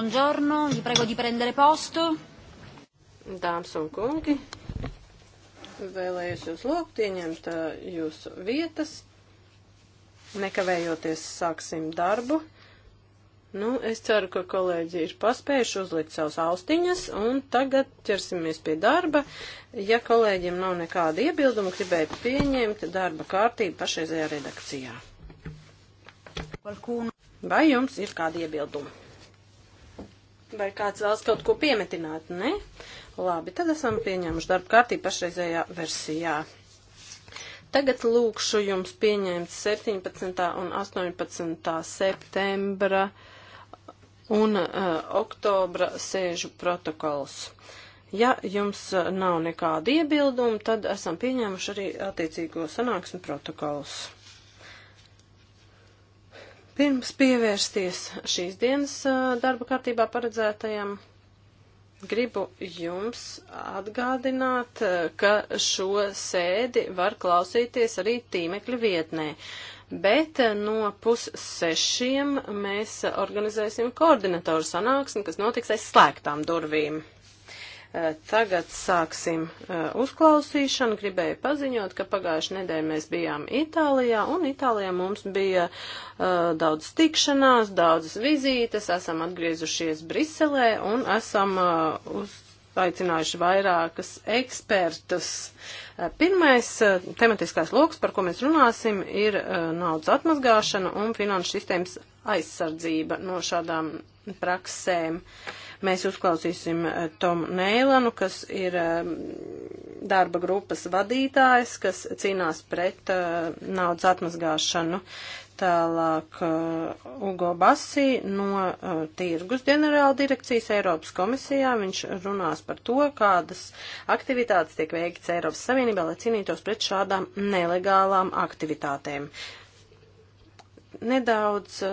Buongiorno, vi prego di prendere posto. Dāmas un kungi, vēlējos jūs lūgt ieņemt uh, jūsu vietas. Nekavējoties sāksim darbu. Nu, es ceru, ka kolēģi ir paspējuši uzlikt savus austiņas, un tagad ķersimies pie darba. Ja kolēģiem nav nekāda iebilduma, gribēju pieņemt darba kārtību pašreizējā redakcijā. Vai jums ir kādi iebildumi? Vai kāds vēlas kaut ko piemetināt? Nē? Labi, tad esam pieņēmuši darba kārtību pašreizējā versijā. Tagad lūkšu jums pieņemt 17. un 18. septembra un uh, oktobra sēžu protokols. Ja jums uh, nav nekāda iebilduma, tad esam pieņēmuši arī attiecīgo sanāksmi protokols. Pirms pievērsties šīs dienas darba kārtībā paredzētajam, gribu jums atgādināt, ka šo sēdi var klausīties arī tīmekļa vietnē. Bet no pussešiem mēs organizēsim koordinatoru sanāksmi, kas notiks aiz slēgtām durvīm. Eh, tagad sāksim eh, uzklausīšanu. Gribēju paziņot, ka pagājušajā nedēļā mēs bijām Itālijā, un Itālijā mums bija eh, daudz tikšanās, daudzas vizītes, esam atgriezušies Briselē un esam uz aicinājuši vairākas ekspertus. Pirmais tematiskais loks, par ko mēs runāsim, ir naudas atmazgāšana un finanšu sistēmas aizsardzība no šādām praksēm. Uh, Mēs uzklausīsim eh, Tomu Neilanu, kas ir eh, darba grupas vadītājs, kas cīnās pret eh, naudas atmazgāšanu. Tālāk Ugo Basī no Tirgus ģenerāla direkcijas Eiropas komisijā. Viņš runās par to, kādas aktivitātes tiek veikts Eiropas Savienībā, lai cīnītos pret šādām nelegālām aktivitātēm. Nedaudz uh,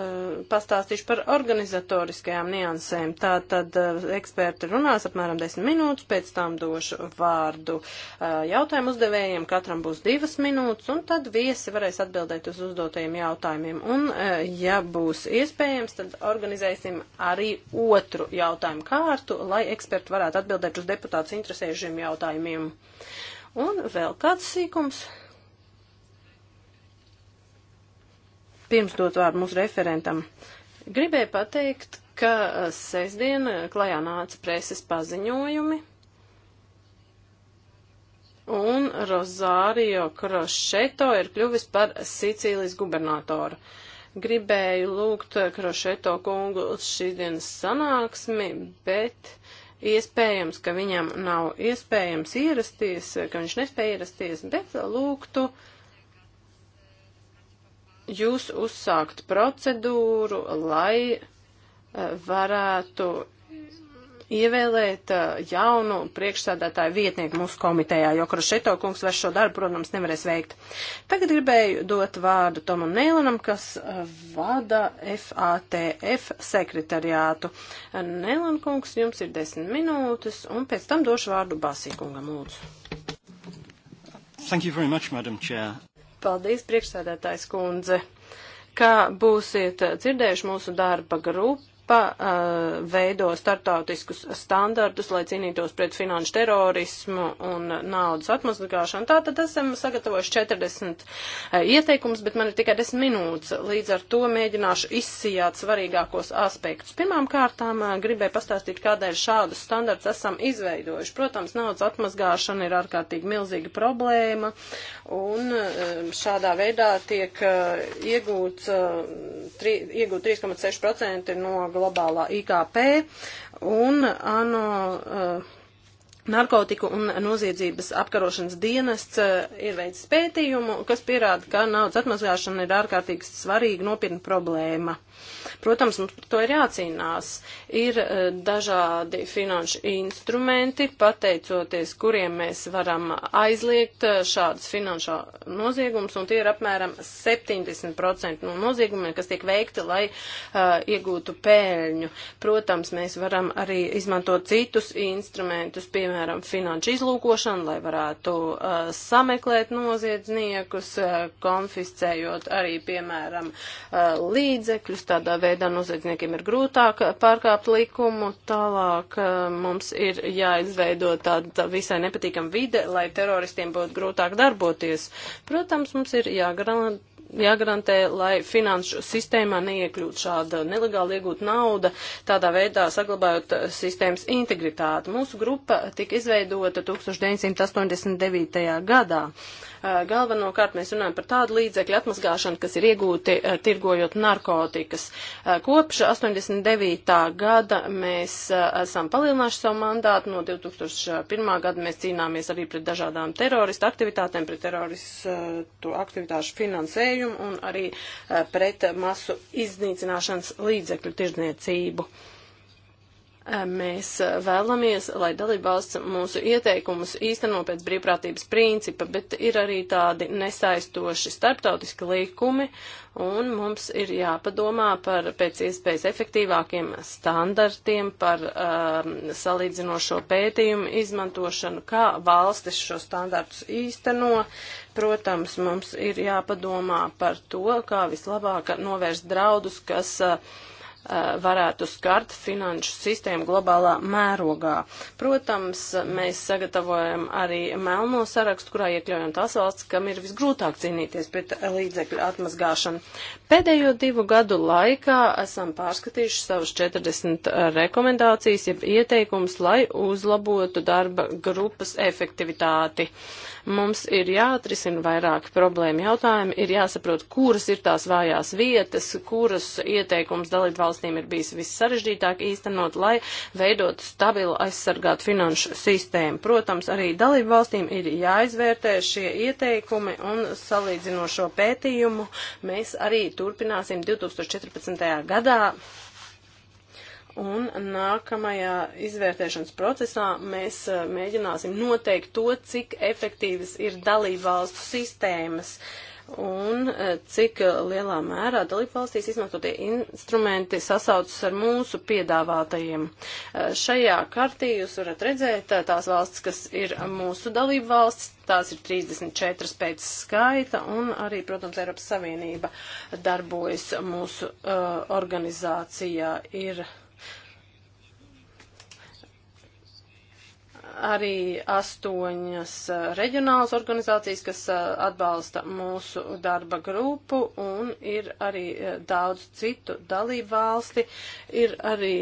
pastāstīšu par organizatoriskajām niansēm. Tā tad uh, eh, eksperti runās apmēram 10 minūtes, pēc tam došu vārdu uh, jautājumu uzdevējiem, katram būs 2 minūtes, un tad viesi varēs atbildēt uz uzdotajiem jautājumiem. Un, uh, ja būs iespējams, tad organizēsim arī otru jautājumu kārtu, lai eksperti varētu atbildēt uz deputāts interesējušiem jautājumiem. Un vēl kāds sīkums. Uh, Pirms dot vārdu mūsu referentam, gribēju pateikt, ka eh, sestdien eh, klajā nāca preses paziņojumi. Un Rozārio Krošeto ir kļuvis par Sicīlijas gubernatoru. Gribēju lūgt Krošeto eh, kungu uz šīs dienas sanāksmi, bet iespējams, ka viņam nav iespējams ierasties, ka viņš nespēja ierasties, bet lūgtu uh, jūs uzsākt procedūru, lai e, varētu ievēlēt e, jaunu priekšsādātāju vietnieku mūsu komitejā, jo Krošeto kungs vairs šo darbu, protams, nevarēs veikt. Tagad gribēju dot vārdu Tomam Neilanam, kas e, vada FATF sekretariātu. Neilan kungs, jums ir desmit minūtes, un pēc tam došu vārdu Basī kungam lūdzu. Thank you very much, Madam Chair. Paldies, priekšsēdētājs kundze. Kā būsiet dzirdējuši mūsu darba grupu? Eiropa uh, eh, veido startautiskus standartus, lai cīnītos pret finanšu terorismu un naudas atmazgāšanu. Tātad esam sagatavojuši 40 uh, eh, ieteikumus, bet man ir tikai 10 minūtes. Līdz ar to mēģināšu izsijāt svarīgākos aspektus. Pirmām kārtām uh, gribēju pastāstīt, kādēļ šādus standartus esam izveidojuši. Protams, naudas atmazgāšana ir ārkārtīgi milzīga problēma un uh, šādā veidā tiek uh, iegūts, uh, tri, iegūt 3,6% no globālā IKP un ANO. Uh, Narkotiku un noziedzības apkarošanas dienests eh, ir veids pētījumu, kas pierāda, ka naudas atmazgāšana ir ārkārtīgi svarīga nopietna problēma. Protams, mums par to ir jācīnās. Ir eh, dažādi finanšu instrumenti, pateicoties kuriem mēs varam aizliegt eh, šādas finanšu noziegumus, un tie ir apmēram 70% no noziegumiem, kas tiek veikti, lai uh, iegūtu pēļņu. Protams, mēs varam arī izmantot citus instrumentus, piemēram, piemēram, finanšu izlūkošanu, lai varētu uh, sameklēt noziedzniekus, uh, konfiscējot arī, piemēram, uh, līdzekļus. Tādā veidā noziedzniekiem ir grūtāk pārkāpt likumu. Tālāk uh, mums ir jāizveido tāda visai nepatīkama vide, lai teroristiem būtu grūtāk darboties. Protams, mums ir jāgarantē jāgarantē, lai finanšu sistēmā neiekļūtu šāda nelegāli iegūta nauda, tādā veidā saglabājot sistēmas integritāti. Mūsu grupa tika izveidota 1989. gadā. Galvenokārt mēs runājam par tādu līdzekļu atmazgāšanu, kas ir iegūti tirgojot narkotikas. Kopš 89. gada mēs esam palielinājuši savu mandātu. No 2001. gada mēs cīnāmies arī pret dažādām teroristu aktivitātēm, pret teroristu aktivitāšu finansējumu regulējumu un arī eh, pret masu iznīcināšanas līdzekļu tirdzniecību. Uh, Mēs eh, vēlamies, lai dalībvalsts mūsu ieteikumus īsteno pēc brīvprātības principa, bet ir arī tādi nesaistoši starptautiski likumi, un mums ir jāpadomā par pēc iespējas efektīvākiem standartiem, par um, salīdzinošo pētījumu izmantošanu, kā valstis šo standartus īsteno. Protams, mums ir jāpadomā par to, kā vislabāk novērst draudus, kas. Uh, Eh, varētu skart finanšu sistēmu globālā mērogā. Protams, mēs sagatavojam arī melno sarakstu, kurā iekļaujam tās valsts, kam ir visgrūtāk cīnīties pret līdzekļu atmazgāšanu. Pēdējo divu gadu laikā esam pārskatījuši savus 40 rekomendācijas, jeb ieteikumus, lai uzlabotu darba grupas efektivitāti. Mums ir jāatrisina vairāki problēma jautājumi, ir jāsaprot, kuras ir tās vājās vietas, kuras ieteikums dalību valstīm ir bijis vissarežģītāk īstenot, lai veidot stabilu aizsargātu finanšu sistēmu. Protams, arī dalību valstīm ir jāizvērtē šie ieteikumi un salīdzinošo pētījumu mēs arī turpināsim 2014. gadā. Un nākamajā izvērtēšanas procesā mēs eh, mēģināsim noteikt to, cik efektīvas ir dalībvalstu sistēmas. Uh, un e, cik lielā mērā dalībvalstīs izmantotie instrumenti sasaucas ar mūsu piedāvātajiem. E, šajā kartī jūs varat redzēt e, tās valsts, kas ir mūsu dalībvalstis, tās ir 34 pēc skaita, un arī, protams, Eiropas Savienība darbojas mūsu uh, organizācijā. Ir arī astoņas uh, reģionālas organizācijas, kas uh, atbalsta mūsu darba grupu, un ir arī uh, daudz citu dalību valsti. Ir arī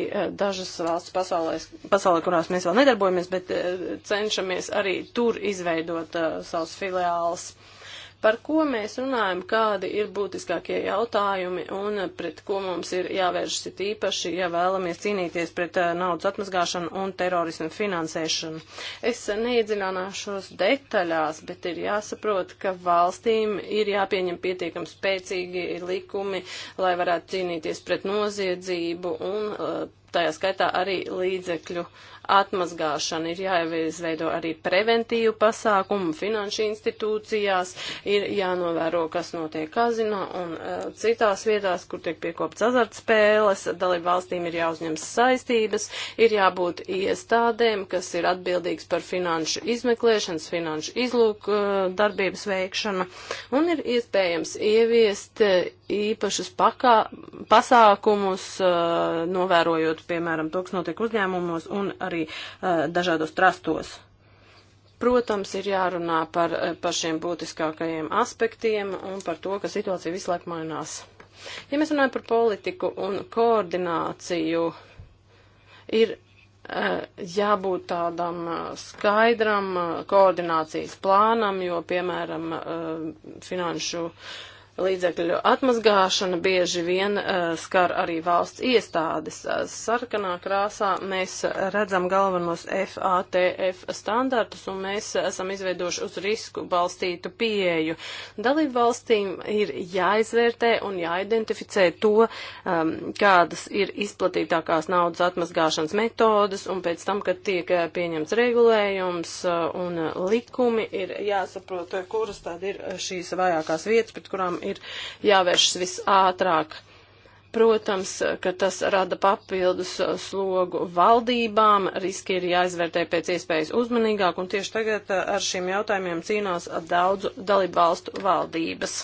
dažas valsts pasaulēs, pasaulē, kurās mēs vēl nedarbojamies, bet cenšamies arī tur izveidot savus filiālus. Par ko mēs runājam, kādi ir būtiskākie jautājumi un pret ko mums ir jāvēršas it īpaši, ja vēlamies cīnīties pret eh, naudas atmazgāšanu un terorismu finansēšanu. Es neiedzināšos detaļās, bet ir jāsaprot, ka valstīm ir jāpieņem pietiekami spēcīgi likumi, lai varētu cīnīties pret noziedzību un eh, tajā skaitā arī līdzekļu uh, atmazgāšana. Ir jāizveido arī preventīvu pasākumu finanšu institūcijās, ir jānovēro, kas notiek kazinā un uh, citās vietās, kur tiek piekopts azartspēles. Dalību valstīm ir jāuzņems saistības, ir jābūt iestādēm, kas ir atbildīgs par finanšu izmeklēšanas, finanšu izlūku uh, e, darbības veikšanu un ir iespējams ieviest e, īpašus pakā, pasākumus, uh, novērojot, piemēram, to, kas notiek uzņēmumos un arī arī uh, dažādos trastos. Protams, ir jārunā par pašiem būtiskākajiem aspektiem un par to, ka situācija visu laiku mainās. Ja mēs runājam par politiku un koordināciju, ir jābūt tādam skaidram koordinācijas plānam, jo, piemēram, finanšu Līdzekļu atmazgāšana bieži vien uh, skar arī valsts iestādes. Eh, sarkanā krāsā mēs redzam galvenos FATF standartus un mēs esam izveidojuši uz risku balstītu pieeju. Dalību valstīm ir jāizvērtē un jāidentificē to, um, kādas ir izplatītākās naudas atmazgāšanas metodas un pēc tam, kad tiek eh, pieņemts regulējums uh, un likumi, ir jāsaprot, kuras tad ir šīs vajākās vietas, pret kurām ir jāvēršas visātrāk. Protams, ka tas rada papildus uh, slogu valdībām, riski ir jāizvērtē pēc iespējas uzmanīgāk, un tieši tagad uh, ar šiem jautājumiem cīnās daudzu dalību valstu valdības.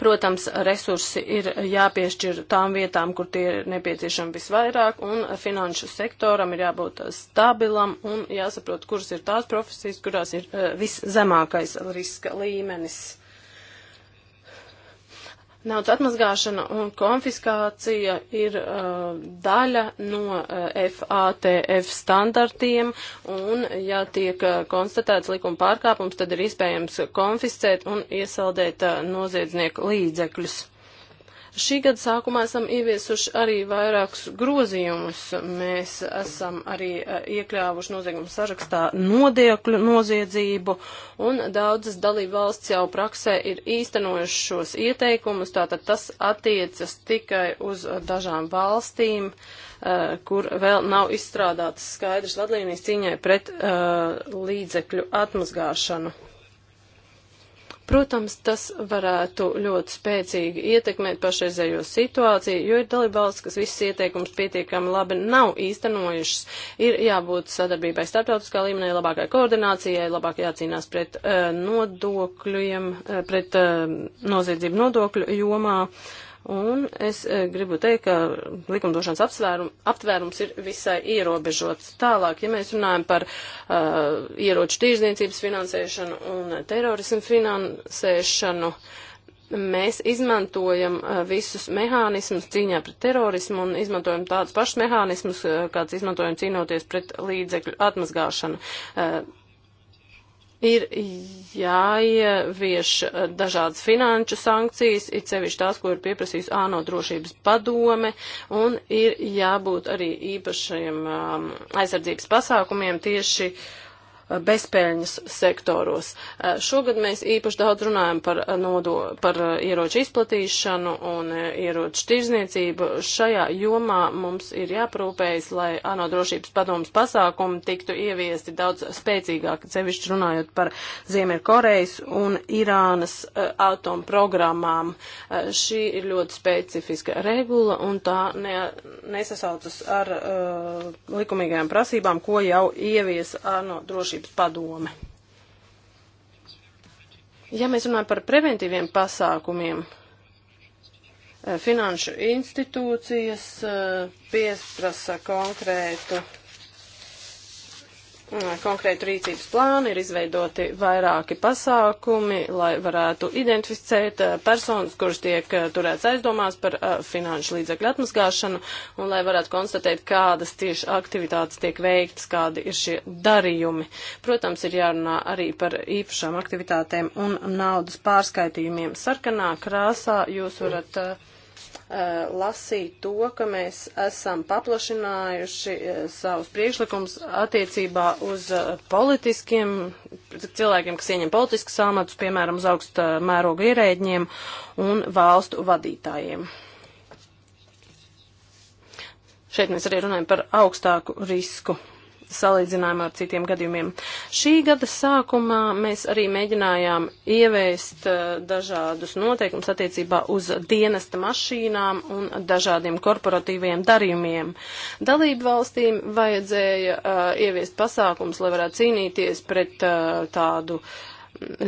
Protams, resursi ir jāpiešķir tām vietām, kur tie ir nepieciešami visvairāk, un finanšu sektoram ir jābūt uh, stabilam un jāsaprot, kuras ir tās profesijas, kurās ir viszemākais riska līmenis. Naudas atmazgāšana un konfiskācija ir uh, daļa no uh, FATF standartiem, un ja tiek uh, konstatēts likuma pārkāpums, tad ir iespējams konfiscēt un iesaldēt uh, noziedznieku līdzekļus. Šī gada sākumā esam ieviesuši arī vairākus grozījumus. Mēs esam arī e, iekļāvuši noziegumu sarakstā nodiekļu noziedzību, un daudzas dalību valsts jau praksē ir īstenojuši šos ieteikumus, tātad tas attiecas tikai uz dažām valstīm, e, kur vēl nav izstrādātas skaidrs vadlīnijas cīņai pret e, līdzekļu atmazgāšanu. Protams, tas varētu ļoti spēcīgi ietekmēt pašreizējo situāciju, jo ir dalībvalsts, kas visas ieteikums pietiekami labi nav īstenojušas. Ir jābūt sadarbībai starptautiskā līmenī, labākai koordinācijai, labāk jācīnās pret uh, nodokļiem, uh, pret uh, noziedzību nodokļu jomā. Uh, Un es e, gribu teikt, ka likumdošanas apsvērum, aptvērums ir visai ierobežots. Tālāk, ja mēs runājam par uh, ieroču tīrzniecības finansēšanu un terorismu finansēšanu, mēs izmantojam uh, visus mehānismus cīņā pret terorismu un izmantojam tādus pašus mehānismus, uh, kāds izmantojam cīnoties pret līdzekļu atmazgāšanu. Uh, ir jāievieš eh, dažādas finanšu sankcijas, it sevišķi tās, ko ir pieprasījis ANO drošības padome, un ir jābūt arī īpašiem um, aizsardzības pasākumiem tieši uh, bezpēļņas sektoros. Eh, šogad mēs īpaši daudz runājam par, eh, nodo, par eh, ieroču izplatīšanu un ieroču tirzniecību. Šajā jomā mums ir jāprūpējas, lai ANO drošības padomas pasākumi tiktu ieviesti daudz spēcīgāk, sevišķi runājot par Ziemeļkorejas un Irānas atomprogrammām. Šī ir ļoti specifiska regula un tā ne, nesasaucas ar uh, likumīgajām prasībām, ko jau ievies ANO drošības drošības padome. Ja mēs runājam par preventīviem pasākumiem, eh, finanšu institūcijas eh, piesprasa konkrētu Mm, konkrētu rīcības plānu, ir izveidoti vairāki pasākumi, lai varētu identificēt eh, personas, kuras tiek eh, turēts aizdomās par eh, finanšu līdzekļu atmaskāšanu, un lai varētu konstatēt, kādas tieši aktivitātes tiek veiktas, kādi ir šie darījumi. Protams, ir jārunā arī par īpašām aktivitātēm un naudas pārskaitījumiem. Sarkanā krāsā jūs varat. Uh, Uh, lasīt to, ka mēs esam paplašinājuši uh, savus priekšlikumus attiecībā uz uh, politiskiem cilvēkiem, kas ieņem politiskas amatus, piemēram, uz augsta mēroga ierēģiem un valstu vadītājiem. Šeit mēs arī runājam par augstāku risku salīdzinājumā ar citiem gadījumiem. Šī gada sākumā mēs arī mēģinājām ieviest eh, dažādus noteikumus attiecībā uz dienesta mašīnām un dažādiem korporatīviem darījumiem. Dalību valstīm vajadzēja uh, ieviest pasākums, lai varētu cīnīties pret uh, tādu uh,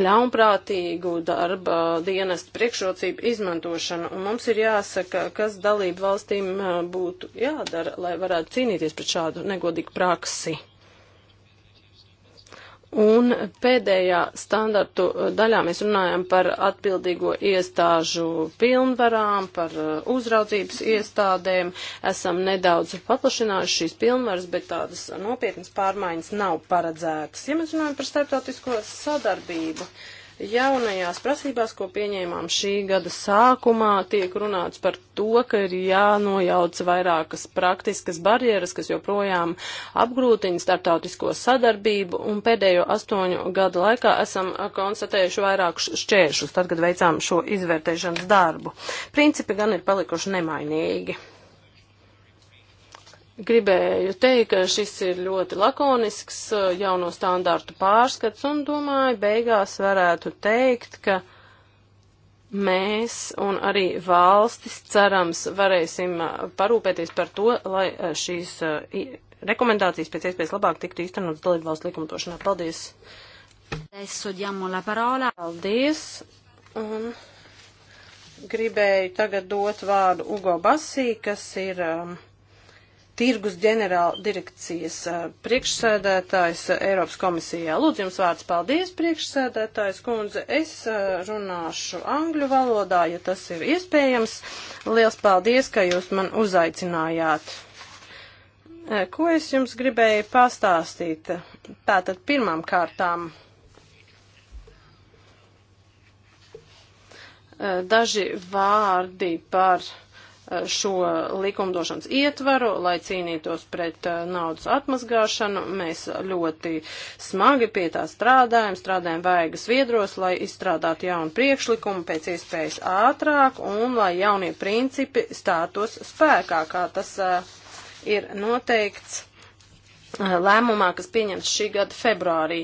ļaunprātīgu darba dienestu priekšrocību izmantošanu. Un mums ir jāsaka, kas dalību valstīm būtu jādara, lai varētu cīnīties pret šādu negodīgu praksi. Un pēdējā standartu daļā mēs runājam par atbildīgo iestāžu pilnvarām, par uh, uzraudzības iestādēm. Esam nedaudz paplašinājuši šīs pilnvaras, bet tādas nopietnas pārmaiņas nav paredzētas. Ja mēs runājam par starptautisko sadarbību, uh, Jaunajās prasībās, ko pieņēmām šī gada sākumā, tiek runāts par to, ka ir jānojauc vairākas praktiskas barjeras, kas joprojām apgrūtina startautisko sadarbību, un pēdējo astoņu gadu laikā esam konstatējuši vairākus šķēršus, tad, kad veicām šo izvērtēšanas darbu. Principi gan ir palikuši nemainīgi gribēju teikt, ka šis ir ļoti lakonisks uh, jauno standārtu pārskats un domāju, beigās varētu teikt, ka mēs un arī valstis cerams varēsim uh, parūpēties par to, lai uh, šīs rekomendācijas pēc iespējas labāk tiktu īstenotas dalību valsts likumdošanā. Paldies! Paldies! Un gribēju tagad dot vārdu Ugo Basī, kas ir um, tirgus ģenerāla direkcijas eh, priekšsēdētājs eh, Eiropas komisijā. Lūdzu, jums vārds paldies, priekšsēdētājs kundze. Es eh, runāšu angļu valodā, ja tas ir iespējams. Liels paldies, ka jūs man uzaicinājāt. Ko es jums gribēju pastāstīt? Tātad pirmām kārtām. Daži vārdi par Uh, šo likumdošanas ietvaru, lai cīnītos pret uh, naudas atmazgāšanu. Mēs ļoti smagi pie tā strādājam, strādājam vaigas viedros, lai izstrādātu jaunu priekšlikumu pēc iespējas ātrāk un lai jaunie principi stātos spēkā, kā tas uh, ir noteikts lēmumā, kas pieņems šī gada februārī.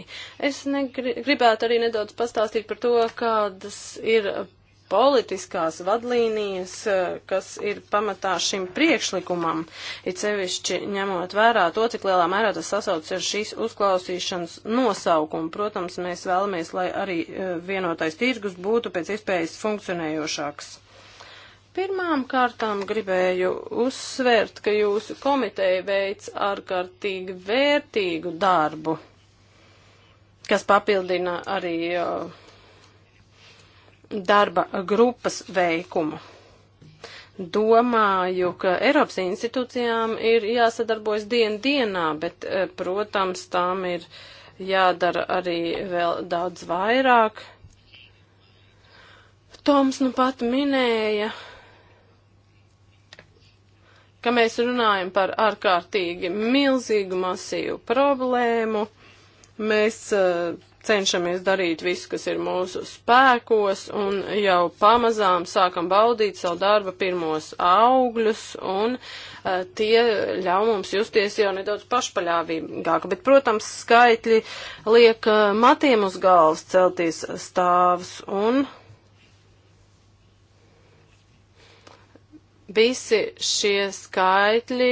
Es negri, gribētu arī nedaudz pastāstīt par to, kādas ir politiskās vadlīnijas, eh, kas ir pamatā šim priekšlikumam, it sevišķi ņemot vērā to, cik lielā mērā tas sasaucas ar šīs uzklausīšanas nosaukumu. Protams, mēs vēlamies, lai arī eh, vienotais tirgus būtu pēc iespējas funkcionējošāks. Pirmām kārtām gribēju uzsvērt, ka jūsu komiteja veic ārkārtīgi vērtīgu darbu, kas papildina arī uh, darba grupas veikumu. Domāju, ka Eiropas institūcijām ir jāsadarbojas dienu dienā, bet, eh, protams, tām ir jādara arī vēl daudz vairāk. Toms nu pat minēja, ka mēs runājam par ārkārtīgi milzīgu masīvu problēmu. Mēs uh, cenšamies darīt visu, kas ir mūsu spēkos, un jau pamazām sākam baudīt savu darba pirmos augļus, un uh, tie ļauj mums justies jau nedaudz pašpaļāvīgāk. Bet, protams, skaitļi liek uh, matiem uz galvas celties stāvs, un visi šie skaitļi,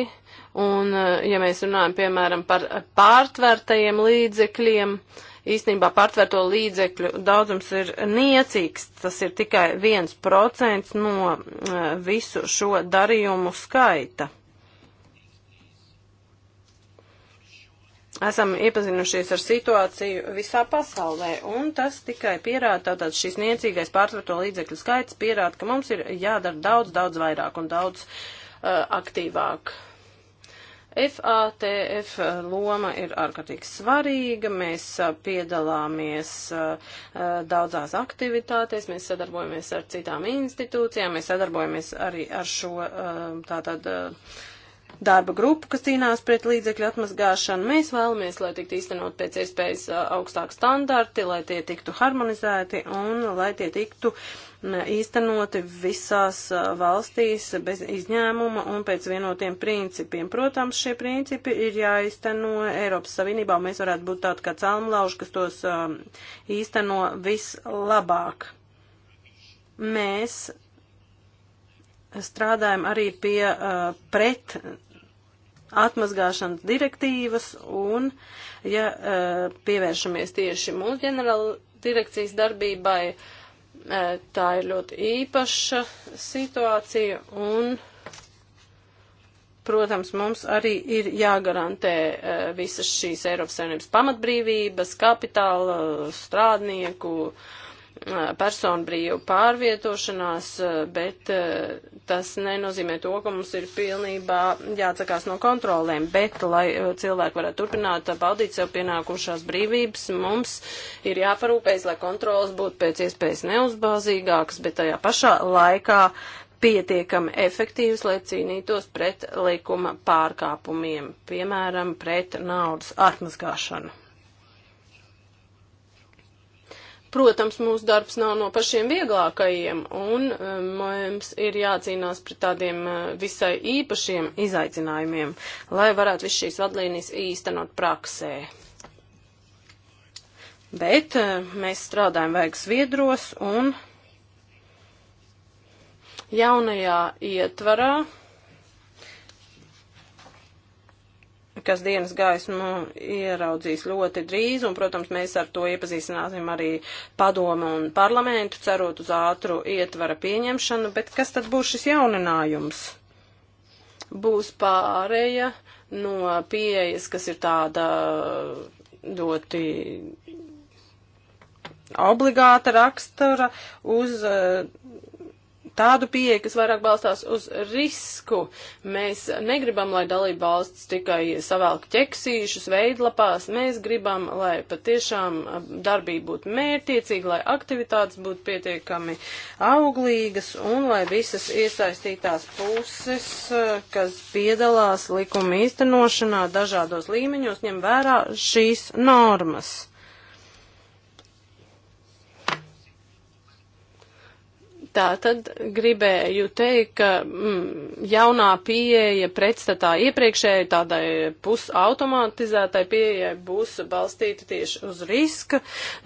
un, uh, ja mēs runājam, piemēram, par pārtvērtajiem līdzekļiem, uh, īstenībā pārtverto līdzekļu daudzums ir niecīgs. Tas ir tikai viens procents no eh, visu šo darījumu skaita. Esam iepazinušies ar situāciju visā pasaulē, un tas tikai pierāda, tātad šis niecīgais pārtverto līdzekļu skaits pierāda, ka mums ir jādara daudz, daudz vairāk un daudz uh, aktīvāk. FATF loma ir ārkārtīgi svarīga, mēs piedalāmies daudzās aktivitātēs, mēs sadarbojamies ar citām institūcijām, mēs sadarbojamies arī ar šo tātad darba grupu, kas cīnās pret līdzekļu atmazgāšanu. Mēs vēlamies, lai tiktu īstenot pēc iespējas augstāk standarti, lai tie tiktu harmonizēti un lai tie tiktu uh, īstenoti visās valstīs bez izņēmuma un pēc vienotiem principiem. Protams, šie principi ir jāīsteno Eiropas Savienībā, un mēs varētu būt tādi kā cēlumlauži, kas tos īsteno vislabāk. Mēs strādājam arī pie uh, pret atmazgāšanas direktīvas un, ja uh, pievēršamies tieši mūsu ģenerāla direkcijas darbībai, uh, tā ir ļoti īpaša situācija un, protams, mums arī ir jāgarantē visas šīs Eiropas Savienības pamatbrīvības, kapitāla, strādnieku, uh, personu brīvu pārvietošanās, eh, bet eh, tas nenozīmē to, ka mums ir pilnībā jāatsakās no kontrolēm, bet, lai eh, cilvēki varētu turpināt baudīt sev pienākušās brīvības, mums ir jāparūpējas, lai kontrolas būtu pēc iespējas neuzbāzīgākas, bet tajā pašā laikā pietiekami efektīvs, lai cīnītos pret likuma pārkāpumiem, piemēram, pret naudas atmazgāšanu. Protams, mūsu darbs nav no pašiem vieglākajiem, un um, mums ir jācīnās pret tādiem uh, visai īpašiem izaicinājumiem, lai varētu visu šīs vadlīnijas īstenot praksē. Bet uh, mēs strādājam vajag sviedros un jaunajā ietvarā kas dienas gaismu ieraudzīs ļoti drīz, un, protams, mēs ar to iepazīstināsim arī padomu un parlamentu, cerot uz ātru ietvara pieņemšanu, bet kas tad būs šis jauninājums? Būs pārēja no pieejas, kas ir tāda ļoti obligāta rakstura uz uh, tādu pieeju, kas vairāk balstās uz risku. Mēs negribam, lai dalība valsts tikai savelk ķeksīšus veidlapās, mēs gribam, lai patiešām darbība būtu mērtiecīga, lai aktivitātes būtu pietiekami auglīgas un lai visas iesaistītās puses, kas piedalās likuma īstenošanā dažādos līmeņos, ņem vērā šīs normas. Tā tad gribēju teikt, ka mm, jaunā pieeja pretstatā iepriekšēji tādai pusautomatizētai pieejai būs balstīta tieši uz riska.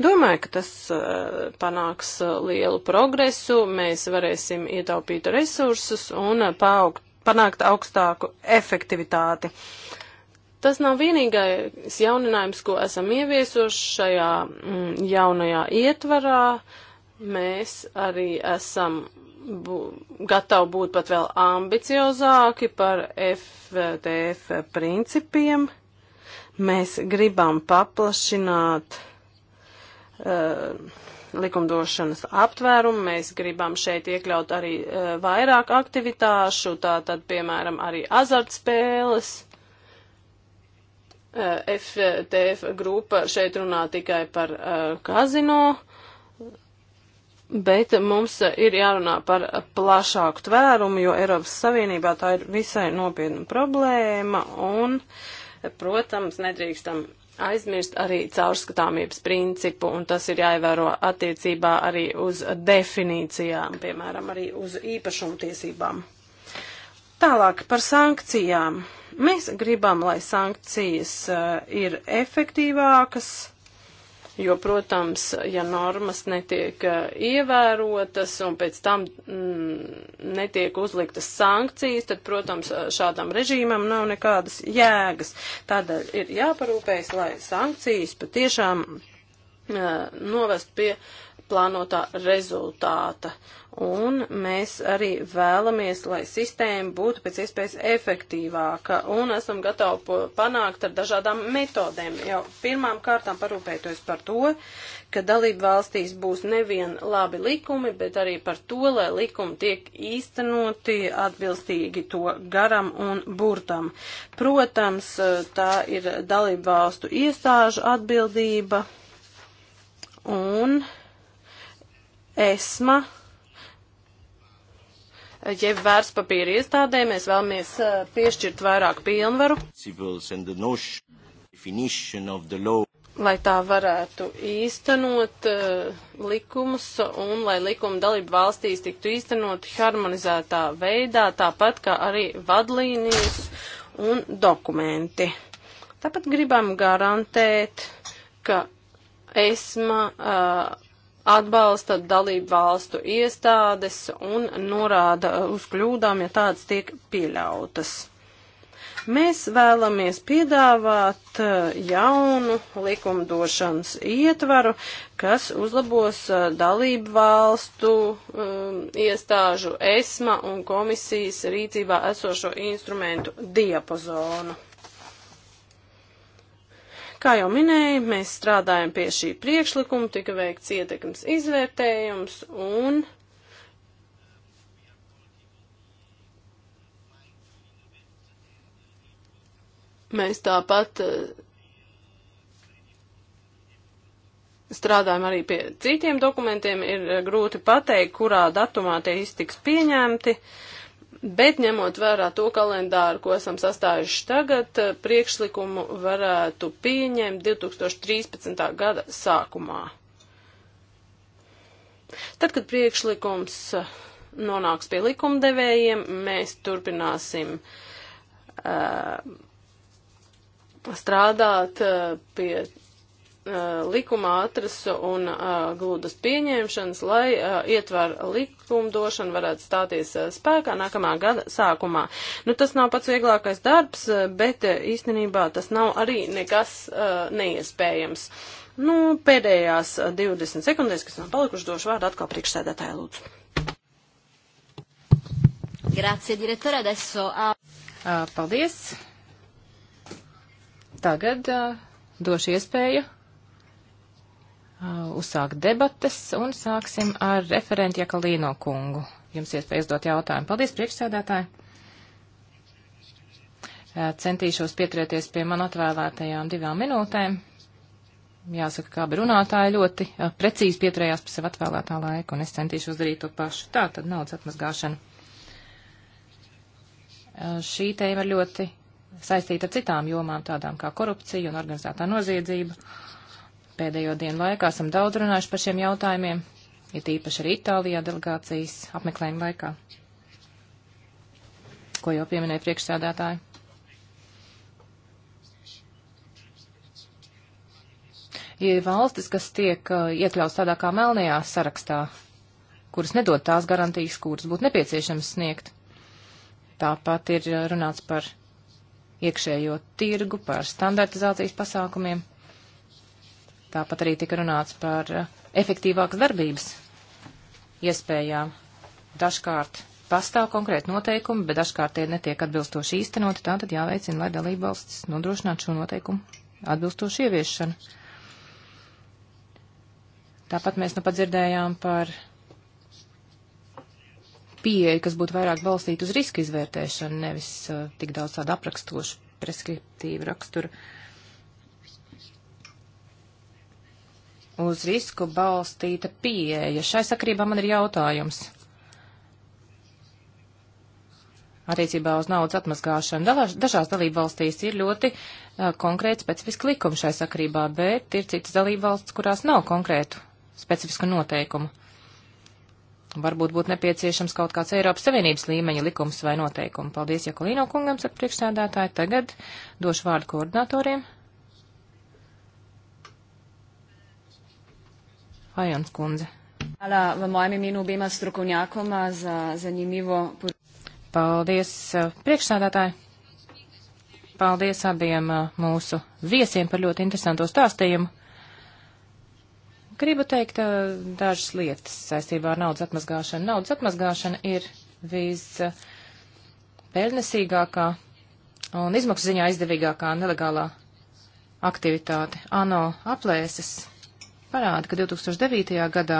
Domāju, ka tas uh, panāks eh, lielu progresu, mēs varēsim ietaupīt resursus un uh, paaugt, panākt augstāku efektivitāti. Tas nav vienīgais jauninājums, ko esam ieviesuši šajā mm, jaunajā ietvarā. Uh, Mēs arī esam bū, gatavi būt pat vēl ambiciozāki par FTF principiem. Mēs gribam paplašināt uh, likumdošanas aptvērumu, mēs gribam šeit iekļaut arī uh, vairāk aktivitāšu, tātad, piemēram, arī azartspēles. Uh, eh, FTF grupa šeit runā tikai par uh, kazino. Uh, Bet mums ir jārunā par plašāku tvērumu, jo Eiropas Savienībā tā ir visai nopietna problēma un, protams, nedrīkstam aizmirst arī caurskatāmības principu, un tas ir jāievēro attiecībā arī uz definīcijām, piemēram, arī uz īpašumtiesībām. Tālāk par sankcijām. Mēs gribam, lai sankcijas uh, ir efektīvākas jo, protams, ja normas netiek eh, ievērotas un pēc tam mm, netiek uzliktas sankcijas, tad, protams, eh, šādam režīmam nav nekādas jēgas. Tādēļ ir jāparūpējas, lai sankcijas patiešām eh, novest pie uh, plānotā rezultāta. Un mēs arī vēlamies, lai sistēma būtu pēc iespējas efektīvāka un esam gatavi panākt ar dažādām metodēm. Jau pirmām kārtām parūpētos par to, ka dalību valstīs būs nevien labi likumi, bet arī par to, lai likumi tiek īstenoti atbilstīgi to garam un burtam. Protams, tā ir dalību valstu iestāžu atbildība un ESMA, jeb vērtspapīra iestādē, mēs vēlamies eh, piešķirt vairāk pilnvaru, lai tā varētu īstenot eh, likumus un lai likuma dalību valstīs tiktu īstenot harmonizētā veidā, tāpat kā arī vadlīnijas un dokumenti. Tāpat gribam garantēt, ka ESMA uh, atbalsta dalību valstu iestādes un norāda uz kļūdām, ja tādas tiek pieļautas. Mēs vēlamies piedāvāt uh, jaunu likumdošanas ietvaru, kas uzlabos uh, dalību valstu um, iestāžu ESMA un komisijas rīcībā esošo instrumentu diapazonu. Kā jau minēju, mēs strādājam pie šī priekšlikuma, tika veikts ietekmes izvērtējums un mēs tāpat eh, strādājam arī pie citiem dokumentiem. Ir eh, grūti pateikt, kurā datumā tie iztiks pieņemti. Uh, Bet ņemot vērā to kalendāru, ko esam sastājuši tagad, eh, priekšlikumu varētu pieņemt 2013. gada sākumā. Tad, kad priekšlikums eh, nonāks pie likumdevējiem, mēs turpināsim uh, strādāt uh, pie Uh, likumā atrasu un uh, gludas pieņemšanas, lai uh, ietver likumdošanu varētu stāties uh, spēkā nākamā gada sākumā. Nu, tas nav pats vieglākais darbs, uh, bet uh, īstenībā tas nav arī nekas uh, neiespējams. Nu, pēdējās 20 uh, sekundēs, kas man palikuši, došu vārdu atkal priekšsēdētāju lūdzu. Grazie, direktore, adesso. Uh, paldies. Tagad uh, došu iespēju uh, uzsākt debates un sāksim ar referentu Jakalīno kungu. Jums iespēja uzdot jautājumu. Paldies, priekšsēdētāji! Uh, centīšos pieturēties pie man atvēlētajām divām minūtēm. Jāsaka, kā runātāji ļoti uh, precīzi pieturējās pie sev atvēlētā laika, un es centīšos darīt to pašu. Tā tad naudas atmazgāšana. Uh, šī tēma ir ļoti saistīta ar citām jomām, tādām kā korupcija un organizētā noziedzība. Uh, Pēdējo dienu laikā esam daudz runājuši par šiem jautājumiem, ir tīpaši arī Itālijā delegācijas apmeklējuma laikā, ko jau pieminēja priekšsēdētāji. Ir valstis, kas tiek uh, iekļauts tādā kā melnajā sarakstā, kuras nedod tās garantijas, kuras būtu nepieciešams sniegt. Tāpat ir uh, runāts par iekšējo tirgu, par standartizācijas pasākumiem. Tāpat arī tika runāts par eh, efektīvākas darbības iespējām. Dažkārt pastāv konkrēti noteikumi, bet dažkārt tie netiek atbilstoši īstenoti, tātad jāveicina, lai dalībvalstis nodrošinātu šo noteikumu atbilstošu ieviešanu. Tāpat mēs nu padzirdējām par pieeja, kas būtu vairāk balstīta uz riska izvērtēšanu, nevis uh, tik daudz tādu aprakstošu preskriptīvu raksturu. Uh, uz risku balstīta pieeja. Šai sakrībā man ir jautājums. Attiecībā uz naudas atmazgāšanu Dalās, dažās dalību valstīs ir ļoti uh, konkrēti specifiski likumi šai sakrībā, bet ir citas dalību valsts, kurās nav konkrētu specifisku noteikumu. Varbūt būtu nepieciešams kaut kāds Eiropas Savienības līmeņa likums vai noteikumi. Paldies Jakolīno kungam, saka priekšsēdētāji. Tagad došu vārdu koordinatoriem. Fajons kundze. Hvala v mojem imenu obema strokovnjakoma za zanimivo. Paldies, priekšsādātāji. Paldies abiem mūsu viesiem par ļoti interesanto stāstījumu. Gribu teikt dažas lietas saistībā ar naudas atmazgāšanu. Naudas atmazgāšana ir vispēļnesīgākā un izmaksu ziņā izdevīgākā nelegālā aktivitāte. ANO aplēses parāda, ka 2009. gadā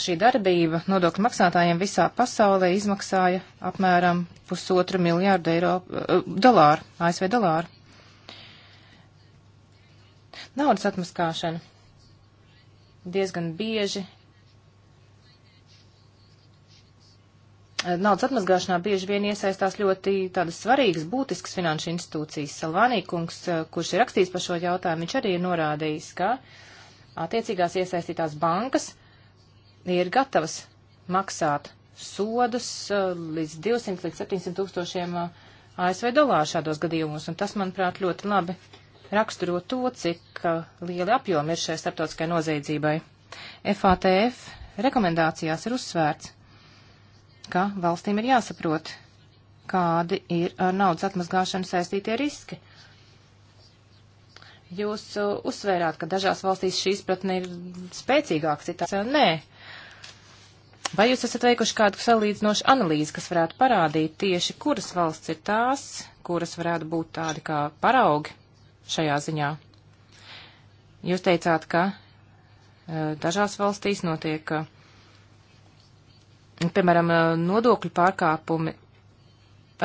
šī darbība nodokļu maksātājiem visā pasaulē izmaksāja apmēram pusotru miljārdu eiro, eh, dolāru, ASV dolāru. Naudas atmaskāšana diezgan bieži Eh, naudas atmazgāšanā bieži vien iesaistās ļoti tādas svarīgas, būtiskas finanšu institūcijas. Salvānīkungs, eh, kurš ir rakstījis par šo jautājumu, viņš arī ir norādījis, ka attiecīgās iesaistītās bankas ir gatavas maksāt sodus eh, līdz 200 līdz 700 tūkstošiem ASV dolāru šādos gadījumos, un tas, manuprāt, ļoti labi raksturo to, cik lieli apjomi ir šai starptautiskai noziedzībai. FATF rekomendācijās ir uzsvērts, ka valstīm ir jāsaprot, kādi ir ar uh, naudas atmazgāšanu saistītie riski. Jūs uh, uzsvērāt, ka dažās valstīs šī izpratne ir spēcīgāka, citās uh, nē. Vai jūs esat veikuši kādu salīdzinošu analīzi, kas varētu parādīt tieši, kuras valsts ir tās, kuras varētu būt tādi kā paraugi šajā ziņā? Jūs teicāt, ka dažās valstīs notiek uh, Piemēram, eh, nodokļu pārkāpumi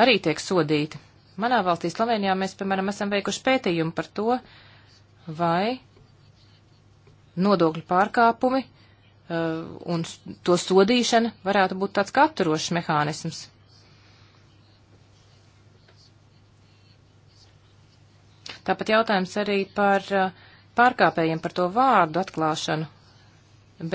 arī tiek sodīti. Manā valstī Slovenijā mēs, piemēram, esam veikuši pētījumu par to, vai nodokļu pārkāpumi uh, un to sodīšana varētu būt tāds kā apturošs mehānisms. Tāpat jautājums arī par uh, pārkāpējiem, par to vārdu atklāšanu.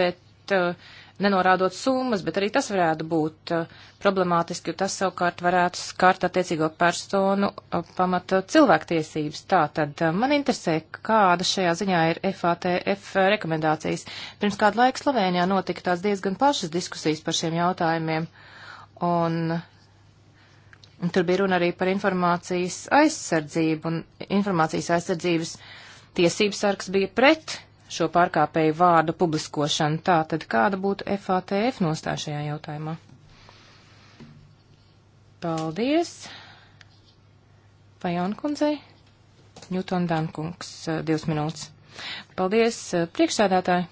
Bet uh, nenorādot summas, bet arī tas varētu būt uh, problemātiski, jo tas savukārt varētu skart attiecīgo personu uh, pamata cilvēktiesības. Tā tad uh, man interesē, kāda šajā ziņā ir FATF rekomendācijas. Pirms kādu laiku Slovenijā notika tās diezgan plašas diskusijas par šiem jautājumiem, un, un tur bija runa arī par informācijas aizsardzību, un informācijas aizsardzības tiesības sargs bija pret šo pārkāpēju vārdu publiskošanu. Tā tad kāda būtu FATF nostā šajā jautājumā? Paldies. Pajonkundzei. Ņūton Dankungs, eh, divas minūtes. Paldies, eh, priekšsēdētāji.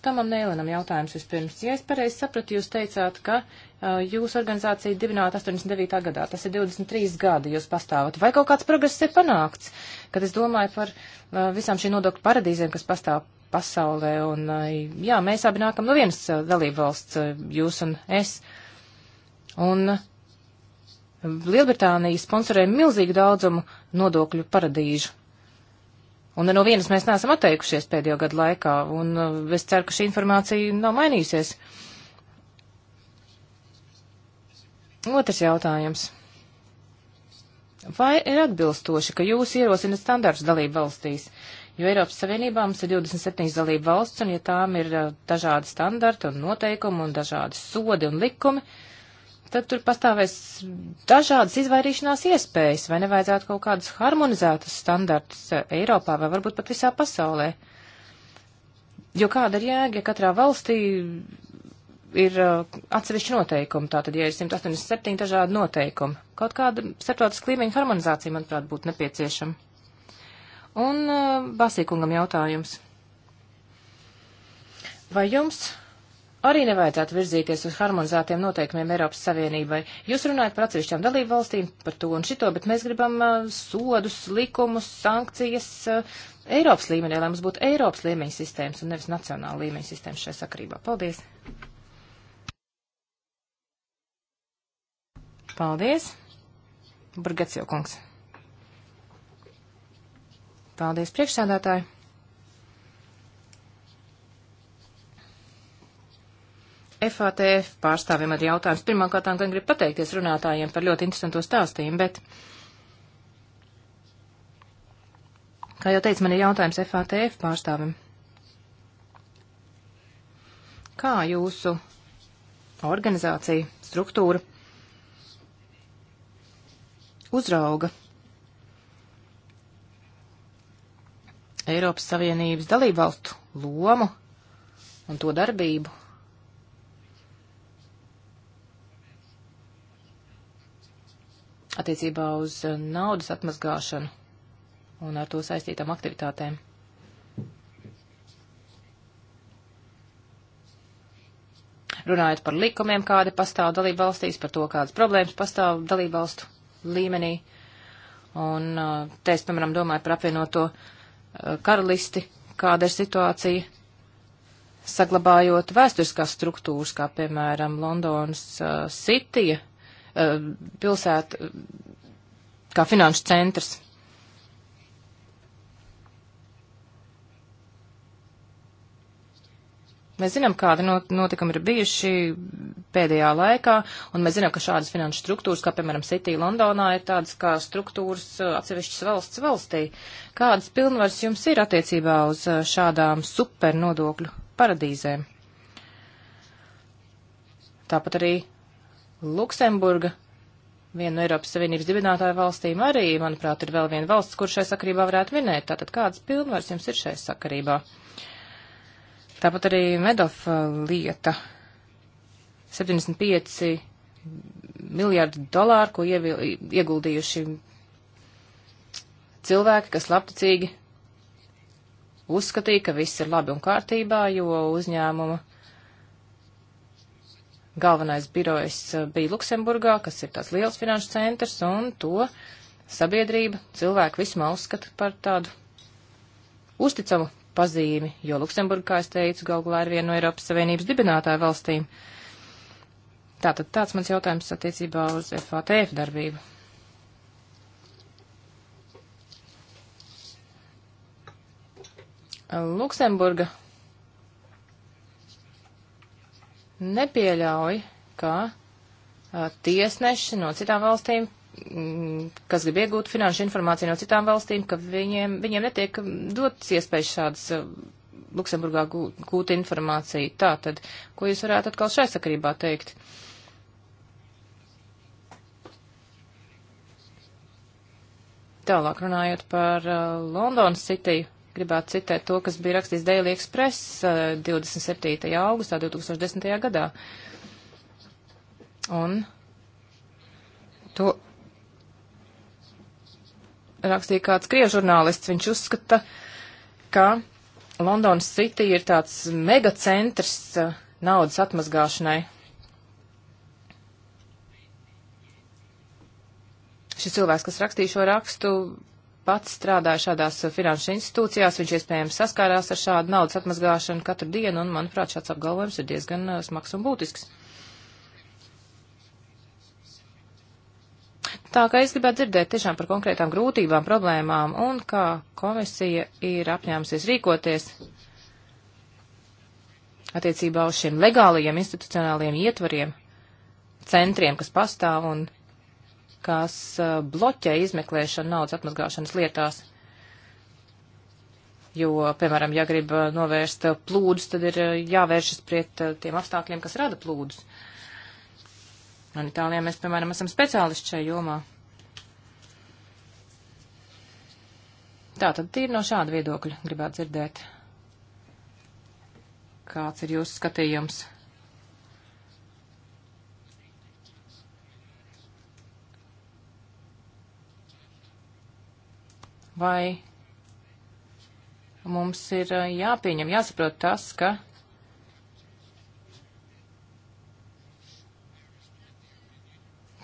Tomam Nēlinam jautājums vispirms. Ja es pareizi sapratu, jūs teicāt, ka uh, jūsu organizācija dibināta 89. gadā, tas ir 23 gadi, jūs pastāvat. Vai kaut kāds progress ir panākts? Kad es domāju par uh, visām šīm nodokļu paradīzēm, kas pastāv pasaulē, un uh, jā, mēs abi nākam no vienas uh, dalību valsts, uh, jūs un es. Un uh, Lielbritānija sponsorē milzīgu daudzumu nodokļu paradīžu. Un no vienas mēs neesam atteikušies pēdējo gadu laikā, un uh, es ceru, ka šī informācija nav mainīsies. Otrs jautājums. Vai ir atbilstoši, ka jūs ierosinat standārts dalību valstīs? Jo Eiropas Savienībā mums ir 27 dalību valsts, un ja tām ir uh, dažādi standarti un noteikumi un dažādi sodi un likumi, uh, tad tur pastāvēs dažādas izvairīšanās iespējas, vai nevajadzētu kaut kādus harmonizētus standartus eh, Eiropā vai varbūt pat visā pasaulē. Jo kāda ir jēga, ja katrā valstī ir eh, atsevišķi noteikumi, tātad, ja ir 187 dažādi noteikumi, kaut kāda starptautiska līmeņa harmonizācija, manuprāt, būtu nepieciešama. Un uh, Basīkungam jautājums. Vai jums Arī nevajadzētu virzīties uz harmonizētiem noteikumiem Eiropas Savienībai. Jūs runājat par atsevišķām dalību valstīm, par to un šito, bet mēs gribam uh, sodus, likumus, sankcijas uh, Eiropas līmenī, lai mums būtu Eiropas līmeņa sistēmas un nevis nacionāla līmeņa sistēmas šajā sakarībā. Paldies! Paldies! Burgets jau kungs. Paldies priekšsēdētāji! FATF pārstāvim ar jautājums. Pirmkārt, gan gribu pateikties runātājiem par ļoti interesanto stāstījumu, bet, kā jau teicu, man ir jautājums FATF pārstāvim. Kā jūsu organizācija, struktūra uzrauga Eiropas Savienības dalībvalstu lomu un to darbību attiecībā uz uh, naudas atmazgāšanu un ar to saistītām aktivitātēm. Runājot par likumiem, kādi pastāv dalību valstīs, par to, kādas problēmas pastāv dalību valstu līmenī. Un uh, te es, piemēram, domāju par apvienoto uh, karalisti, kāda ir situācija, saglabājot vēsturiskās struktūras, kā, piemēram, Londonas City, Um, pilsētu kā finanšu centrs. Mēs zinām, kādi notikumi ir bijuši pēdējā laikā, un mēs zinām, ka šādas finanšu struktūras, kā piemēram City Londonā, ir tādas kā struktūras uh, atsevišķas valsts valstī. Kādas pilnvaras jums ir attiecībā uz uh, šādām super nodokļu paradīzēm? Tāpat arī Luksemburga, viena no Eiropas Savienības dibinātāju valstīm, arī, manuprāt, ir vēl viena valsts, kur šai sakarībā varētu minēt. Tātad kādas pilnvaras jums ir šai sakarībā? Tāpat arī Medov uh, lieta. 75 miljardi dolāru, ko ievil, ieguldījuši cilvēki, kas labticīgi uzskatīja, ka viss ir labi un kārtībā, jo uzņēmuma Galvenais birojs uh, bija Luksemburgā, kas ir tāds liels finanšu centrs, un to sabiedrība, cilvēki vismā uzskata par tādu uzticamu pazīmi, jo Luksemburga, kā es teicu, galvā ir viena no Eiropas Savienības dibinātāju valstīm. Tātad tāds mans jautājums attiecībā uz FATF darbību. Luksemburga nepieļauj, ka tiesneši no citām valstīm, mm, kas grib iegūt finanšu informāciju no citām valstīm, ka viņiem, viņiem netiek dotas iespējas šādas Luksemburgā gūt informāciju. Tā tad, ko jūs varētu atkal šai sakarībā teikt? Tālāk runājot par uh, Londonas City gribētu citēt to, kas bija rakstīts Daily Express 27. Eh, augustā 2010. gadā. Un to rakstīja kāds krievu žurnālists. Viņš uzskata, ka Londonas City ir tāds megacentrs eh, naudas atmazgāšanai. Šis cilvēks, kas rakstīja šo rakstu, pats strādāja šādās finanšu institūcijās, viņš iespējams saskārās ar šādu naudas atmazgāšanu katru dienu, un, manuprāt, šāds apgalvojums ir diezgan uh, smags un būtisks. Tā kā es gribētu dzirdēt tiešām par konkrētām grūtībām, problēmām un kā komisija ir apņēmusies rīkoties attiecībā uz šiem legālajiem institucionālajiem ietvariem, centriem, kas pastāv un kas eh, bloķē izmeklēšanu naudas atmazgāšanas lietās. Jo, piemēram, ja grib eh, novērst eh, plūdus, tad ir jāvēršas pret tiem apstākļiem, kas rada plūdus. Un Itālijā mēs, piemēram, esam speciālisti šajā jomā. Tā tad tīri no šāda viedokļa gribētu dzirdēt. Kāds ir jūsu skatījums? vai mums ir uh, jāpieņem, jāsaprot tas, ka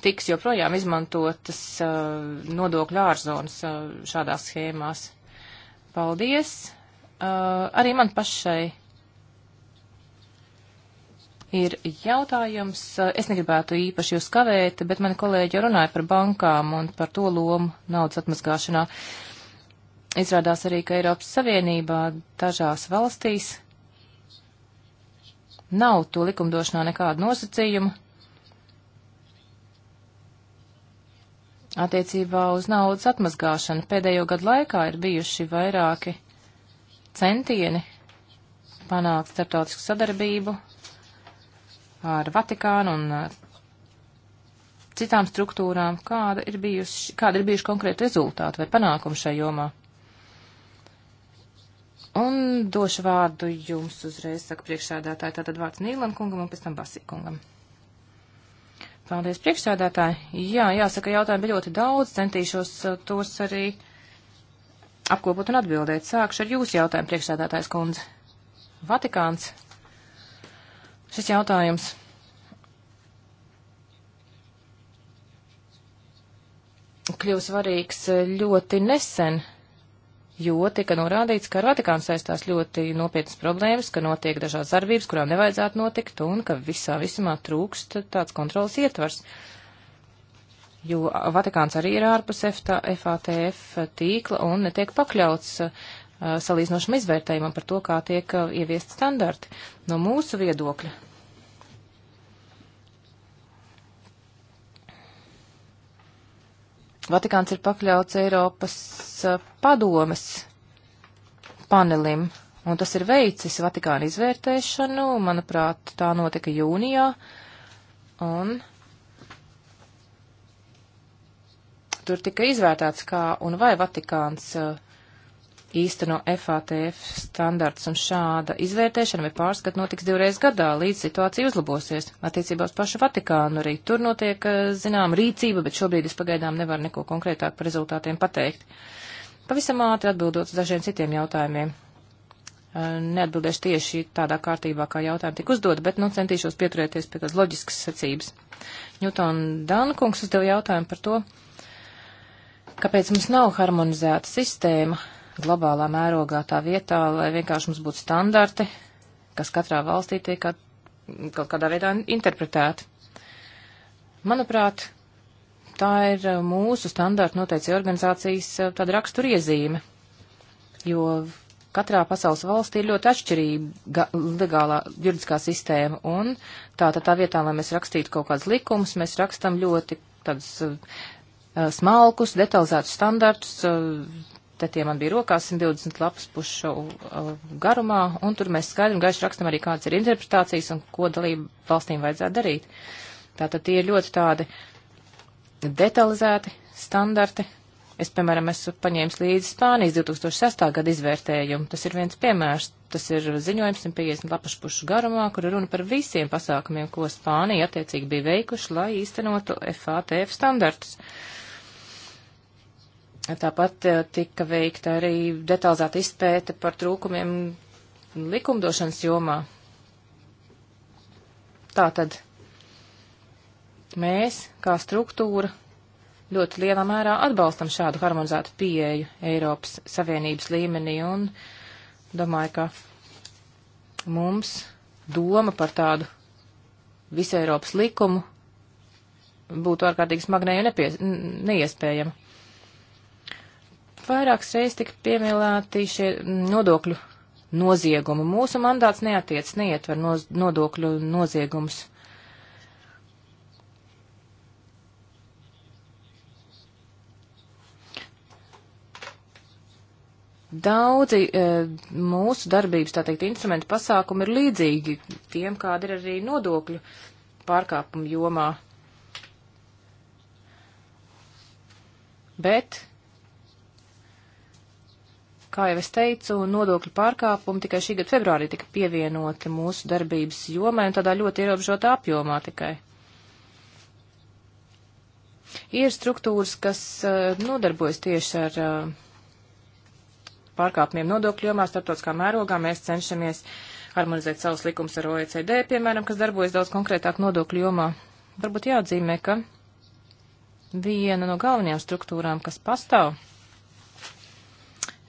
tiks joprojām izmantotas uh, nodokļu ārzonas uh, šādās schēmās. Paldies! Arī man pašai ir jautājums. Es negribētu īpaši jūs kavēt, bet mani kolēģi jau runāja par bankām un par to lomu naudas atmazgāšanā. Uh, Izrādās arī, ka Eiropas Savienībā dažās valstīs nav to likumdošanā nekādu nosacījumu attiecībā uz naudas atmazgāšanu. Pēdējo gadu laikā ir bijuši vairāki centieni panākt starptautisku sadarbību ar Vatikānu un ar citām struktūrām, kāda ir bijuši, kāda ir bijuši konkrēti rezultāti vai panākumi šajā jomā. Un došu vārdu jums uzreiz, saka priekšsēdētāji, tātad vārds Nīlan kungam un pēc tam Basī kungam. Paldies, priekšsēdētāji. Jā, jāsaka, jautājumi bija ļoti daudz, centīšos uh, tos arī apkopot un atbildēt. Sākšu ar jūsu jautājumu, priekšsēdētājs kundze. Vatikāns. Šis jautājums. Kļuva svarīgs uh, ļoti nesen jo tika norādīts, ka ar Vatikānu saistās ļoti nopietnas problēmas, ka notiek dažādas darbības, kurām nevajadzētu notikt, un ka visā visumā trūkst tāds kontrolas ietvars. Jo Vatikāns arī ir ārpus FTA, FATF tīkla un netiek pakļauts uh, salīdzinošam izvērtējumam par to, kā tiek uh, ieviest standarti. No mūsu viedokļa Vatikāns ir pakļauts Eiropas padomes panelim, un tas ir veicis Vatikāna izvērtēšanu, manuprāt, tā notika jūnijā, un tur tika izvērtēts, kā un vai Vatikāns uh, īsteno FATF standarts, un šāda izvērtēšana vai pārskat notiks divreiz gadā, līdz situācija uzlabosies. Attiecībā uz pašu Vatikānu arī tur notiek, eh, zinām, rīcība, bet šobrīd es pagaidām nevaru neko konkrētāk par rezultātiem pateikt. Pavisam ātri atbildot uz dažiem citiem jautājumiem. Eh, neatbildēšu tieši tādā kārtībā, kā jautājumi tika uzdot, bet nu centīšos pieturēties pie tādas loģiskas sacības. Ņūton Dankungs uzdeva jautājumu par to, kāpēc mums nav harmonizēta sistēma globālā mērogā tā vietā, lai vienkārši mums būtu standarti, kas katrā valstī tiek kā, kaut kādā veidā interpretēti. Manuprāt, tā ir eh, mūsu standarta noteicīja organizācijas eh, tāda raksturiezīme, jo katrā pasaules valstī ir ļoti atšķirīga legālā juridiskā sistēma, un tā tad tā, tā vietā, lai mēs rakstītu kaut kādus likumus, mēs rakstam ļoti tādus uh, smalkus, detalizētus standartus, uh, Tad tie man bija rokās 120 lapas pušu uh, garumā, un tur mēs skaidri un gaiši rakstam arī, kādas ir interpretācijas un ko dalību valstīm vajadzētu darīt. Tātad tie ir ļoti tādi detalizēti standarti. Es, piemēram, esmu paņēmis līdzi Spānijas 2006. gada izvērtējumu. Tas ir viens piemērs. Tas ir ziņojums 150 lapašu pušu garumā, kur ir runa par visiem pasākumiem, ko Spānija attiecīgi bija veikuši, lai īstenotu FATF standartus. Uh, Tāpat eh, tika veikta arī detalizēta izpēta par trūkumiem likumdošanas jomā. Tātad mēs, kā struktūra, ļoti lielā mērā atbalstam šādu harmonizētu pieeju Eiropas Savienības līmenī un domāju, ka mums doma par tādu visu Eiropas likumu būtu ārkārtīgi smagnēju nepie, neiespējama. Vairākas reizes tika piemēlēti šie nodokļu noziegumi. Mūsu mandāts neatiec, neietver noz, nodokļu noziegumus. Daudzi e, mūsu darbības, tā teikt, instrumenti pasākumi ir līdzīgi tiem, kāda ir arī nodokļu pārkāpumu jomā. Bet Kā jau es teicu, nodokļu pārkāpumi tikai šī gada februārī tika pievienoti mūsu darbības jomai un tādā ļoti ierobežotā apjomā tikai. Ir struktūras, kas eh, nodarbojas tieši ar eh, pārkāpumiem nodokļu jomā, starptautiskā mērogā. Mēs cenšamies harmonizēt savus likumus ar OECD, piemēram, kas darbojas daudz konkrētāk nodokļu jomā. Varbūt jāatzīmē, ka viena no galvenajām struktūrām, kas pastāv,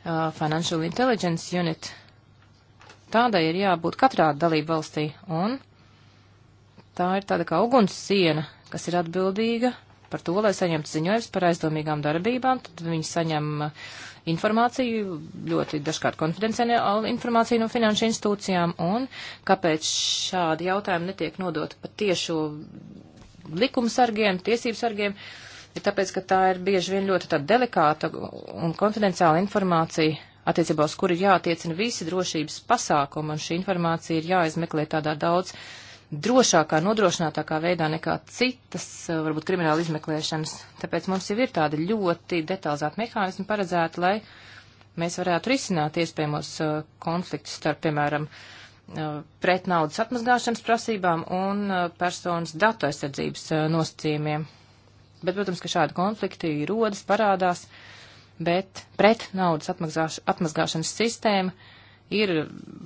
uh, Financial Intelligence Unit. Tādai ir jābūt katrā dalību valstī, un tā ir tāda kā uguns siena, kas ir atbildīga par to, lai saņemtu ziņojums par aizdomīgām darbībām, tad viņi saņem uh, informāciju, ļoti dažkārt konfidenciālu informāciju no finanšu institūcijām, un kāpēc šādi jautājumi netiek nodoti pat tiešo likumsargiem, tiesības sargiem. Uh, ir tāpēc, ka tā ir bieži vien ļoti tāda delikāta un konfidenciāla informācija, attiecībā uz kuru jātiecina visi drošības pasākumi, un šī informācija ir jāizmeklē tādā daudz drošākā, nodrošinātākā veidā nekā citas, eh, varbūt, krimināla izmeklēšanas. Tāpēc mums jau ir tādi ļoti detalizēti mehānismi paredzēti, lai mēs varētu risināt iespējamos eh, konfliktus starp, piemēram, eh, pret naudas atmazgāšanas prasībām un personas datu aizsardzības nosacījumiem. Bet, protams, ka šādi konflikti rodas, parādās, bet pret naudas atmazgāšanas sistēma ir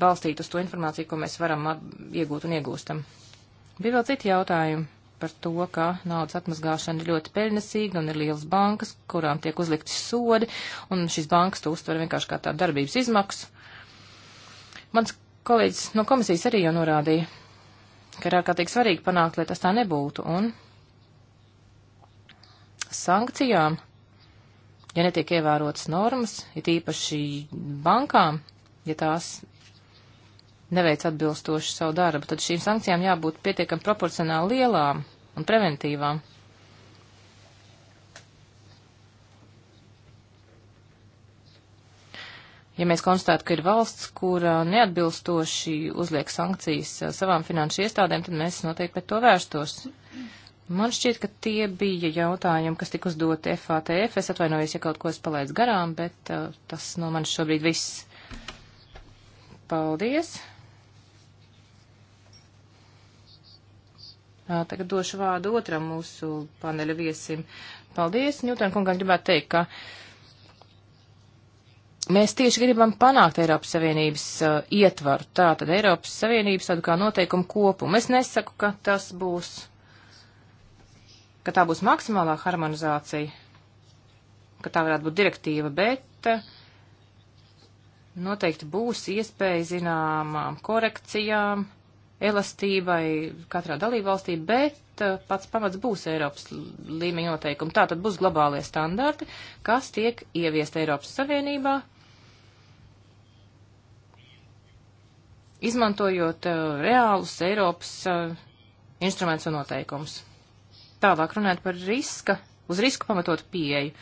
balstīta uz to informāciju, ko mēs varam iegūt un iegūstam. Bija vēl citi jautājumi par to, ka naudas atmazgāšana ir ļoti peļnesīga un ir lielas bankas, kurām tiek uzlikti sodi, un šīs bankas to uztver vienkārši kā tādu darbības izmaksu. Mans kolēģis no komisijas arī jau norādīja, ka ir ārkārtīgi svarīgi panākt, lai tas tā nebūtu, un sankcijām, ja netiek ievērotas normas, it īpaši bankām, ja tās neveic atbilstoši savu darbu, tad šīm sankcijām jābūt pietiekam proporcionāli lielām un preventīvām. Ja mēs konstatētu, ka ir valsts, kur neatbilstoši uzliek sankcijas eh, savām finanšu iestādēm, tad mēs noteikti pret to vērstos. Man šķiet, ka tie bija jautājumi, kas tika uzdoti FATF. Es atvainojos, ja kaut ko es palaidu garām, bet uh, tas no manis šobrīd viss. Paldies! Uh, tagad došu vārdu otram mūsu paneļa viesim. Paldies! Ņūtēn kungam gribētu teikt, ka mēs tieši gribam panākt Eiropas Savienības uh, ietvaru, tātad Eiropas Savienības tādu kā noteikumu kopumu. Es nesaku, ka tas būs ka tā būs maksimālā harmonizācija, ka tā varētu būt direktīva, bet eh, noteikti būs iespēja zināmām korekcijām, elastībai katrā dalībvalstī, bet eh, pats pamats būs Eiropas līmeņa noteikumi. Tā tad būs globālie standarti, kas tiek ieviest Eiropas Savienībā, izmantojot eh, reālus Eiropas instrumentus un noteikumus. Tālāk runājot par riska, uz risku pamatotu pieeju.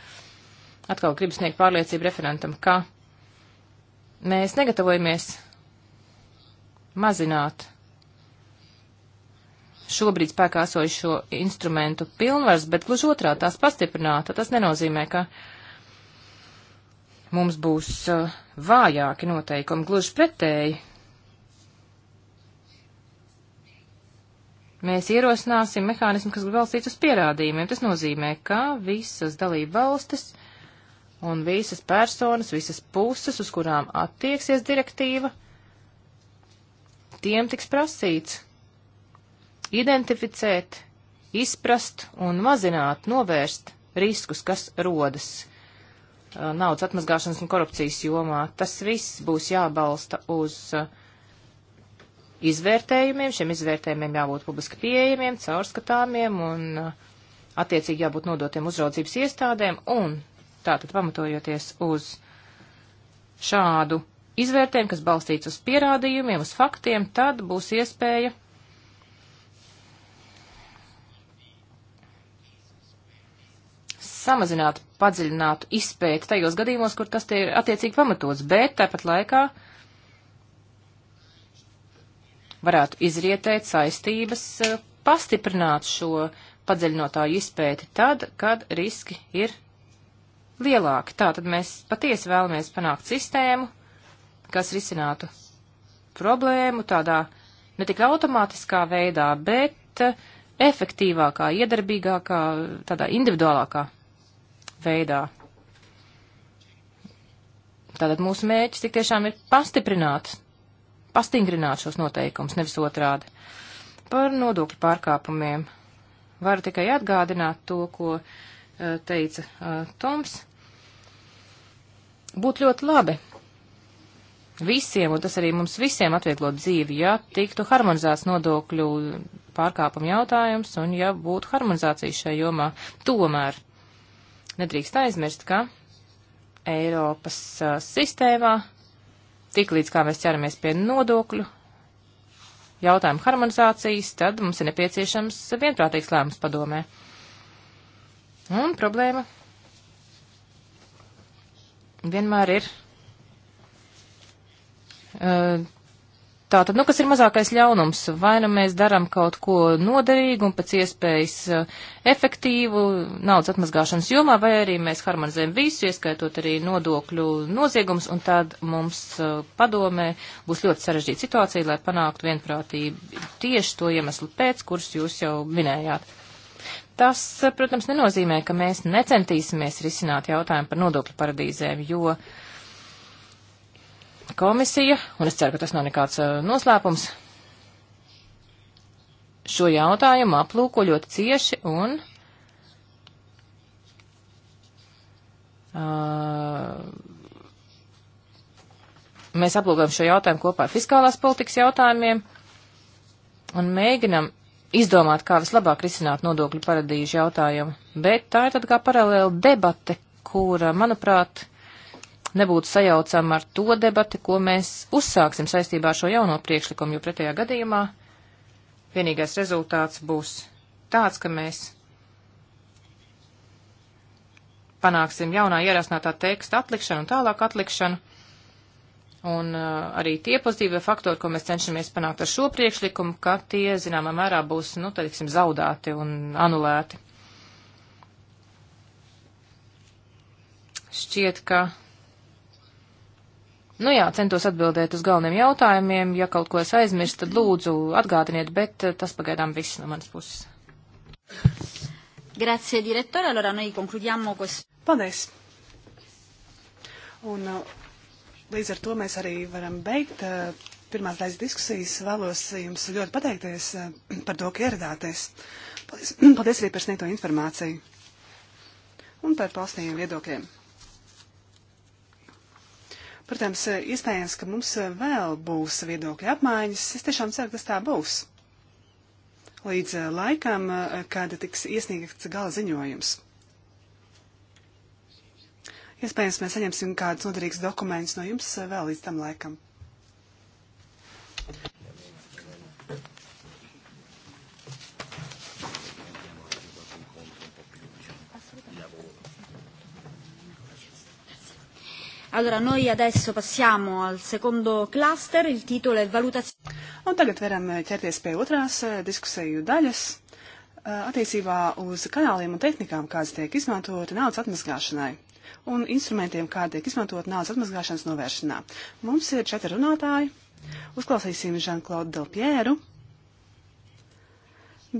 Atkal gribu sniegt pārliecību referentam, ka mēs negatavojamies mazināt šobrīd spēkā esošo instrumentu pilnvars, bet gluži otrā tās pastiprināt. Tas nenozīmē, ka mums būs uh, vājāki noteikumi, gluži pretēji. Mēs ierosināsim mehānismu, kas balstīts uz pierādījumiem. Tas nozīmē, ka visas dalība valstis un visas personas, visas puses, uz kurām attieksies direktīva, tiem tiks prasīts identificēt, izprast un mazināt, novērst riskus, kas rodas uh, naudas atmazgāšanas un korupcijas jomā. Tas viss būs jābalsta uz uh, izvērtējumiem. Šiem izvērtējumiem jābūt publiski pieejamiem, caurskatāmiem un uh, attiecīgi jābūt nodotiem uzraudzības iestādēm. Un tātad pamatojoties uz šādu izvērtējumu, kas balstīts uz pierādījumiem, uz faktiem, tad būs iespēja samazināt padziļinātu izpēti tajos gadījumos, kur tas ir attiecīgi pamatots, bet tāpat laikā uh, varētu izrietēt saistības eh, pastiprināt šo padziļinotāju izpēti tad, kad riski ir lielāki. Tātad mēs patiesi vēlamies panākt sistēmu, kas risinātu problēmu tādā ne tik automātiskā veidā, bet eh, efektīvākā, iedarbīgākā, tādā individuālākā veidā. Tātad mūsu mērķis tik tiešām ir pastiprināt pastiprināt šos noteikumus, nevis otrādi. Par nodokļu pārkāpumiem varu tikai atgādināt to, ko uh, teica uh, Toms. Būtu ļoti labi visiem, un tas arī mums visiem atvieglot dzīvi, ja tiktu harmonizēts nodokļu pārkāpumu jautājums un ja būtu harmonizācija šajā jomā. Tomēr nedrīkst aizmirst, ka Eiropas uh, sistēmā tik līdz kā mēs ķeramies pie nodokļu jautājumu harmonizācijas, tad mums ir nepieciešams vienprātīgs lēmums padomē. Un problēma vienmēr ir uh, Tātad, nu, kas ir mazākais ļaunums? Vai nu mēs daram kaut ko noderīgu un pēc iespējas eh, efektīvu naudas atmazgāšanas jomā, vai arī mēs harmonizējam visu, ieskaitot arī nodokļu noziegums, un tad mums eh, padomē būs ļoti sarežģīta situācija, lai panāktu vienprātību tieši to iemeslu pēc, kurus jūs jau minējāt. Tas, eh, protams, nenozīmē, ka mēs necentīsimies risināt jautājumu par nodokļu paradīzēm, jo uh, komisija, un es ceru, ka tas nav nekāds uh, noslēpums, šo jautājumu aplūko ļoti cieši un uh, mēs aplūkojam šo jautājumu kopā ar fiskālās politikas jautājumiem un mēģinam izdomāt, kā vislabāk risināt nodokļu paradīžu jautājumu. Bet tā ir tad kā paralēla debate, kura, manuprāt, nebūtu sajaucama ar to debati, ko mēs uzsāksim saistībā ar šo jauno priekšlikumu, jo pretējā gadījumā vienīgais rezultāts būs tāds, ka mēs panāksim jaunā ierasinātā teksta atlikšanu un tālāk atlikšanu. Un uh, arī tie pozitīvie faktori, ko mēs cenšamies panākt ar šo priekšlikumu, ka tie, zināmā mērā, būs, nu, tā tiksim, zaudēti un anulēti. Šķiet, ka Nu jā, centos atbildēt uz galveniem jautājumiem. Ja kaut ko es aizmirstu, tad lūdzu atgādiniet, bet eh, tas pagaidām viss no manas puses. Grazie, direttore. Allora noi concludiamo questo. Paldies. Un eh, līdz ar to mēs arī varam beigt. Eh, pirmās daļas diskusijas vēlos jums ļoti pateikties par to, ka ieradāties. Paldies, paldies arī par sniegto informāciju un par paustajiem viedokļiem. Protams, eh, iespējams, ka mums eh, vēl būs viedokļa apmaiņas. Es tiešām ceru, ka tas tā būs. Līdz eh, laikam, kad tiks iesniegts gala ziņojums. Iespējams, mēs saņemsim kādus noderīgus dokumentus no jums vēl līdz tam laikam. Allora, noi adesso passiamo al secondo cluster, il titolo è valutazione. Un tagad varam eh, ķerties pie otrās eh, diskusiju daļas eh, attiecībā uz kanāliem un tehnikām, kādas tiek izmantota naudas atmazgāšanai un instrumentiem, kādi tiek izmantot naudas atmazgāšanas novēršanā. Mums ir četri runātāji. Uzklausīsim Žanklodu Delpjēru,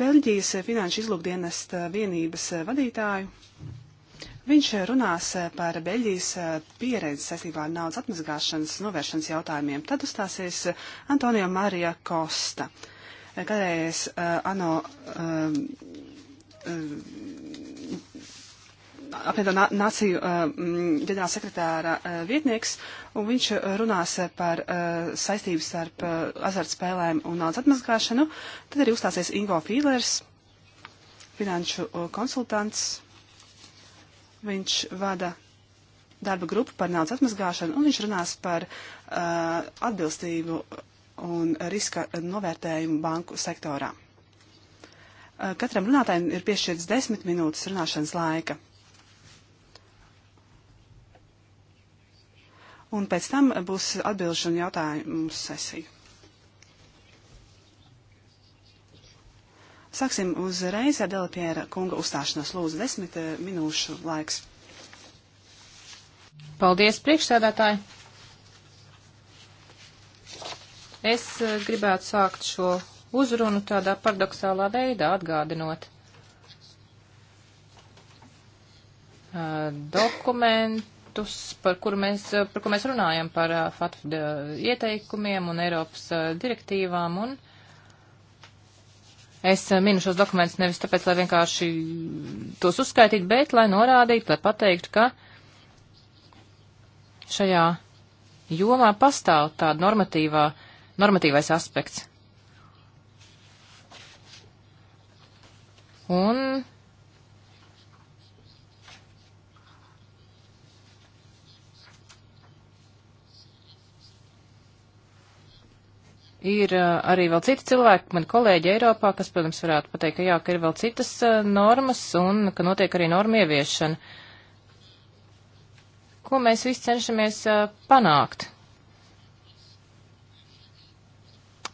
Beļģijas finanšu izlūkdienesta vienības vadītāju Viņš eh, runās eh, par Beļģijas eh, pieredzi saistībā ar naudas atmazgāšanas novēršanas jautājumiem. Tad uzstāsies Antonio Marija Kosta. Kādreiz uh, ANO uh, uh, apvienoto nāciju mm, ģenerāla sekretāra vietnieks, un viņš runās par saistību starp azartspēlēm un naudas atmazgāšanu. Tad arī uzstāsies Ingo Fīlers, finanšu konsultants Viņš vada darba grupu par naudas atmazgāšanu, un viņš runās par uh, atbilstību un riska novērtējumu banku sektorā. Uh, katram runātājam ir piešķirts desmit minūtes runāšanas laika. Un pēc tam būs atbilžu un jautājumu sesija. Sāksim uzreiz ar Delapiera kunga uzstāšanos. Lūdzu, desmit eh, minūšu laiks. Paldies, priekšsēdētāji! Es eh, gribētu sākt šo uzrunu tādā paradoxālā veidā atgādinot eh, dokumentus, par, mēs, par ko mēs runājam, par FATF ieteikumiem un Eiropas direktīvām un Es eh, minu šos dokumentus nevis tāpēc, lai vienkārši tos uzskaitītu, bet lai norādītu, lai pateiktu, ka šajā jomā pastāv tāda normatīvā, normatīvais aspekts. Un ir uh, arī vēl citi cilvēki, mani kolēģi Eiropā, kas, protams, varētu pateikt, ka jā, ka ir vēl citas uh, normas un ka notiek arī norma ieviešana. Ko mēs visi cenšamies uh, panākt?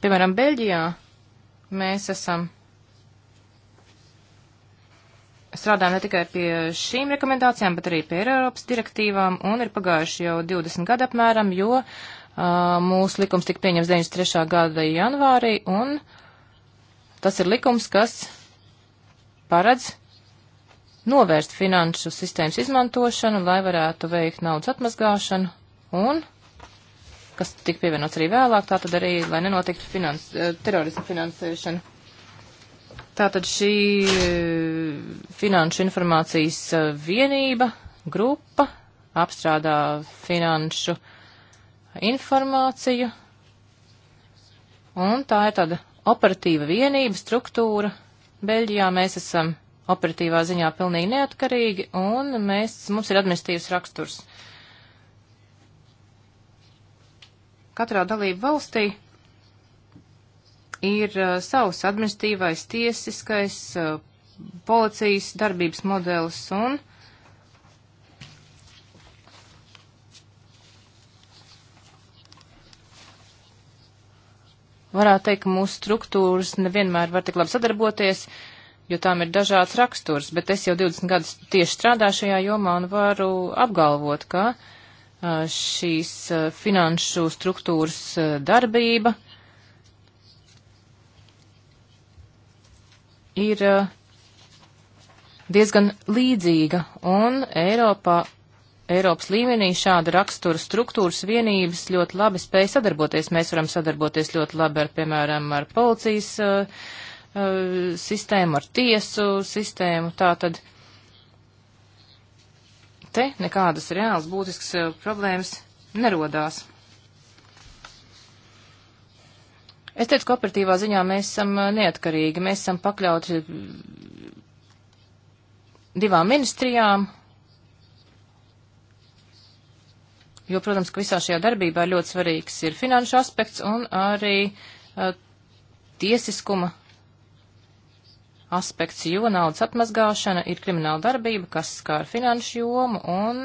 Piemēram, Beļģijā mēs esam strādājam ne tikai pie šīm rekomendācijām, bet arī pie Eiropas direktīvām, un ir pagājuši jau 20 gadu apmēram, jo Mūsu likums tika pieņems 93. gada janvārī, un tas ir likums, kas paredz novērst finanšu sistēmas izmantošanu, lai varētu veikt naudas atmazgāšanu, un, kas tika pievienots arī vēlāk, tātad arī, lai nenotiktu finans, terorismu finansēšana. Tātad šī finanšu informācijas vienība, grupa apstrādā finanšu uh, informāciju, un tā ir tāda operatīva vienība, struktūra. Beļģijā mēs esam operatīvā ziņā pilnīgi neatkarīgi, un mēs, mums ir administratīvs raksturs. Katrā dalību valstī ir uh, savs administratīvais, tiesiskais, uh, policijas darbības modelis, un uh, Varētu teikt, ka mūsu struktūras nevienmēr var tik labi sadarboties, jo tām ir dažāds raksturs, bet es jau 20 gadus tieši strādāju šajā jomā un varu apgalvot, ka šīs finanšu struktūras darbība ir diezgan līdzīga, un Eiropā Eiropas līmenī šāda rakstura struktūras vienības ļoti labi spēj sadarboties. Mēs varam sadarboties ļoti labi ar, piemēram, ar policijas uh, uh, sistēmu, ar tiesu sistēmu. Tātad te nekādas reāls būtisks uh, problēmas nerodās. Es teicu, ka operatīvā ziņā mēs esam uh, neatkarīgi, mēs esam pakļauti uh, divām ministrijām jo, protams, ka visā šajā darbībā ļoti svarīgs ir finanšu aspekts un arī uh, tiesiskuma aspekts, jo naudas atmazgāšana ir krimināla darbība, kas skār finanšu jomu, un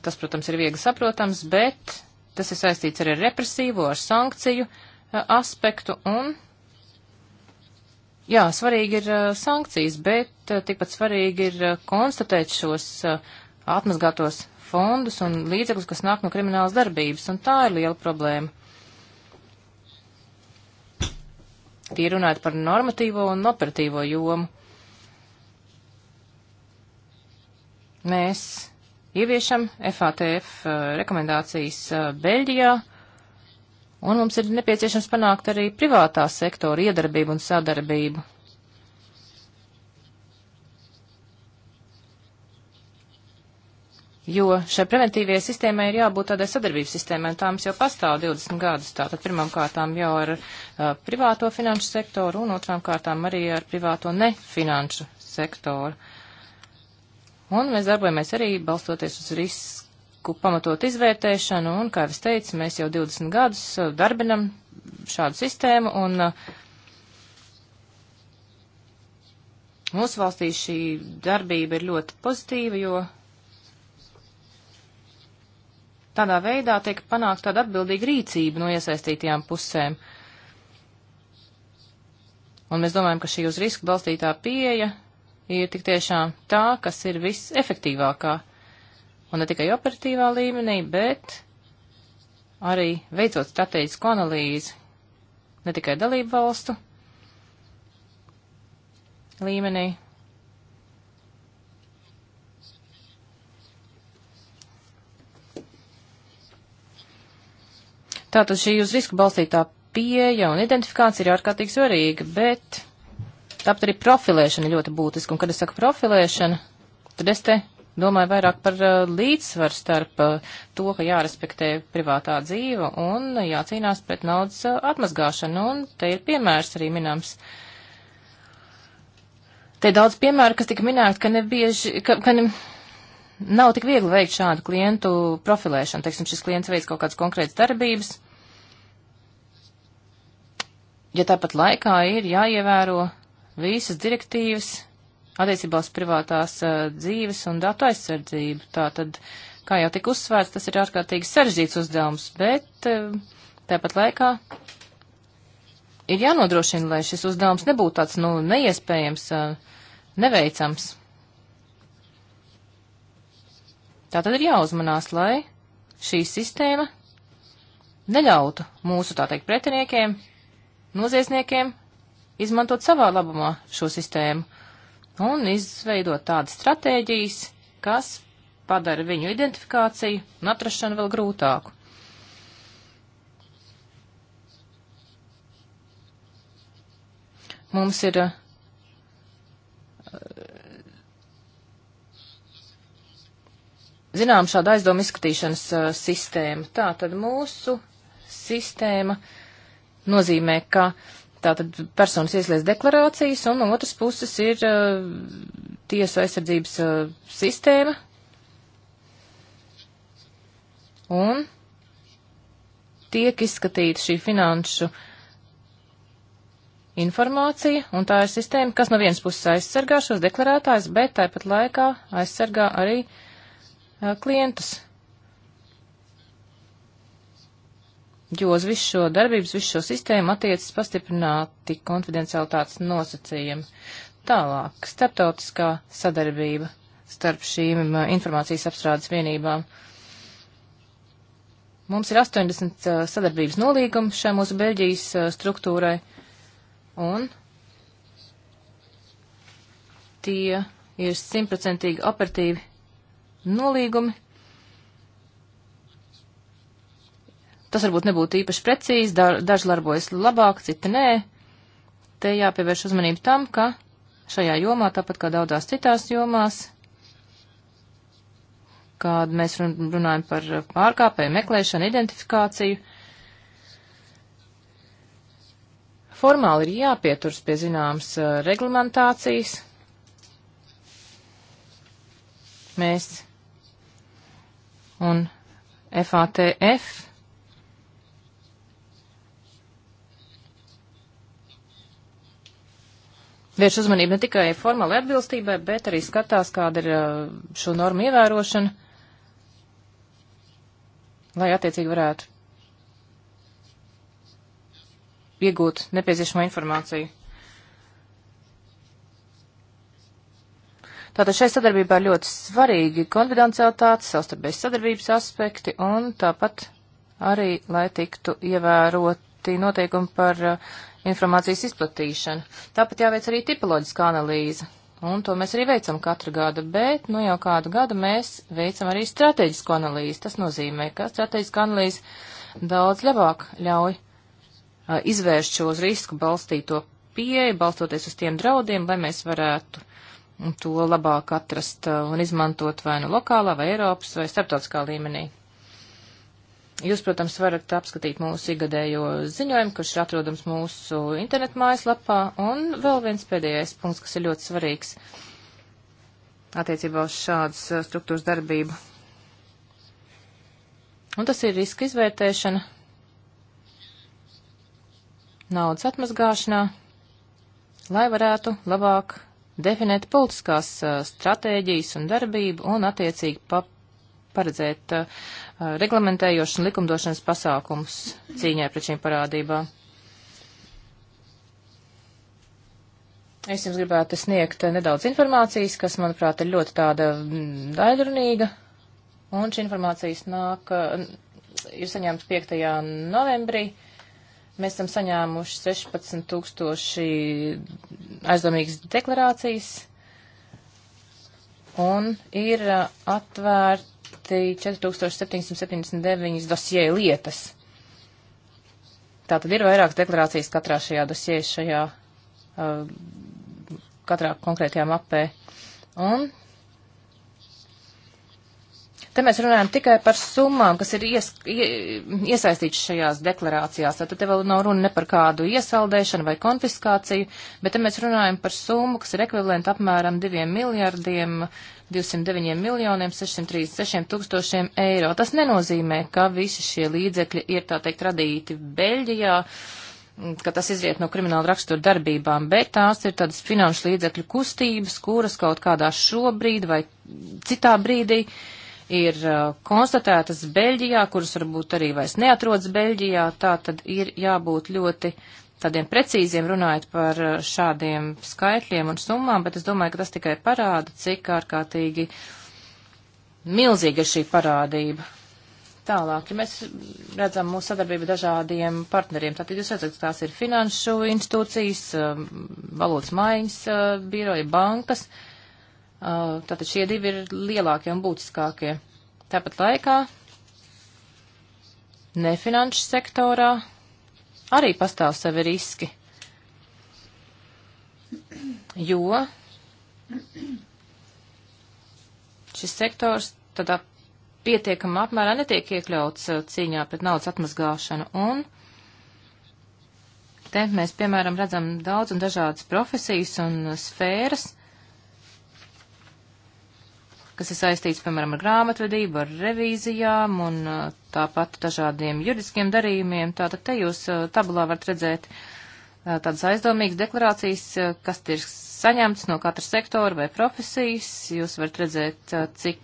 tas, protams, ir viegli saprotams, bet tas ir saistīts arī ar represīvo, ar sankciju eh, aspektu, un, jā, svarīgi ir eh, sankcijas, bet tikpat svarīgi ir konstatēt šos atmazgātos fondus un līdzekļus, kas nāk no kriminālas darbības, un tā ir liela problēma. Tie runājot par normatīvo un operatīvo jomu. Mēs ieviešam FATF uh, rekomendācijas uh, Beļģijā, un mums ir nepieciešams panākt arī privātā sektora iedarbību un sadarbību. Jo šai preventīvajai sistēmai ir jābūt tādai sadarbības sistēmai, un tāms jau pastāv 20 gadus. Tātad pirmām kārtām jau ar uh, privāto finanšu sektoru, un otrām kārtām arī ar privāto nefinanšu sektoru. Un mēs darbojamies arī balstoties uz risku pamatot izvērtēšanu, un, kā jau es teicu, mēs jau 20 gadus uh, darbinam šādu sistēmu, un uh, mūsu valstī šī darbība ir ļoti pozitīva, jo Tādā veidā tiek panākt tāda atbildīga rīcība no iesaistītajām pusēm. Un mēs domājam, ka šī uz risku balstītā pieeja ir tik tiešām tā, kas ir visefektīvākā. Un ne tikai operatīvā līmenī, bet arī veicot strateģisku analīzi ne tikai dalību valstu līmenī, Tātad šī uz risku balstītā pieeja un identifikācija ir ārkārtīgi svarīga, bet tāpat arī profilēšana ļoti būtiska. Un, kad es saku profilēšana, tad es te domāju vairāk par uh, līdzsvaru starp uh, to, ka jārespektē privātā dzīve un jācīnās pret naudas uh, atmazgāšanu. Un te ir piemērs arī minams. Te ir daudz piemēru, kas tika minēti, ka nebieži, ka, ka ne, nav tik viegli veikt šādu klientu profilēšanu. Teiksim, šis klients veids kaut kādas konkrētas darbības ja tāpat laikā ir jāievēro visas direktīvas attiecībā uz privātās uh, dzīves un datu aizsardzību. Tātad, kā jau tika uzsvērts, tas ir ārkārtīgi sarežģīts uzdevums, bet uh, tāpat laikā ir jānodrošina, lai šis uzdevums nebūtu tāds, nu, neiespējams, uh, neveicams. Tātad ir jāuzmanās, lai šī sistēma neļautu mūsu, tā teikt, pretiniekiem noziedzniekiem izmantot savā labumā šo sistēmu un izveidot tādas stratēģijas, kas padara viņu identifikāciju un atrašanu vēl grūtāku. Mums ir uh, zinām šāda aizdomu izskatīšanas uh, sistēma. Tā tad mūsu sistēma uh, nozīmē, ka tātad personas ieslēdz deklarācijas, un no otras puses ir uh, tiesu aizsardzības uh, sistēma. Un tiek izskatīta šī finanšu informācija, un tā ir sistēma, kas no vienas puses aizsargā šos deklarētājus, bet tāpat laikā aizsargā arī uh, klientus jo uz visu šo darbības, visu šo sistēmu attiecas pastiprināti konfidencialitātes nosacījumi. Tālāk, starptautiskā sadarbība starp šīm uh, informācijas apstrādes vienībām. Mums ir 80 uh, sadarbības nolīgumi šai mūsu Beļģijas uh, struktūrai, un tie ir simtprocentīgi operatīvi nolīgumi, Tas varbūt nebūtu īpaši precīzi, daži darbojas labāk, citi nē. Te jāpievērš uzmanību tam, ka šajā jomā, tāpat kā daudzās citās jomās, kad mēs runājam par pārkāpēju meklēšanu, identifikāciju, formāli ir jāpieturas pie zināmas uh, reglamentācijas. Mēs un FATF vērš uzmanību ne tikai formāli atbilstībai, bet arī skatās, kāda ir uh, šo normu ievērošana, lai attiecīgi varētu iegūt nepieciešamo informāciju. Tātad šai sadarbībā ļoti svarīgi konfidencialitāte, savstarpējas sadarbības aspekti un tāpat arī, lai tiktu ievēroti noteikumi par uh, informācijas izplatīšana. Tāpat jāveic arī tipoloģiska analīze, un to mēs arī veicam katru gadu, bet nu jau kādu gadu mēs veicam arī strateģisku analīzi. Tas nozīmē, ka strateģiska analīze daudz labāk ļauj uh, izvērst šo uz risku balstīto pieeju, balstoties uz tiem draudiem, lai mēs varētu to labāk atrast uh, un izmantot vai nu no lokālā, vai Eiropas, vai starptautiskā līmenī. Jūs, protams, varat apskatīt mūsu igadējo ziņojumu, kurš ir atrodams mūsu internetu mājaslapā. Un vēl viens pēdējais punkts, kas ir ļoti svarīgs attiecībā uz šādas uh, struktūras darbību. Un tas ir riska izvērtēšana naudas atmazgāšanā, lai varētu labāk definēt politiskās uh, stratēģijas un darbību un attiecīgi pap paredzēt uh, reglamentējošas un likumdošanas pasākums cīņai pret šīm parādībām. Es jums gribētu sniegt uh, nedaudz informācijas, kas, manuprāt, ir ļoti tāda mm, daļrunīga, un šī informācijas nāk, uh, ir saņemta 5. novembrī. Mēs esam saņēmuši 16 tūkstoši aizdomīgas deklarācijas, un ir uh, atvērti 4779 dosie lietas. Tātad ir vairākas deklarācijas katrā šajā dosie, šajā uh, katrā konkrētajā mapē. Un Te mēs runājam tikai par summām, kas ir ies, ie, iesaistīts šajās deklarācijās. Tad te vēl nav runa ne par kādu iesaldēšanu vai konfiskāciju, bet te mēs runājam par summu, kas ir ekvivalenta apmēram 2 miljardiem 209 miljoniem 636 tūkstošiem eiro. Tas nenozīmē, ka visi šie līdzekļi ir, tā teikt, radīti Beļģijā ka tas izriet no krimināla rakstura darbībām, bet tās ir tādas finanšu līdzekļu kustības, kuras kaut kādā šobrīd vai citā brīdī uh, ir uh, konstatētas Beļģijā, kuras varbūt arī vairs neatrodas Beļģijā, tā tad ir jābūt ļoti tādiem precīziem runājot par uh, šādiem skaitļiem un summām, bet es domāju, ka tas tikai parāda, cik ārkārtīgi milzīga ir šī parādība. Tālāk, ja mēs redzam mūsu sadarbību dažādiem partneriem, tātad jūs redzat, ka tās ir finanšu institūcijas, um, valodas maiņas uh, biroja, bankas, uh, Uh, tātad šie divi ir lielākie un būtiskākie. Tāpat laikā nefinanšu sektorā arī pastāv savi riski, jo šis sektors tādā pietiekama apmērā netiek iekļauts uh, cīņā pret naudas atmazgāšanu. Un te mēs, piemēram, redzam daudz un dažādas profesijas un uh, sfēras, uh, kas ir saistīts, piemēram, ar grāmatvedību, ar revīzijām un uh, tāpat dažādiem juridiskiem darījumiem. Tātad te jūs uh, tabulā varat redzēt uh, tādas aizdomīgas deklarācijas, kas ir saņemts no katra sektora vai profesijas. Jūs varat redzēt, cik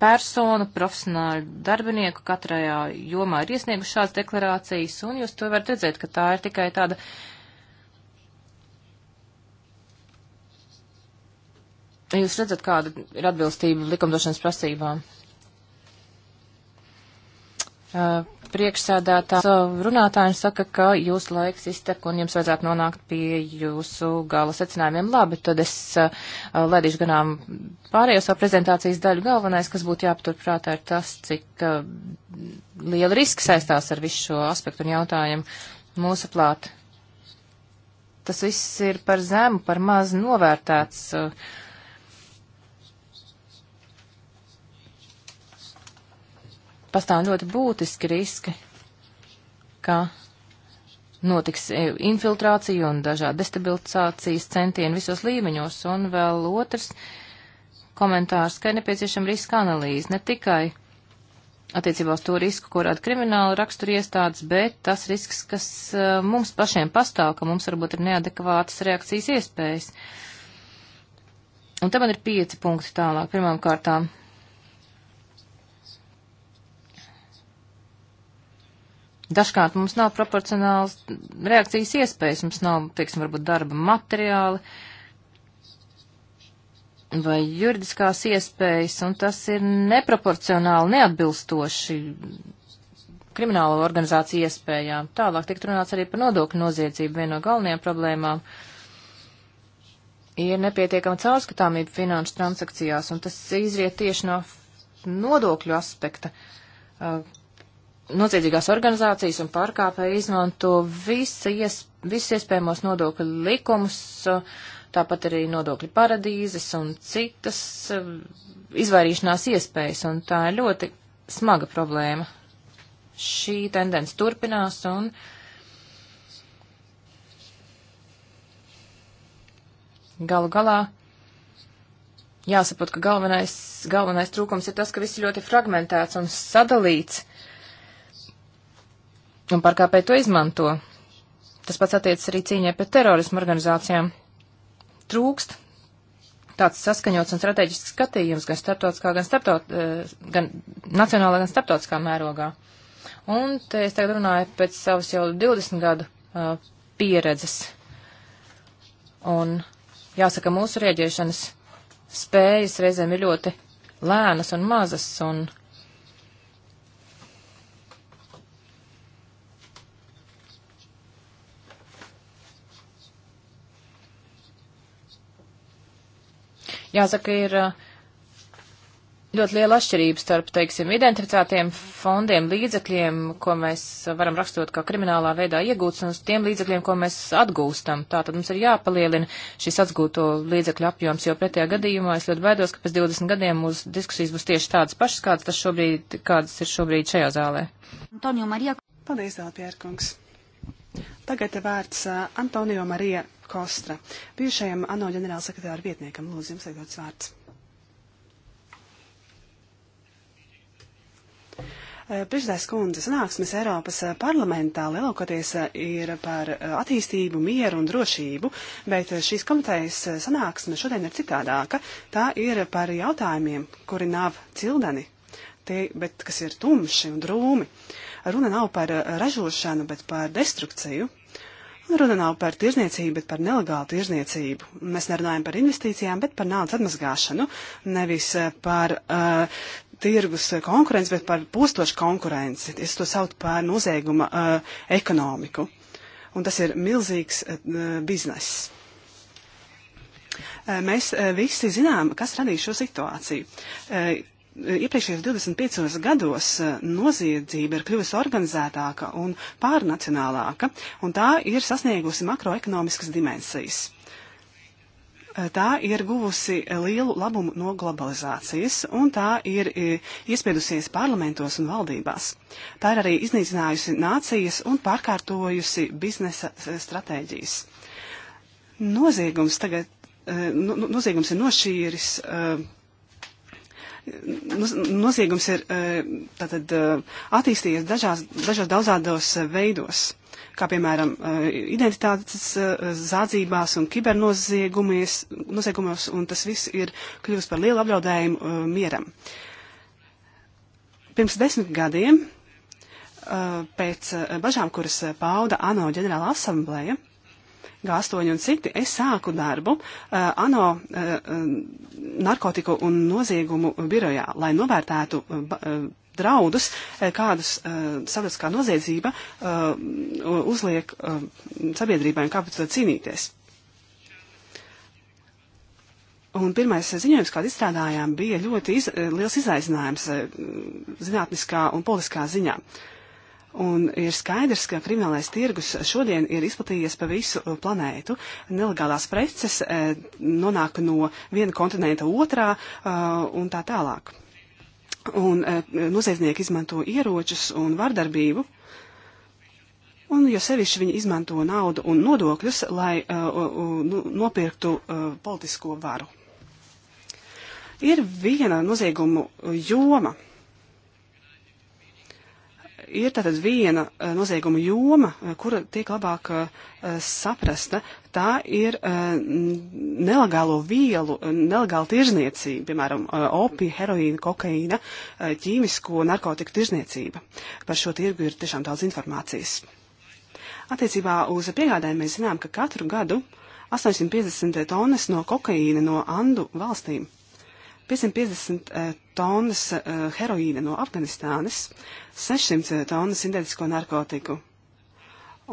personu, profesionāļu darbinieku katrajā jomā ir iesnieguši šādas deklarācijas, un jūs to varat redzēt, ka tā ir tikai tāda Jūs redzat, kāda ir atbilstība likumdošanas prasībām? Priekšsēdētājs runātājiem saka, ka jūsu laiks iztek un jums vajadzētu nonākt pie jūsu gala secinājumiem. Labi, tad es ledīšu ganām pārējo savu prezentācijas daļu. Galvenais, kas būtu jāpaturprātā, ir tas, cik liela riska saistās ar visu šo aspektu un jautājumu mūsu plāt. Tas viss ir par zemu, par maz novērtēts. Uh, pastāv ļoti būtiski riski, ka notiks e, infiltrācija un dažādi destabilizācijas centieni visos līmeņos. Un vēl otrs komentārs, ka ir nepieciešama riska analīze ne tikai attiecībā uz to risku, ko rada krimināla rakstura iestādes, bet tas risks, kas e, mums pašiem pastāv, ka mums varbūt ir neadekvātas reakcijas iespējas. Un te man ir pieci punkti tālāk. Pirmām kārtām Dažkārt mums nav proporcionāls reakcijas iespējas, mums nav, teiksim, varbūt darba materiāli vai juridiskās iespējas, un tas ir neproporcionāli neatbilstoši kriminālo organizāciju iespējām. Tālāk tiek runāts arī par nodokļu noziedzību. Viena no galvenajām problēmām ir nepietiekama caurskatāmība finanšu transakcijās, un tas izriet tieši no nodokļu aspekta, uh, noziedzīgās organizācijas un pārkāpēji izmanto visu ies, visus iespējamos nodokļu likumus, tāpat arī nodokļu paradīzes un citas eh, izvairīšanās iespējas, un tā ir ļoti smaga problēma. Šī tendence turpinās un. Galu galā jāsaprot, ka galvenais, galvenais trūkums ir tas, ka viss ļoti fragmentēts un sadalīts un par kāpēc to izmanto. Tas pats attiecas arī cīņai pret terorismu organizācijām. Trūkst tāds saskaņots un strateģisks skatījums gan starptautiskā, gan, starptaut, eh, gan nacionālā, gan starptautiskā mērogā. Un te es tagad runāju pēc savas jau 20 gadu uh, pieredzes. Un jāsaka, mūsu rieģiešanas spējas reizēm ir ļoti lēnas un mazas, un Jāsaka, ir uh, ļoti liela atšķirība starp, teiksim, identificētiem fondiem, līdzekļiem, ko mēs varam rakstot kā kriminālā veidā iegūts, un tiem līdzekļiem, ko mēs atgūstam. Tātad mums ir jāpalielina šis atgūto līdzekļu apjoms, jo pretējā gadījumā es ļoti baidos, ka pēc 20 gadiem mūsu diskusijas būs tieši tādas pašas, kādas, šobrīd, kādas ir šobrīd šajā zālē. Antonio Marija. Paldies, Alpjērkungs. Tagad vārds Antonio Marija Kostra, bijušajam ANO ģenerālsekretāra vietniekam. Lūdzu, jums ir dots vārds. Priekšsēdājas kundze, sanāksmes Eiropas parlamentā lielākoties ir par attīstību, mieru un drošību, bet šīs komitejas sanāksme šodien ir citādāka. Tā ir par jautājumiem, kuri nav cildeni, tie, bet kas ir tumši un drūmi. Uh, Runa nav par eh, ražošanu, bet par destrukciju. Runa nav par tirzniecību, bet par nelegālu tirzniecību. Mēs nerunājam par investīcijām, bet par naudas atmazgāšanu, nevis eh, par uh, tirgus konkurenci, bet par postošu konkurenci. Es to saucu par nozieguma uh, ekonomiku. Un tas ir milzīgs uh, bizness. Uh, mēs uh, visi zinām, kas radīja šo situāciju. Uh, iepriekšējos 25 gados e, noziedzība ir kļuvusi organizētāka un pārnacionālāka, un tā ir sasniegusi makroekonomiskas dimensijas. E, tā ir guvusi lielu labumu no globalizācijas, un tā ir e, iespiedusies parlamentos un valdībās. Tā ir arī iznīcinājusi nācijas un pārkārtojusi biznesa stratēģijas. Noziegums tagad, noziegums ir nošķīris noziegums ir e, tātad e, attīstījies dažās, dažos daudzādos e, veidos, kā piemēram identitātes zādzībās un kibernoziegumos, un tas viss ir kļuvis par lielu apdraudējumu mieram. Pirms desmit gadiem, pēc bažām, kuras pauda ANO ģenerāla asambleja, G8 un citi, es sāku darbu uh, ANO uh, narkotiku un noziegumu birojā, lai novērtētu uh, draudus, kādus uh, sabiedriskā noziedzība uh, uzliek uh, sabiedrībai un kāpēc to cīnīties. Un pirmais ziņojums, kādu izstrādājām, bija ļoti iz, liels izaicinājums zinātniskā un politiskā ziņā. Uh, Un ir skaidrs, ka kriminālais tirgus šodien ir izplatījies pa visu uh, planētu. Nelegālās preces uh, nonāk no viena kontinenta otrā uh, un tā tālāk. Un noziedznieki izmanto ieročus un vardarbību. Un jo sevišķi viņi izmanto naudu un nodokļus, lai nu, nopirktu politisko varu. Ir viena noziegumu joma ir tātad viena eh, nozieguma joma, eh, kura tiek labāk eh, saprasta. Tā ir nelegālo vielu, nelegāla tirzniecība, piemēram, opija, heroīna, kokaīna, ķīmisko narkotiku tirzniecība. Par šo tirgu ir tiešām daudz informācijas. Attiecībā uz piegādēm mēs zinām, ka katru gadu 850 tonnas no kokaīna no Andu valstīm 550 eh, tonnas eh, heroīna no Afganistānas, 600 eh, tonnas sintētisko narkotiku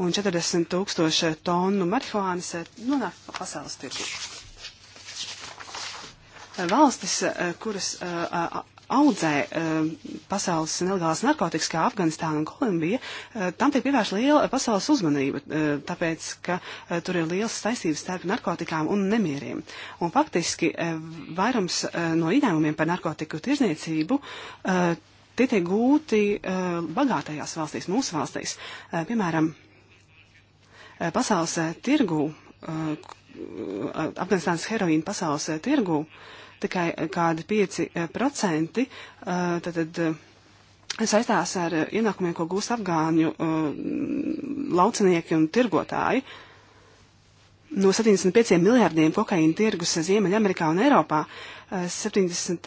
un 40 tūkstoši tonnu marihuānas nonāk pasaules tirgu. Valstis, kuras audzē eh, pasaules nelegālās narkotikas, kā Afganistāna un Kolumbija, eh, tam tiek pievērsta liela pasaules uzmanība, eh, tāpēc, ka tur ir liels saistības starp narkotikām un nemieriem. Un faktiski vairums no ieņēmumiem par narkotiku tirzniecību tie tiek gūti uh, bagātajās valstīs, mūsu valstīs. Uh, piemēram, uh, pasaules tirgū, Afganistānas heroīna pasaules tirgū, tikai eh, kādi 5% eh, tātad eh, saistās ar ienākumiem, ko gūst afgāņu laucinieki un tirgotāji. No 75 miljārdiem kokaīna tirgus Ziemeļamerikā un Eiropā 70%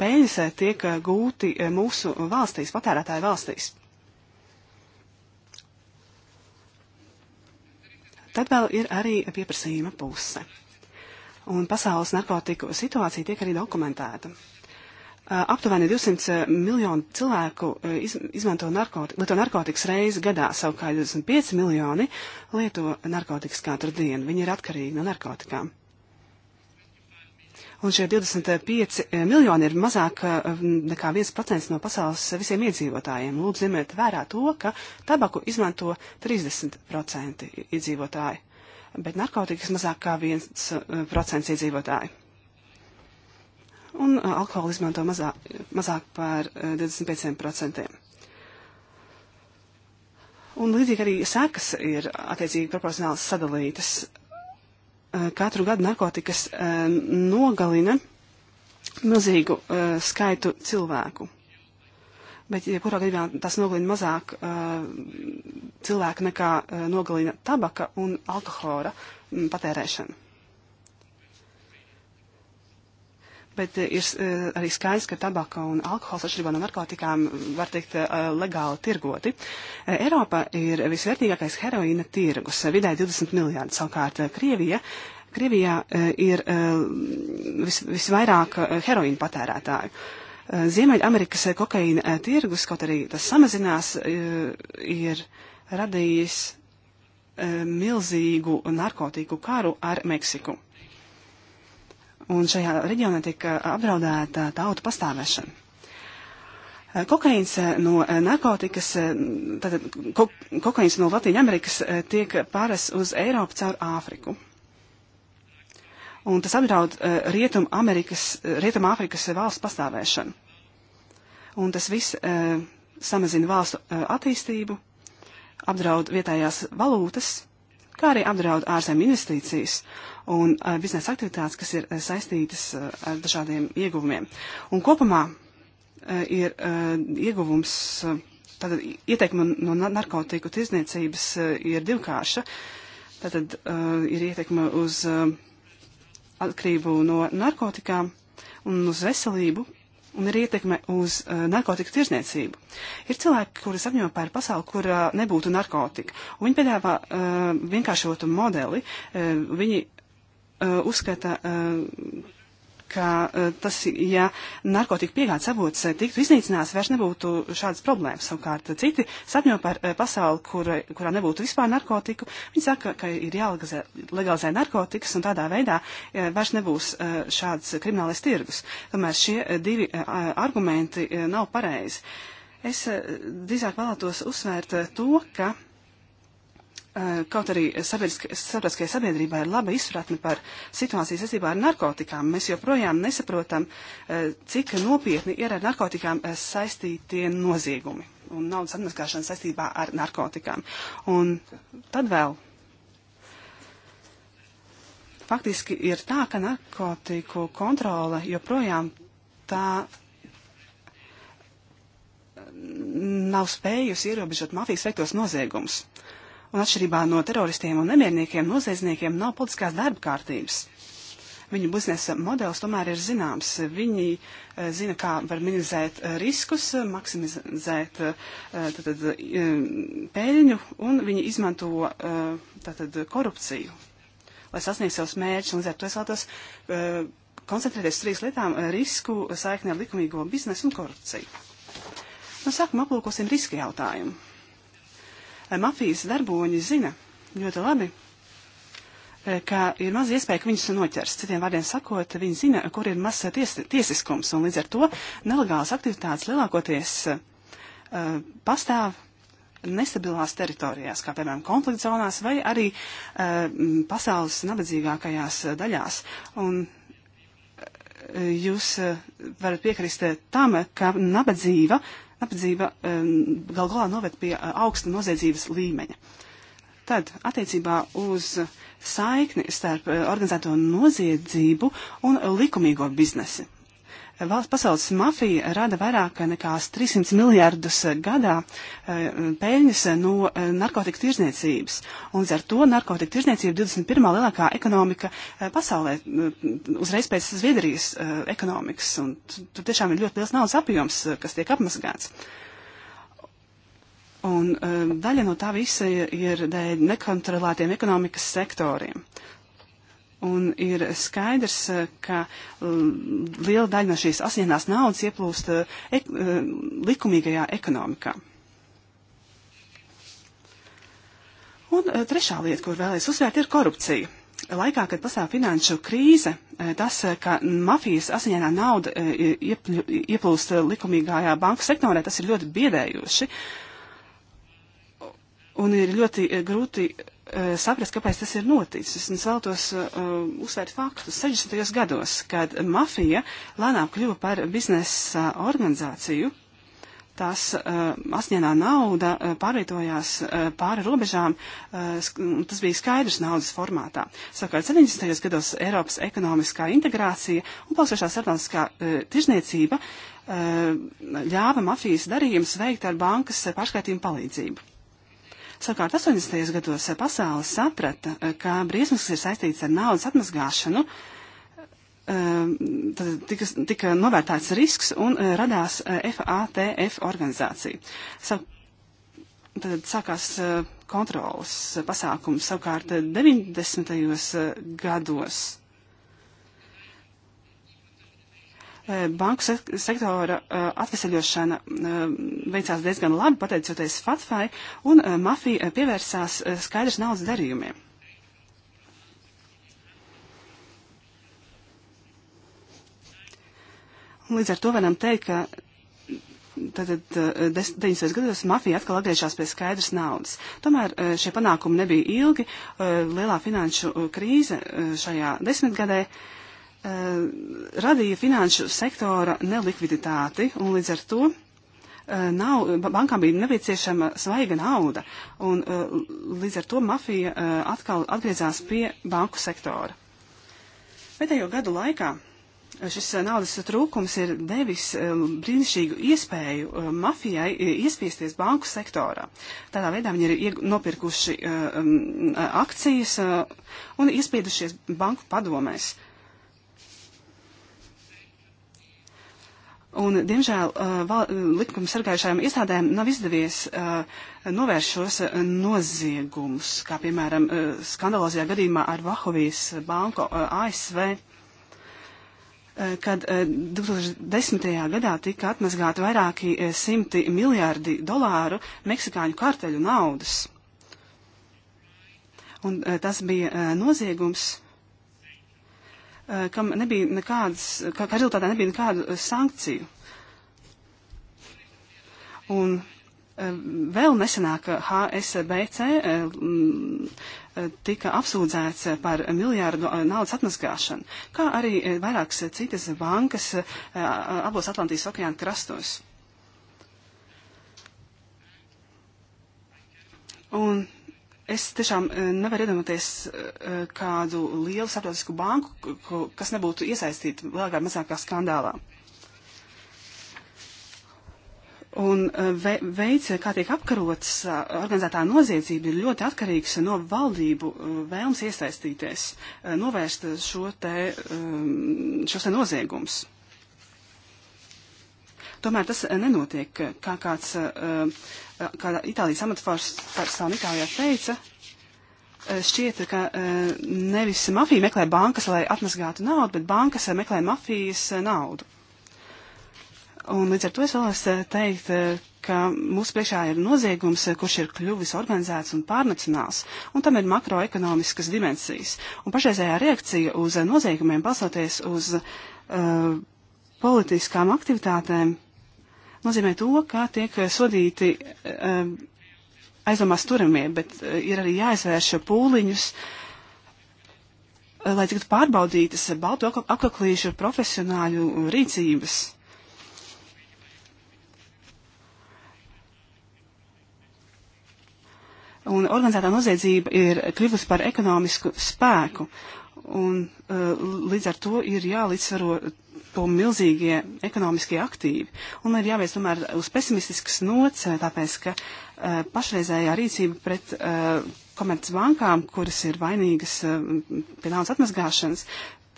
peļņas tiek gūti mūsu valstīs, patērētāju valstīs. Tad vēl ir arī pieprasījuma puse un pasaules narkotiku situācija tiek arī dokumentēta. Aptuveni 200 miljonu cilvēku iz, izmanto narkotiku, lieto narkotikas reizi gadā, savukārt 25 miljoni lieto narkotikas katru dienu. Viņi ir atkarīgi no narkotikām. Un šie 25 miljoni ir mazāk nekā 1% no pasaules visiem iedzīvotājiem. Lūdzu, ņemiet vērā to, ka tabaku izmanto 30% iedzīvotāji bet narkotikas mazāk kā 1% eh, iedzīvotāji. Un eh, alkoholu izmanto mazāk, mazāk par 25%. Eh, Un līdzīgi arī sekas ir attiecīgi proporcionāli sadalītas. Katru gadu narkotikas nogalina milzīgu skaitu cilvēku bet jebkurā ja gadījumā tas nogalina mazāk uh, cilvēku nekā uh, nogalina tabaka un alkohola um, mm, patērēšana. Bet uh, ir uh, arī skaidrs, ka tabaka un alkohols atšķirībā no narkotikām var teikt uh, legāli tirgoti. Uh, Eiropa ir visvērtīgākais heroīna tirgus, uh, vidē 20 miljārdi. Savukārt uh, Krievija uh, Krievijā uh, ir uh, vis, visvairāk uh, heroīna patērētāju. Ziemeļamerikas kokaīna eh, tirgus, kaut arī tas samazinās, eh, ir radījis eh, milzīgu narkotiku karu ar Meksiku. Un šajā reģionā tika apdraudēta tautu pastāvēšana. Kokaīns no narkotikas, tātad ko, kokaīns no Latvijas Amerikas tiek pāres uz Eiropu caur Āfriku un tas apdraud eh, Rietum Amerikas, eh, Rietum Āfrikas eh, valsts pastāvēšanu. Un tas viss samazina valstu attīstību, apdraud vietējās valūtas, kā arī apdraud ārzemju investīcijas un biznesa aktivitātes, kas ir saistītas ar dažādiem ieguvumiem. Un kopumā ir ieguvums tātad ieteikuma no narkotiku tirzniecības ir divkārša. Tātad uh, ir ieteikuma uz uh, atkarību no narkotikām un uz veselību, un ir ietekme uz uh, narkotiku tirzniecību. Ir cilvēki, kuras apņem pār pasauli, kur uh, nebūtu narkotika. Un viņi piedāvā uh, vienkāršotu modeli. Uh, viņi uh, uzskata, uh, ka e, tas, ja narkotika piegādes avots e, tiktu iznīcināts, vairs nebūtu šādas problēmas. Savukārt e, citi sapņo par pasauli, kur, kurā nebūtu vispār narkotiku. Viņi saka, ka ir jālegalizē narkotikas un tādā veidā vairs nebūs šāds kriminālais tirgus. Tomēr šie divi argumenti nav pareizi. Es drīzāk vēlētos uzsvērt to, ka Eh, kaut arī sabiedriskajai sabiedrībai ir laba izpratne par situāciju saistībā ar narkotikām, mēs joprojām nesaprotam, eh, cik nopietni ir ar narkotikām eh, saistītie noziegumi un naudas atmaskāšana saistībā ar narkotikām. Un tad vēl faktiski ir tā, ka narkotiku kontrole joprojām tā nav spējusi ierobežot mafijas veiktos noziegumus un atšķirībā no teroristiem un nemierniekiem, noziedzniekiem nav politiskās darba kārtības. Viņu biznesa modelis tomēr ir zināms. Viņi eh, zina, kā var minimizēt eh, riskus, maksimizēt tātad, eh, pēļņu, un viņi izmanto tātad, korupciju, lai sasniegtu savus mērķus. Līdz ar to es vēlos koncentrēties uz trīs lietām - risku, saikni ar likumīgo biznesu un korupciju. No sākuma aplūkosim riska jautājumu Eh, mafijas darboņi zina ļoti labi, eh, ka ir maz iespēja, ka viņus noķers. Citiem vārdiem sakot, viņi zina, kur ir maz eh, ties, tiesiskums, un līdz ar to nelegālas aktivitātes lielākoties uh, pastāv nestabilās teritorijās, kā piemēram konflikta zonās vai arī uh, pasaules nabadzīgākajās daļās. Un jūs varat piekrist tam, ka nabadzība Nabadzība gal galā noved pie eh, augsta noziedzības līmeņa. Tad attiecībā uz saikni starp eh, organizēto noziedzību un likumīgo biznesi. Valsts pasaules mafija rada vairāk nekā 300 miljārdus gadā eh, peļņas no eh, narkotika tirzniecības. Un līdz ar to narkotika tirzniecība 21. lielākā ekonomika eh, pasaulē, uzreiz pēc Zviedrijas ekonomikas. Un tur tiešām ir ļoti liels naudas apjoms, kas tiek apmazgāts. Un daļa no tā visa ir dēļ nekontrolētiem ekonomikas sektoriem. Uh, Un ir skaidrs, eh, ka mm, liela daļa no šīs asiņās naudas ieplūst eh, ek eh, likumīgajā ekonomikā. Un trešā lieta, ko vēlēs uzsvērt, ir korupcija. Laikā, kad pastāv finanšu krīze, tas, ka mafijas asiņainā nauda ieplūst likumīgajā banku sektorē, tas ir ļoti biedējoši. Un ir ļoti grūti Eh, saprast, kāpēc tas ir noticis. Un es vēlos uh, eh, uzsvērt faktus. 60. gados, kad mafija lēnām kļuva par biznesa organizāciju, tās uh, eh, asņēnā nauda uh, pārvietojās uh, pāri robežām, uh, tas bija skaidrs naudas formātā. Savukārt 70. gados Eiropas ekonomiskā integrācija un plausošā starptautiskā uh, tirzniecība uh, ļāva mafijas darījumus veikt ar bankas pārskaitījumu palīdzību. Savukārt 80. gados pasaule saprata, eh, ka briesmas, kas ir saistītas ar naudas atmazgāšanu, eh, tika, tika novērtāts risks un eh, radās FATF organizācija. Sav, tad sākās kontrolas pasākums. Savukārt 90. gados Eh, banku sektora eh, atvesaļošana eh, veicās diezgan labi, pateicoties FATFai, un mafija pievērsās skaidrs naudas darījumiem. Līdz ar to varam teikt, ka Tātad 90. gados mafija atkal atgriežas pie skaidras naudas. Tomēr šie panākumi nebija ilgi. Lielā finanšu krīze šajā desmitgadē uh, Eh, radīja finanšu sektora nelikviditāti, un līdz ar to eh, nav, bankām bija nepieciešama svaiga nauda, un eh, līdz ar to mafija atkal atgriezās pie banku sektora. Pēdējo gadu laikā šis naudas trūkums ir devis brīnišķīgu iespēju mafijai iespiesties banku sektorā. Tādā veidā viņi ir nopirkuši akcijas un iespiedušies banku padomēs. Un, diemžēl, uh, likuma sargājušajām iestādēm nav izdevies uh, novērst šos uh, noziegumus, kā piemēram skandalozajā gadījumā ar Vahovijas banku ASV kad 2010. gadā tika atmazgāti vairāki simti miljārdi dolāru meksikāņu karteļu naudas. Un tas bija noziegums, Eh, kam nebija nekādas, kā, kā rezultātā nebija nekādu eh, sankciju. Un eh, vēl nesenāk HSBC mm, tika apsūdzēts par miljārdu naudas atmaskāšanu, kā arī vairākas citas bankas abos Atlantijas okeāna krastos. Un Es tiešām eh, nevaru iedomāties eh, kādu lielu starptautisku banku, kas nebūtu iesaistīta lielākā vai mazākā skandālā. Un eh, ve veids, kā tiek apkarots organizētā noziedzība, ir ļoti atkarīgs no valdību vēlms iesaistīties, novērst šo te, šos te noziegums. Tomēr tas nenotiek kā kāds uh, Eh, kāda Itālijas amatpersona Itālijā teica, eh, šķiet, ka eh, nevis mafija meklē bankas, lai atmazgātu naudu, bet bankas meklē mafijas naudu. Un līdz ar to es vēlos teikt, ka mūsu priekšā ir noziegums, kurš ir kļuvis organizēts un pārnacionāls, un tam ir makroekonomiskas dimensijas. Un pašreizējā reakcija uz noziegumiem balstoties uz uh, politiskām aktivitātēm nozīmē to, kā tiek sodīti um, aizdomās turamie, bet uh, ir arī jāizvērš pūliņus, lai tiktu pārbaudītas balto apaklīšu profesionāļu rīcības. Un organizētā noziedzība ir kļuvusi par ekonomisku spēku, un uh, līdz ar to ir jālīdzsvaro principu milzīgie ekonomiskie aktīvi. Un ir jāvies tomēr uz pesimistisks nots, eh, tāpēc, ka uh, pašreizējā rīcība pret uh, komercbankām, kuras ir vainīgas uh, pie naudas atmazgāšanas,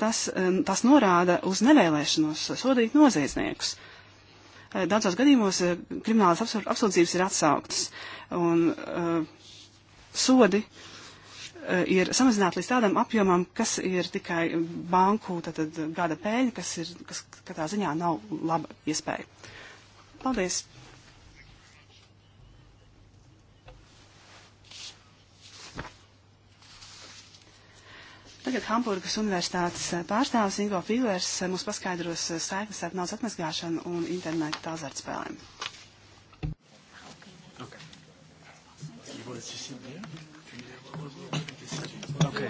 tas, uh, tas norāda uz nevēlēšanos sodīt noziedzniekus. Uh, daudzos gadījumos uh, kriminālas apsūdzības ir atsauktas un uh, sodi uh, Eh, ir samazināta līdz tādam apjomam, kas ir tikai banku tātad, gada pēļņa, kas, ir, kas katrā ziņā nav laba iespēja. Paldies! Tagad Hamburgas Universitātes eh, pārstāvis Ingo Fīlers eh, mums paskaidros saiknes ar naudas atmazgāšanu un internetu azartspēlēm. Okay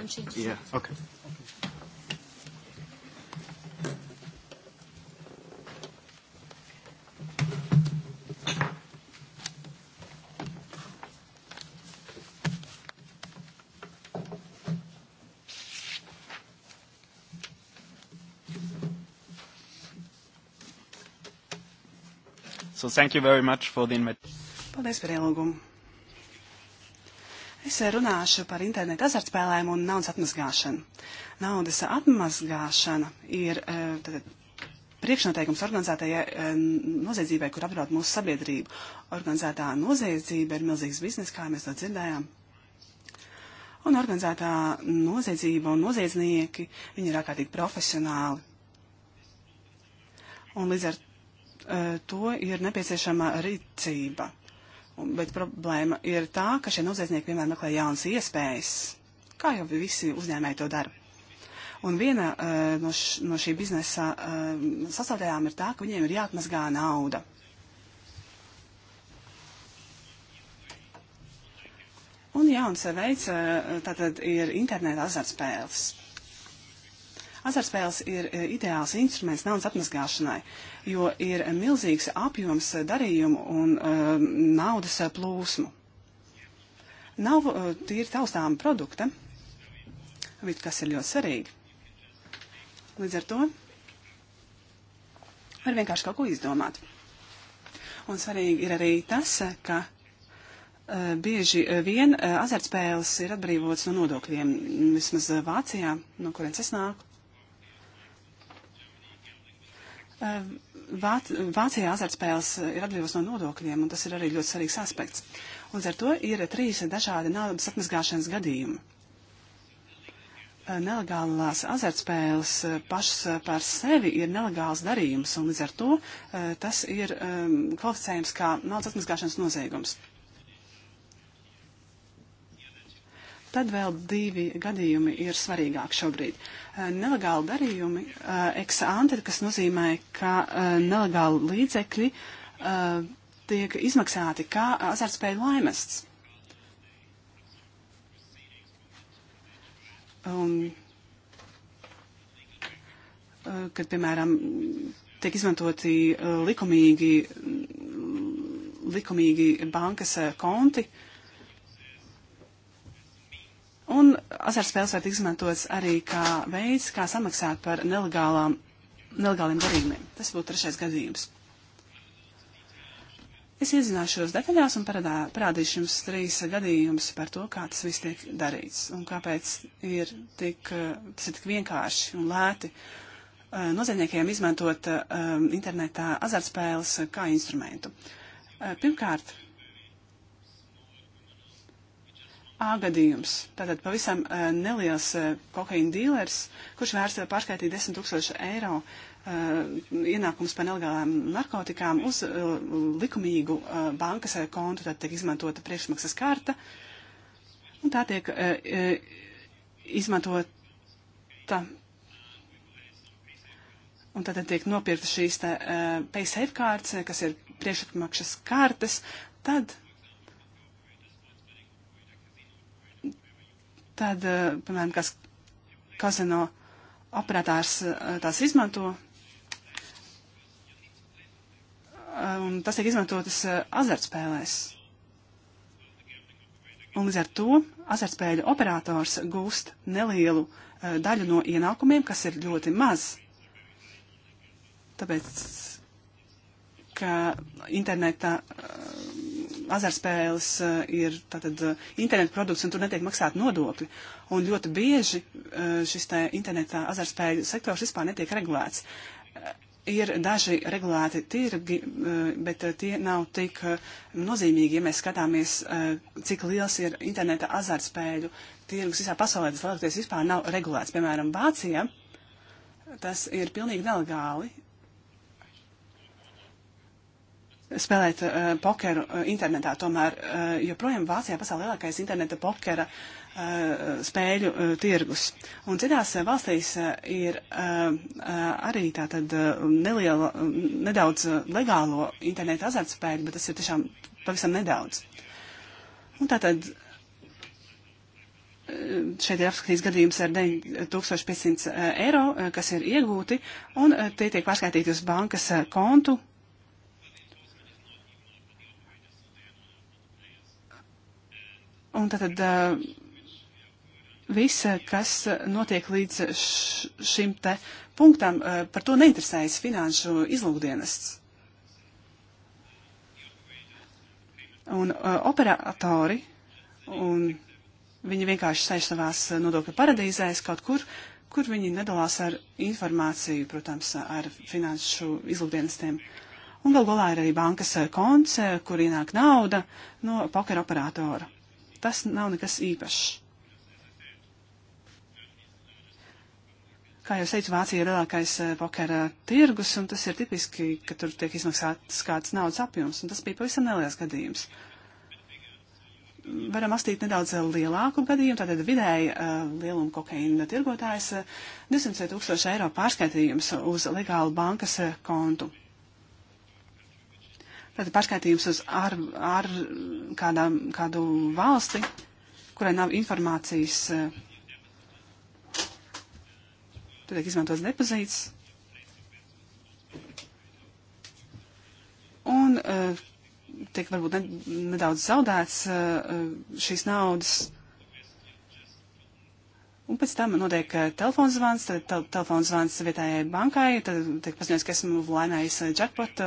one change. Yeah, okay. okay. So thank you very much for the invitation. Paldies par ielūgumu. Es runāšu par internetu azartspēlēm un naudas atmazgāšanu. Naudas atmazgāšana ir e, tad, priekšnoteikums organizētajai e, noziedzībai, kur apdraud mūsu sabiedrību. Organizētā noziedzība ir milzīgs biznes, kā mēs to dzirdējām. Un organizētā noziedzība un noziedznieki, viņi ir ārkārtīgi profesionāli. Un līdz ar e, to ir nepieciešama rīcība bet problēma ir tā, ka šie noziedznieki vienmēr meklē jaunas iespējas, kā jau visi uzņēmēji to dara. Un viena uh, no, š, no šī biznesa uh, sastāvdaļām ir tā, ka viņiem ir jāatmazgā nauda. Un jauns veids uh, tātad ir interneta azartspēles. Azarspēles ir e, ideāls instruments naudas atmazgāšanai, jo ir milzīgs apjoms e, darījumu un um, naudas plūsmu. Nav uh, tīri taustām produkta, bet kas ir ļoti svarīgi. Līdz ar to var vienkārši kaut ko izdomāt. Un svarīgi ir arī tas, ka bieži vien azartspēles ir atbrīvotas no nodokļiem. Vismaz Vācijā, no kurienes es nāku, Eh, Vāc, Vācijā azartspēles eh, ir atbrīvots no nodokļiem, un tas ir arī ļoti svarīgs aspekts. Līdz ar to ir trīs dažādi naudas atmazgāšanas gadījumi. Eh, Nelegālās azartspēles pašas par sevi ir nelegāls darījums, un līdz ar to tas ir ehm, kvalificējams kā naudas atmazgāšanas noziegums. Tad vēl divi gadījumi ir svarīgāk šobrīd. Eh, nelegāli darījumi eh, ex ante, kas nozīmē, ka eh, nelegāli līdzekļi tiek izmaksāti kā azartspēļu laimests. Un, kad, piemēram, tiek izmantoti likumīgi, likumīgi bankas konti, uh, Un azartspēles var tikt izmantots arī kā veids, kā samaksāt par nelegālām, nelegāliem darījumiem. Tas būtu trešais gadījums. Es iezināšos detaļās un paradā, parādīšu jums trīs gadījumus par to, kā tas viss tiek darīts un kāpēc ir tik, eh, tas ir tik vienkārši un lēti eh, noziedzniekiem izmantot eh, internetā azartspēles kā instrumentu. Pirmkārt, A gadījums. Tātad pavisam uh, neliels uh, kokaīna dīlers, kurš vērsta pārskaitīt 10 tūkstoši eiro uh, ienākums par nelegālām narkotikām uz uh, likumīgu uh, bankas uh, kontu, tad tiek izmantota priekšmaksas karta, un tā tiek uh, uh, izmantota, un tad tiek nopirkta šīs uh, paysafe kārtas, kas ir priekšmaksas kartes, tad tad, eh, piemēram, kas kazino operators eh, tās izmanto, eh, un tas tiek izmantotas azartspēlēs. Un līdz ar to azartspēļu operators gūst nelielu daļu no ienākumiem, kas ir ļoti maz. Tāpēc, ka internetā uh, azarspēles eh, ir tātad eh, internetu produkts un tur netiek maksāt nodokļi. Un ļoti bieži eh, šis tā internetā azarspēļu sektors vispār netiek regulēts. Ir daži regulēti tirgi, bet tie nav tik nozīmīgi, ja mēs skatāmies, cik liels ir interneta azartspēļu tirgus visā pasaulē. Tas lielākoties vispār nav regulēts. Piemēram, Vācija tas ir pilnīgi nelegāli spēlēt uh, pokeru uh, internetā. Tomēr uh, joprojām Vācijā pasaulē lielākais interneta pokera uh, spēļu uh, tirgus. Un citās uh, valstīs uh, ir uh, uh, arī tātad uh, neliela, uh, nedaudz uh, legālo interneta azartspēļu, bet tas ir tiešām pavisam nedaudz. Un tātad uh, šeit ir apskatīts gadījums ar 9500 eiro, kas ir iegūti, un tie tiek pārskaitīti uz bankas kontu Un tātad viss, kas notiek līdz šim te punktam, par to neinteresējas finanšu izlūkdienests. Un operatori, un viņi vienkārši sēž savās nodokļu paradīzēs kaut kur, kur viņi nedalās ar informāciju, protams, ar finanšu izlūkdienestiem. Un galu galā ir arī bankas konts, kur ienāk nauda no poker operatora tas nav nekas īpašs. Kā jau teicu, Vācija ir lielākais eh, pokera tirgus, un tas ir tipiski, ka tur tiek izmaksāts kāds naudas apjoms, un tas bija pavisam neliels gadījums varam astīt nedaudz eh, lielāku gadījumu, tātad vidēji uh, eh, lielumu kokaīna tirgotājs uh, 200 tūkstoši eiro pārskaitījums uz legālu bankas kontu. Tātad pārskaitījums uz ar, ar kādā, kādu valsti, kurai nav informācijas, eh, tad tiek izmantots depozīts. Un eh, tiek varbūt nedaudz zaudēts eh, šīs naudas. Un pēc tam notiek telefonzvans, tad tel telefonzvans vietējai bankai, tad tiek paziņots, ka esmu laimējis jackpot,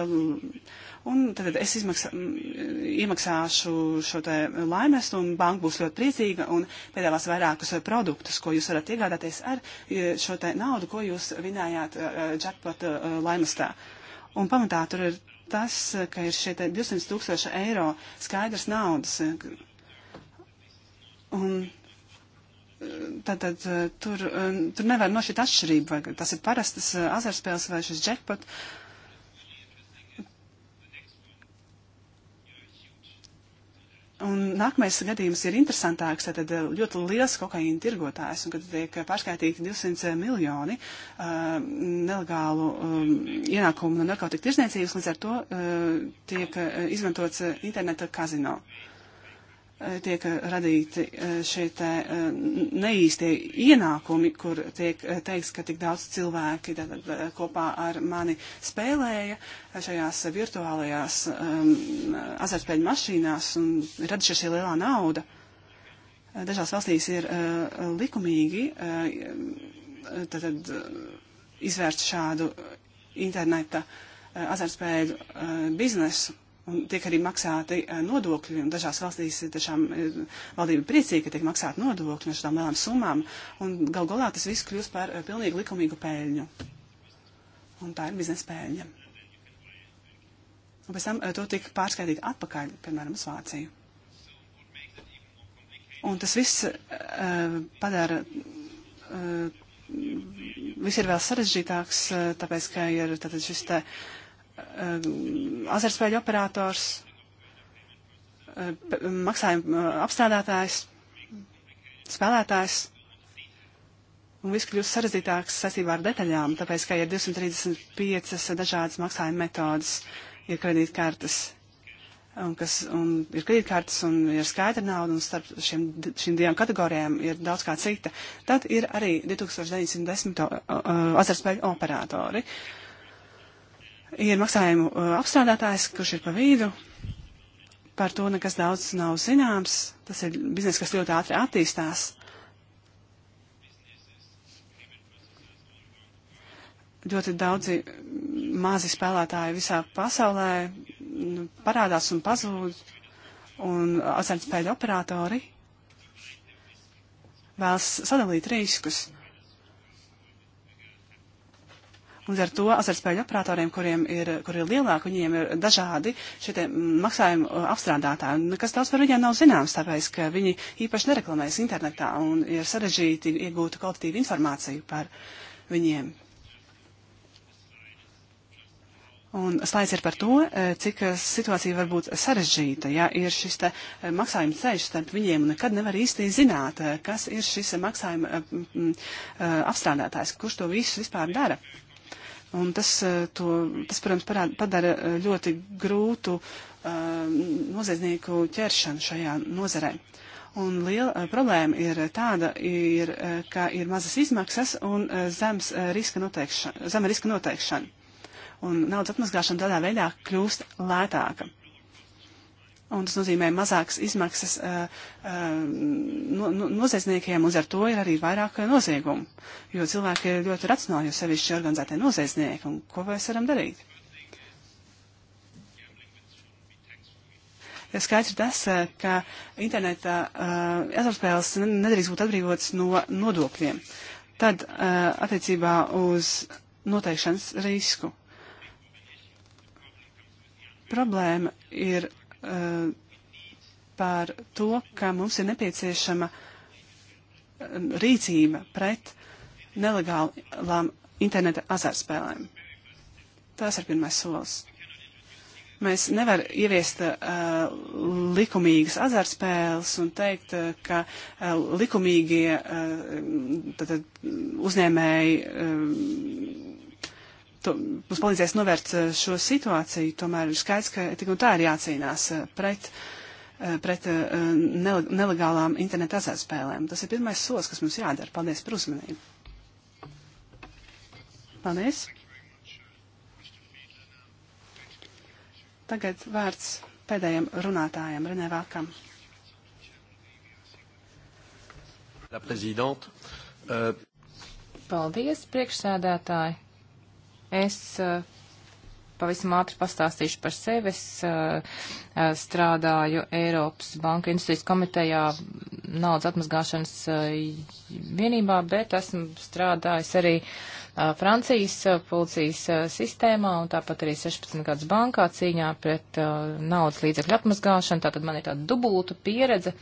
un tad es izmaksā, mm, iemaksāšu šo te laimestu, un banka būs ļoti priecīga un piedāvās vairākus produktus, ko jūs varat iegādāties ar e, šo te naudu, ko jūs vinējāt e, e, jackpot laimestā. Un pamatā tur ir tas, ka ir šie 200 tūkstoši eiro skaidrs naudas. Un tātad tur, tur nevar nošķirt atšķirību, vai tas ir parastas azartspēles vai šis jackpot. Uh, Un nākamais gadījums ir interesantāks. Tad eh, ļoti liels kokaīna tirgotājs, un kad tiek pārskaitīti 200 miljoni uh, nelegālu um, ienākumu no narkotika tirzniecības, līdz ar to uh, tiek uh, izmantots interneta kazino. Uh, Eh, tiek radīti eh, šie te eh, neīstie ienākumi, kur tiek teiks, ka tik daudz cilvēki tad, kopā ar mani spēlēja šajās virtuālajās um, azartspēļu mašīnās un radušies šī lielā nauda. Dažās valstīs ir uh, likumīgi uh, tad, izvērst šādu interneta uh, azartspēļu uh, biznesu un tiek arī maksāti eh, nodokļi. Un dažās valstīs tiešām eh, valdība priecīga, ka tiek maksāti nodokļi no šādām lielām summām. Un gal galā tas viss kļūst par eh, pilnīgi likumīgu pēļņu. Un tā ir biznesa pēļņa. Un pēc tam to tika pārskaitīt atpakaļ, piemēram, uz Vāciju. Un tas viss uh, padara. Uh, Viss ir vēl sarežģītāks, uh, tāpēc, ka ir šis te uh, Ehm, azartspēļu operators, ehm, maksājuma apstrādātājs, spēlētājs. Un viss kļūst sarežģītāks saistībā ar detaļām, tāpēc, ka ir 235 dažādas maksājuma metodas, ir kredītkartes, un, kas, un ir kredītkartes un ir skaidra nauda, un starp šiem, šīm divām kategorijām ir daudz kā cita. Tad ir arī 2910 uh, azartspēļu operatori. Uh, ir maksājumu uh, apstrādātājs, kurš ir pa vidu. Par to nekas daudz nav zināms. Tas ir bizness, kas ļoti ātri attīstās. Ļoti daudzi mazi spēlētāji visā pasaulē nu, parādās un pazūd, un azartspēļu operatori vēlas sadalīt riskus. Līdz ar to azartspēļu operatoriem, kuriem ir, kur ir lielāki, viņiem ir dažādi šie maksājumu uh, apstrādātāji. Nekas daudz par viņiem nav zināms, tāpēc, ka viņi īpaši nereklamējas internetā un ir sarežģīti iegūt kvalitatīvu informāciju par viņiem. Un slaids ir par to, uh, cik situācija var būt sarežģīta, ja ir šis te uh, maksājuma ceļš starp viņiem un nekad nevar īsti zināt, kas ir šis maksājuma mm, mm, apstrādātājs, kurš to visu vispār dara. Un tas, eh, to, tas protams, parāda, padara eh, ļoti grūtu eh, noziedznieku ķeršanu šajā nozarē. Un liela problēma ir tāda, ir, ka ir mazas izmaksas un zems riska noteikšana, zema riska noteikšana. Un naudas atmazgāšana tādā veidā kļūst lētāka. Un tas nozīmē mazākas izmaksas uh, uh, no, no, noziedzniekiem, uz ar to ir arī vairāk noziegumu. Jo cilvēki ir ļoti racionāli, jo sevišķi organizētie noziedznieki, un ko mēs varam darīt? Ja skaidrs ir tas, uh, ka internetā uh, azartspēles nedrīkst būt atbrīvotas no nodokļiem. Tad uh, attiecībā uz noteikšanas risku. Problēma ir par to, ka mums ir nepieciešama um, rīcība pret nelegālām interneta azartspēlēm. Tas ir pirmais solis. Mēs nevaram ieviest uh, likumīgas azartspēles un teikt, uh, ka uh, likumīgie uh, tad, uzņēmēji uh, to, mums palīdzēs novērst eh, šo situāciju, tomēr ir skaidrs, ka tik un tā ir jācīnās eh, pret eh, pret nelegālām internetu azartspēlēm. Tas ir pirmais solis, kas mums jādara. Paldies par uzmanību. Paldies. Tagad vārds pēdējiem runātājiem, Renē Vākam. Euh, Paldies, priekšsēdētāji. Es eh, pavisam ātri pastāstīšu par sevi. Es eh, eh, strādāju Eiropas Banka Industrijas komitejā naudas atmazgāšanas vienībā, bet esmu strādājis arī Francijas policijas sistēmā un tāpat arī 16 gadus bankā cīņā pret naudas līdzekļu atmazgāšanu. Tātad man ir tāda dubulta pieredze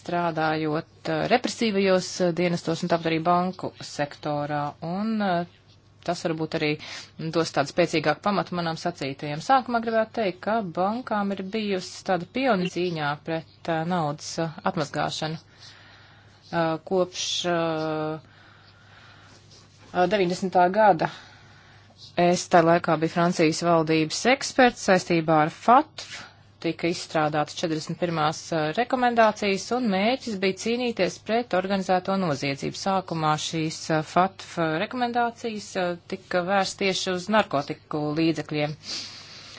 strādājot represīvajos dienestos un tāpat arī banku sektorā. Un tas varbūt arī dos tādu spēcīgāku pamatu manam sacītajam. Sākumā gribētu teikt, ka bankām ir bijusi tāda pionieru cīņā pret uh, naudas uh, atmazgāšanu uh, kopš uh, 90. Uh, gada. Es tā laikā biju Francijas valdības eksperts saistībā ar FATF, tika izstrādātas 41. Uh, rekomendācijas, un mērķis bija cīnīties pret organizēto noziedzību. Sākumā šīs FATF uh, uh, rekomendācijas tika vērst tieši uz narkotiku līdzekļiem.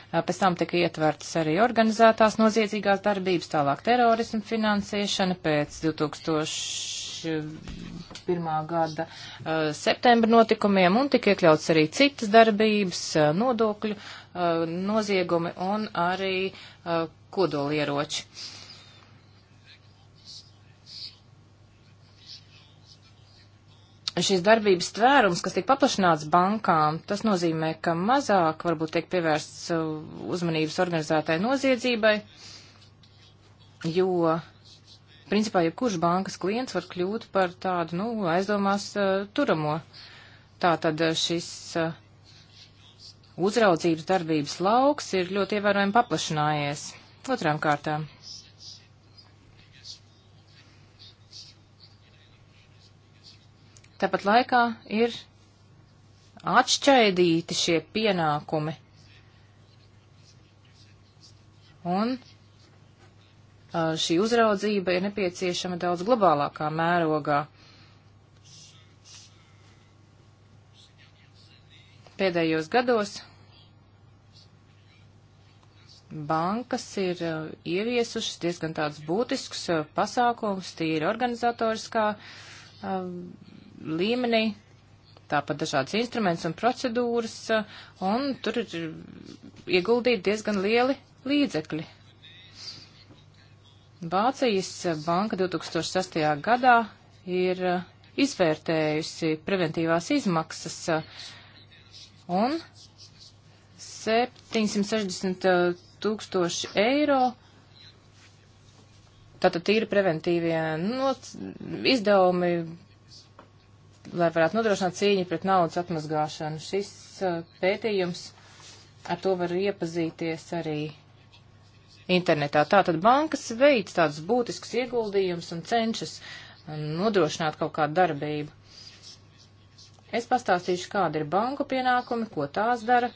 Pēc tam tika ietvertas arī organizētās noziedzīgās darbības, tālāk terorismu finansēšana pēc 2000. 2001. Eh, gada eh, septembra notikumiem un tika iekļauts arī citas darbības, eh, nodokļu noziegumi un arī kodolieroči. Šis darbības tvērums, kas tiek paplašināts bankām, tas nozīmē, ka mazāk varbūt tiek pievērsts uzmanības organizētai noziedzībai, jo uh, Principā, jebkurš ja bankas klients var kļūt par tādu, nu, aizdomās turamo. Tātad šis uzraudzības darbības lauks ir ļoti ievērojami paplašinājies. Otrām kārtām. Tāpat laikā ir atšķaidīti šie pienākumi. Un Uh, šī uzraudzība ir nepieciešama daudz globālākā mērogā. Pēdējos gados bankas ir uh, ieviesušas diezgan tādus būtiskus uh, pasākumus, tīri organizatoriskā līmenī, tāpat dažādas instruments un procedūras, un tur ir ieguldīti diezgan lieli līdzekļi. Vācijas banka 2008. gadā ir izvērtējusi preventīvās izmaksas un 760 tūkstoši eiro. Tātad tīri preventīvie not, izdevumi, lai varētu nodrošināt cīņu pret naudas atmazgāšanu. Šis uh, pētījums ar to var iepazīties arī internetā. Tātad bankas veids tādus būtiskus ieguldījumus un cenšas um, nodrošināt kaut kādu darbību. Es pastāstīšu, kāda ir banku pienākumi, ko tās dara.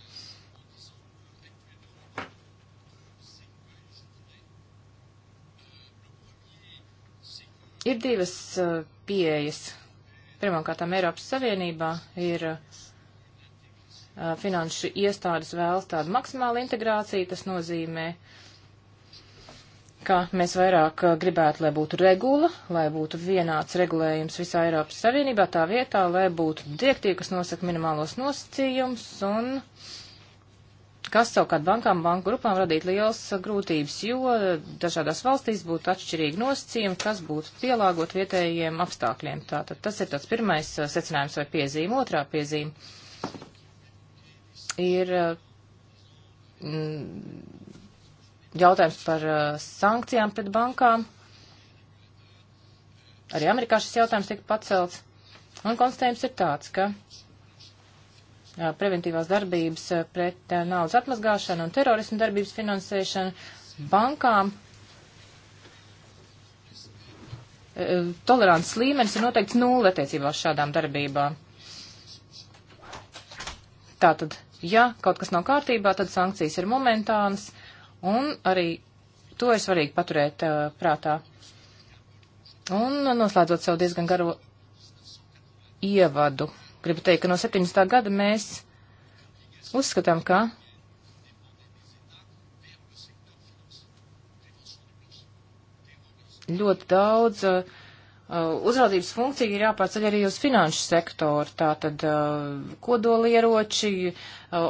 Ir divas uh, pieejas. Pirmkārt, Eiropas Savienībā ir uh, finanšu iestādes vēlas tādu maksimālu integrāciju, tas nozīmē uh, ka mēs vairāk uh, gribētu, lai būtu regula, lai būtu vienāds regulējums visā Eiropas Savienībā, tā vietā, lai būtu direktīva, kas nosaka minimālos nosacījumus un kas savukārt bankām, banku grupām radītu liels uh, grūtības, jo dažādās valstīs būtu atšķirīgi nosacījumi, kas būtu pielāgot vietējiem apstākļiem. Tātad tas ir tāds pirmais uh, secinājums vai piezīme. Otrā piezīme ir jautājums par uh, sankcijām pret bankām. Arī Amerikā šis jautājums tika pacelts. Un konstatējums ir tāds, ka uh, preventīvās darbības uh, pret naudas atmazgāšanu un terorismu darbības finansēšanu bankām tolerants līmenis ir noteikts nulle attiecībā uz šādām darbībām. Tātad, ja kaut kas nav kārtībā, tad sankcijas ir momentānas, Un arī to ir svarīgi paturēt uh, prātā. Un noslēdzot savu diezgan garo ievadu, gribu teikt, ka no 70. gada mēs uzskatām, ka ļoti daudz uh, Uh, uzraudzības funkcija ir jāpārceļ arī uz finanšu sektoru, tātad uh, kodolieroči, uh,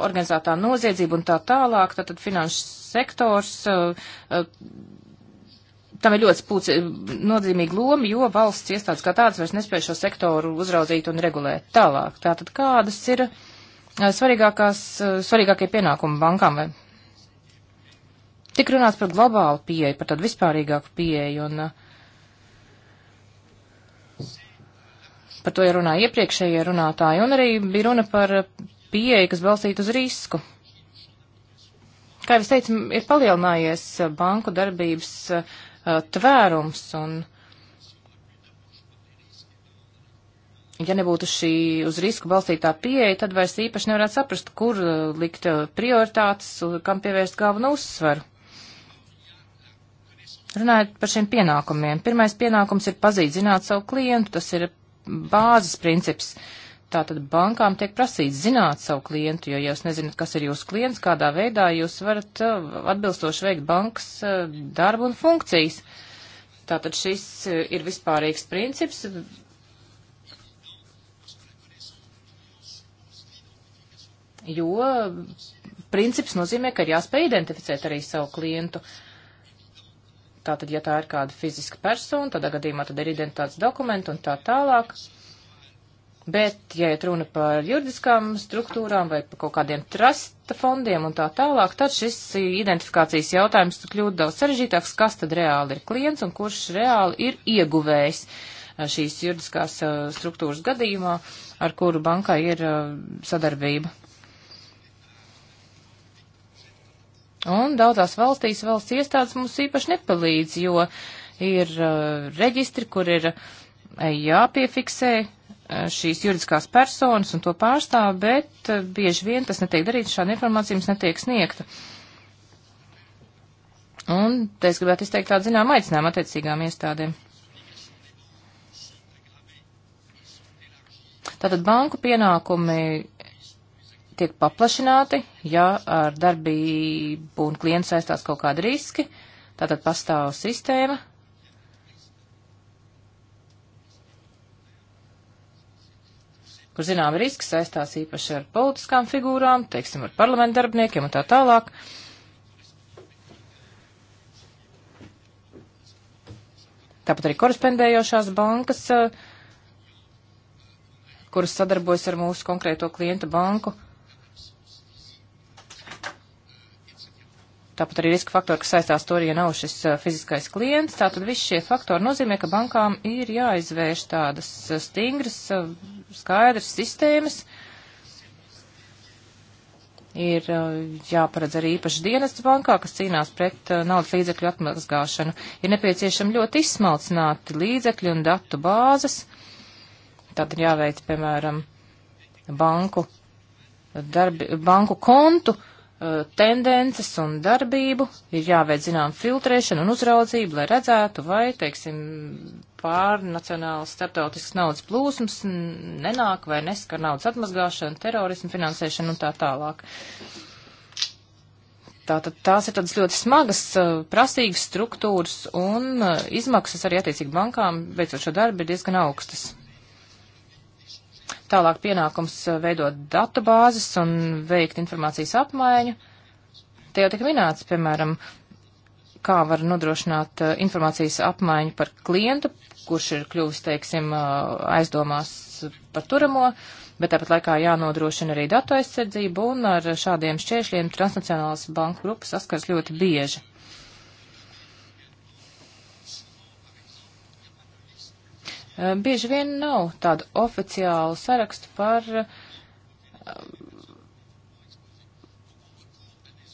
organizētā noziedzība un tā tālāk, tātad finanšu sektors. Tam ir ļoti spūci, nozīmīga loma, jo valsts iestādes kā tādas vairs nespēj šo sektoru uzraudzīt un regulēt tālāk. Tātad kādas ir svarīgākās, svarīgākie pienākumi bankām vai Tik runāts par globālu pieeju, par tādu vispārīgāku pieeju, un uh, Par to jau runāja iepriekšējie runātāji, un arī bija runa par pieeja, kas balstīta uz risku. Kā jau es teicu, ir palielinājies uh, banku darbības uh, uh, tvērums, un ja nebūtu šī uz risku balstītā pieeja, tad vairs īpaši nevarētu saprast, kur uh, likt uh, prioritātes, kam pievērst galvenu uzsvaru. Runājot par šiem pienākumiem. Pirmais pienākums ir pazīt, zināt savu klientu, tas ir bāzes princips. Tātad bankām tiek prasīts zināt savu klientu, jo, ja jūs nezināt, kas ir jūsu klients, kādā veidā jūs varat uh, atbilstoši veikt bankas uh, darbu un funkcijas. Tātad šis uh, ir vispārīgs princips, jo princips nozīmē, ka ir jāspēj identificēt arī savu klientu. Uh, Tātad, ja tā ir kāda fiziska persona, tādā gadījumā tad ir identitātes dokumenti un tā tālāk. Bet, ja ir runa par juridiskām struktūrām vai par kaut kādiem trasta fondiem un tā tālāk, tad šis identifikācijas jautājums kļūst daudz sarežģītāks, kas tad reāli ir klients un kurš reāli ir ieguvējs eh, šīs juridiskās eh, struktūras gadījumā, ar kuru bankai ir eh, sadarbība. Un daudzās valstīs valsts iestādes mums īpaši nepalīdz, jo ir uh, reģistri, kur ir uh, jāpiefiksē uh, šīs juridiskās personas un to pārstāv, bet uh, bieži vien tas netiek darīts, šāda informācija mums netiek sniegta. Un te es gribētu izteikt tādu zinām aicinājumu attiecīgām iestādēm. Tātad banku pienākumi tiek paplašināti, ja ar darbību un klientu saistās kaut kādi riski. Tātad pastāv sistēma. kur zinām riski saistās īpaši ar politiskām figūrām, teiksim, ar parlamentu darbiniekiem un tā tālāk. Tāpat arī korespondējošās bankas, eh, kuras sadarbojas ar mūsu konkrēto klienta banku, Tāpat arī riska faktori, kas saistās to, ja nav šis eh, fiziskais klients. Tātad visi šie faktori nozīmē, ka bankām ir jāizvērš tādas eh, stingras, eh, skaidras sistēmas. Ir jāparedz arī īpaši dienestu bankā, kas cīnās pret naudas līdzekļu atmazgāšanu. Ir nepieciešami ļoti izsmalcināti līdzekļi un datu bāzes. Tātad jāveic, piemēram, banku, darbi, banku kontu uh, Uh, tendences un darbību, ir jāveic zinām filtrēšana un uzraudzība, lai redzētu, vai, teiksim, pārnacionāls starptautisks naudas plūsmas nenāk vai neskar naudas atmazgāšanu, terorismu finansēšanu un tā tālāk. Tātad tās ir tādas ļoti smagas, uh, prasīgas struktūras un uh, izmaksas arī attiecīgi bankām, veicot šo darbu, ir diezgan augstas tālāk pienākums eh, veidot datubāzes un veikt informācijas apmaiņu. Te jau tika minēts, piemēram, kā var nodrošināt uh, informācijas apmaiņu par klientu, kurš ir kļuvis, teiksim, uh, aizdomās par turamo, bet tāpat laikā jānodrošina arī datu aizsardzību, un ar šādiem šķēršļiem transnacionālas banku grupas saskars ļoti bieži. Eh, bieži vien nav tādu oficiālu sarakstu par eh,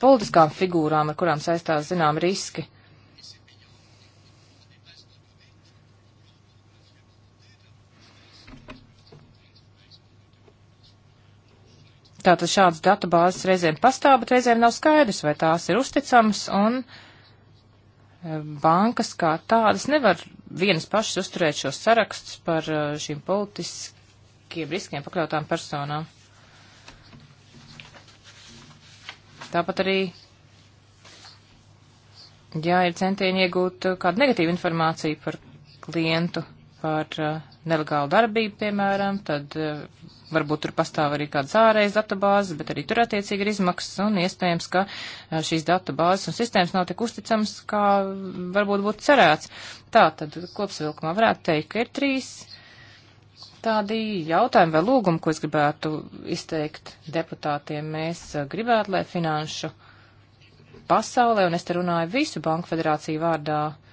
politiskām figūrām, ar kurām saistās zinām riski. Tātad šādas datubāzes reizēm pastāv, bet reizēm nav skaidrs, vai tās ir uzticamas un uh, bankas kā tādas nevar vienas pašas uzturēt šos sarakstus par eh, šīm politiskiem riskiem pakļautām personām. Tāpat arī, ja ir centieni iegūt eh, kādu negatīvu informāciju par klientu, par eh, nelegālu darbību, piemēram, tad varbūt tur pastāv arī kādas ārējas datubāzes, bet arī tur attiecīgi ir izmaksas un iespējams, ka šīs datubāzes un sistēmas nav tik uzticams, kā varbūt būtu cerēts. Tā tad kopsavilkumā varētu teikt, ka ir trīs tādi jautājumi vai lūgumi, ko es gribētu izteikt deputātiem. Mēs gribētu, lai finanšu pasaulē, un es te runāju visu Banku federāciju vārdā, uh,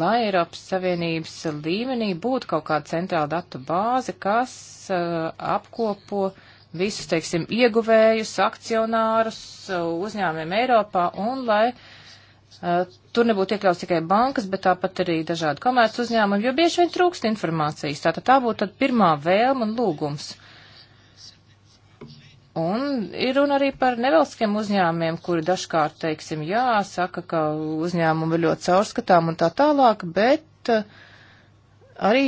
lai Eiropas Savienības līmenī būtu kaut kāda centrāla datu bāze, kas uh, apkopo visus, teiksim, ieguvējus, akcionārus, uh, uzņēmiem Eiropā un lai uh, tur nebūtu iekļauts tikai bankas, bet tāpat arī dažādi komerc uzņēmumi, jo bieži vien trūkst informācijas. Tātad tā būtu tad pirmā vēlma un lūgums. Un ir runa arī par nevalstiskiem uzņēmumiem, kuri dažkārt, teiksim, jā, saka, ka uzņēmumi ir ļoti caurskatām un tā tālāk, bet eh, arī,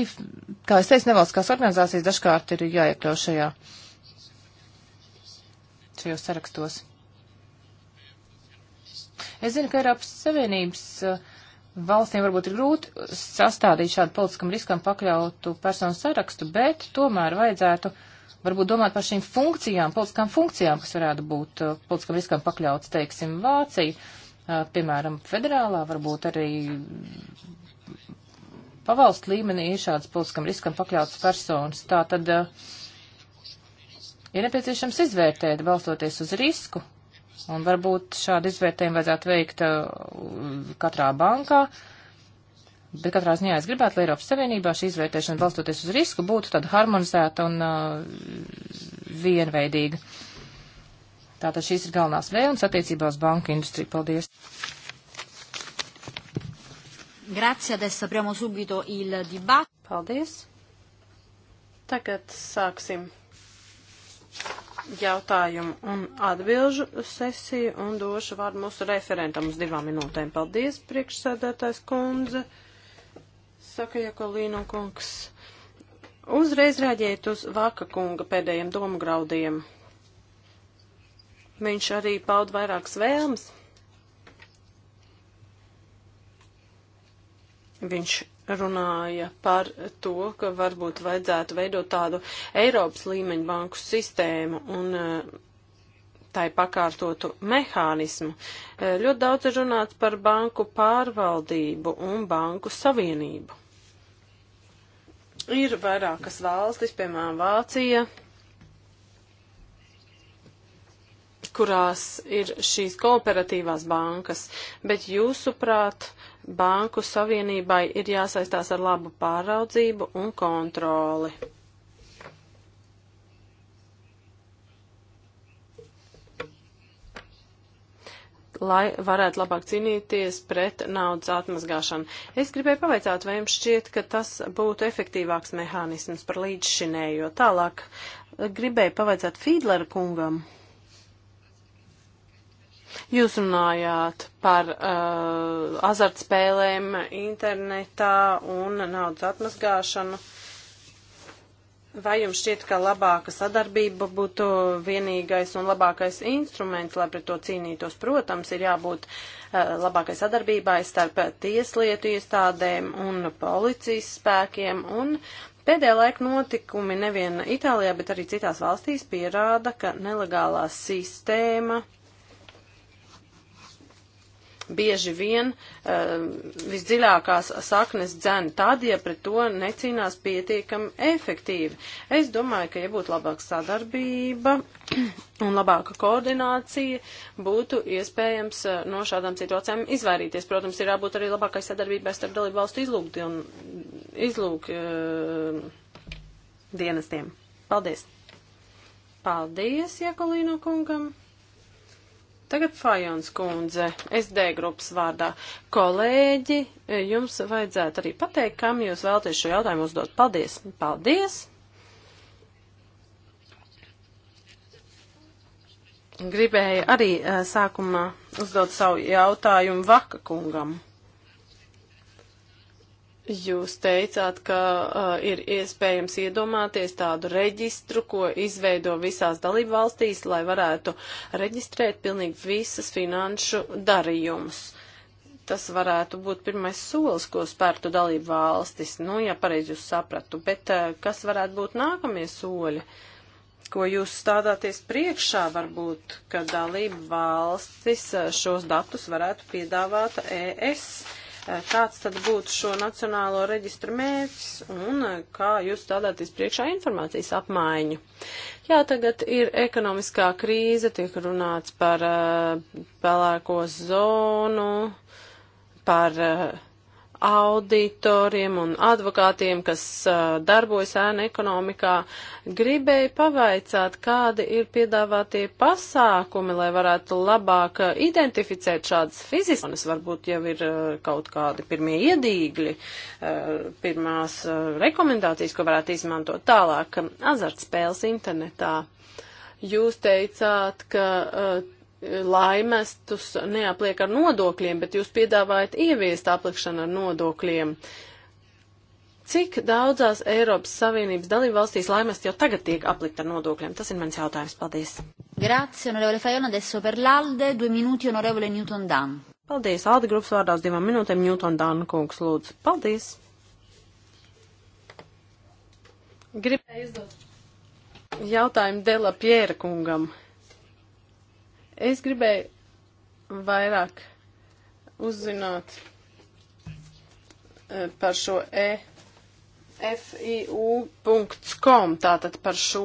kā es teicu, nevalstiskās organizācijas dažkārt ir jāiekļauj šajā šajos sarakstos. Es zinu, ka Eiropas Savienības eh, valstīm varbūt ir grūti sastādīt šādu politiskam riskam pakļautu personu sarakstu, bet tomēr vajadzētu uh, varbūt domāt par šīm funkcijām, politiskām funkcijām, kas varētu būt eh, politiskam riskam pakļauts, teiksim, Vācija, eh, piemēram, federālā, varbūt arī pavalstu līmenī ir šāds politiskam riskam pakļauts personas. Tā tad eh, ir nepieciešams izvērtēt, balstoties uz risku, un varbūt šādu izvērtējumu vajadzētu veikt katrā bankā. Uh, Bet katrā ziņā es gribētu, lai Eiropas Savienībā šī izvērtēšana balstoties uz risku būtu tāda harmonizēta un uh, vienveidīga. Tātad šīs ir galvenās vēlmes attiecībā uz banku industriju. Paldies! Grazie, adesso apriamo subito il dibattito. Paldies! Tagad sāksim jautājumu un atbilžu sesiju un došu vārdu mūsu referentam uz divām minūtēm. Paldies, priekšsēdētājs kundze! saka Jakolīno kungs. Uzreiz rēģējiet uz Vaka kunga pēdējiem domu graudiem. Viņš arī paud vairākas vēlmes. Viņš runāja par to, ka varbūt vajadzētu veidot tādu Eiropas līmeņu banku sistēmu un eh, tai pakārtotu mehānismu. Eh, ļoti daudz ir runāts par banku pārvaldību un banku savienību. Ir vairākas valstis, piemēram, Vācija, kurās ir šīs kooperatīvās bankas, bet jūsuprāt, banku savienībai ir jāsaistās ar labu pāraudzību un kontroli. lai varētu labāk cīnīties pret naudas atmazgāšanu. Es gribēju pavaicāt, vai jums šķiet, ka tas būtu efektīvāks mehānisms par līdzšinējo. Tālāk eh, gribēju pavaicāt Fīdlera kungam. Jūs runājāt par uh, azartspēlēm internetā un naudas atmazgāšanu. Uh, Vai jums šķiet, ka labāka sadarbība būtu vienīgais un labākais instruments, lai pret to cīnītos? Protams, ir jābūt uh, labākai sadarbībai starp tieslietu iestādēm un policijas spēkiem. Un pēdējā laika notikumi nevien Itālijā, bet arī citās valstīs pierāda, ka nelegālā sistēma uh, bieži vien uh, visdziļākās saknes dzēna tad, ja pret to necīnās pietiekami efektīvi. Es domāju, ka, ja būtu labāka sadarbība un labāka koordinācija, būtu iespējams uh, no šādām situācijām izvairīties. Protams, ir jābūt arī labākai sadarbībai starp dalību valstu izlūgdi un izlūg uh, dienestiem. Paldies! Paldies, Jekolīno kungam! Tagad Fajons kundze, SD grupas vārdā. Kolēģi, jums vajadzētu arī pateikt, kam jūs vēlaties šo jautājumu uzdot. Paldies! Paldies! Gribēju arī eh, sākumā uzdot savu jautājumu Vaka kungam. Jūs teicāt, ka uh, ir iespējams iedomāties tādu reģistru, ko izveido visās dalību valstīs, lai varētu reģistrēt pilnīgi visas finanšu darījumus. Tas varētu būt pirmais solis, ko spērtu dalību valstis, nu, ja pareizi jūs sapratu, bet uh, kas varētu būt nākamie soļi, ko jūs stādāties priekšā, varbūt, ka dalību valstis uh, šos datus varētu piedāvāt ES. Uh, Eh, kāds tad būtu šo nacionālo reģistru mērķis un eh, kā jūs stādāties priekšā informācijas apmaiņu. Jā, tagad ir ekonomiskā krīze, tiek runāts par eh, pelēko zonu, par auditoriem un advokātiem, kas uh, darbojas ēna ekonomikā. Gribēju pavaicāt, kādi ir piedāvātie pasākumi, lai varētu labāk identificēt šādas fiziskas, varbūt jau ir uh, kaut kādi pirmie iedīgļi, uh, pirmās uh, rekomendācijas, ko varētu izmantot tālāk azartspēles internetā. Jūs teicāt, ka uh, laimestus neapliek ar nodokļiem, bet jūs piedāvājat ieviest aplikšanu ar nodokļiem. Cik daudzās Eiropas Savienības dalībvalstīs laimest jau tagad tiek aplikt ar nodokļiem? Tas ir mans jautājums. Paldies. Grazie, onorevole Fajona, adesso per l'Alde, due minuti, onorevole Newton Dan. Paldies, Alde grupas vārdā uz divām minūtēm, Newton Dan kungs, lūdzu. Paldies. Gribēju uzdot jautājumu Dela Piera kungam. Es gribēju vairāk uzzināt eh, par šo e. FIU.com, tātad par šo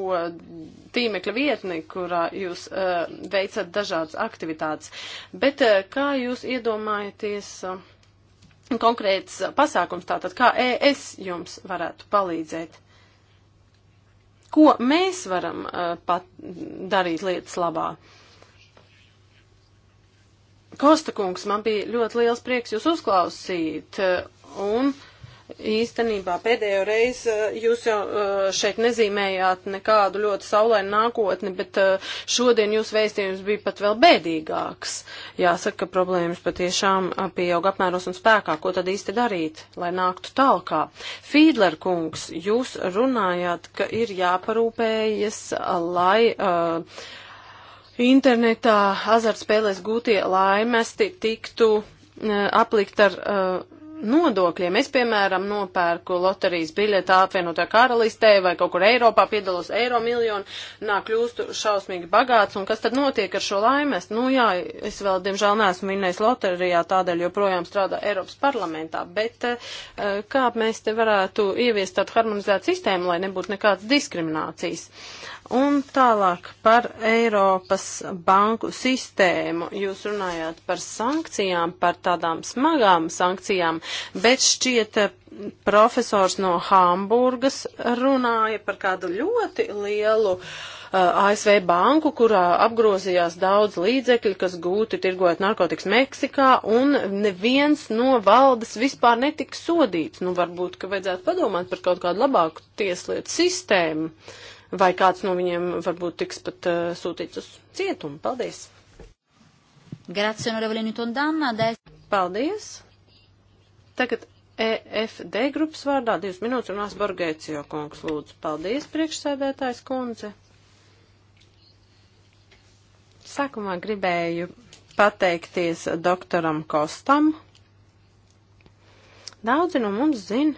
tīmekļa vietni, kurā jūs uh, veicat dažādas aktivitātes. Bet uh, kā jūs iedomājaties uh, konkrēts pasākums, tātad kā ES jums varētu palīdzēt? Ko mēs varam uh, pat darīt lietas labā? Uh, Kosta kungs, man bija ļoti liels prieks jūs uzklausīt. Un īstenībā pēdējo reizi eh, jūs jau eh, šeit nezīmējāt nekādu ļoti saulainu nākotni, bet eh, šodien jūs vēstījums bija pat vēl bēdīgāks. Jāsaka, ka problēmas patiešām pieaug apmēros un spēkā. Ko tad īsti darīt, lai nāktu tālkā? Fīdler kungs, jūs runājāt, ka ir jāparūpējas, lai. Uh, internetā azartspēlēs gūtie laimesti tiktu eh, aplikt ar uh, nodokļiem. Es, piemēram, nopērku loterijas biļeti apvienotā karalistē vai kaut kur Eiropā, piedalos eiro miljonu, nāk kļūstu šausmīgi bagāts, un kas tad notiek ar šo laimēs? Nu jā, es vēl, diemžēl, neesmu vinnējis loterijā, tādēļ joprojām strādā Eiropas parlamentā, bet eh, kā mēs te varētu ieviest tādu harmonizētu sistēmu, lai nebūtu nekādas diskriminācijas? Un tālāk par Eiropas banku sistēmu. Jūs runājāt par sankcijām, par tādām smagām sankcijām, bet šķiet profesors no Hamburgas runāja par kādu ļoti lielu uh, ASV banku, kurā apgrozījās daudz līdzekļu, kas gūti tirgojot narkotikas Meksikā, un neviens no valdes vispār netika sodīts. Nu, varbūt, ka vajadzētu padomāt par kaut kādu labāku tieslietu sistēmu. Uh, vai kāds no viņiem varbūt tiks pat uh, sūtīts uz cietumu. Paldies! Grazie, onorevole Newton Danna. Paldies! Tagad EFD grupas vārdā divas minūtes runās Borgēcijo kungs lūdzu. Paldies, priekšsēdētājs kundze. Sākumā gribēju pateikties doktoram Kostam. Daudzi no mums zina,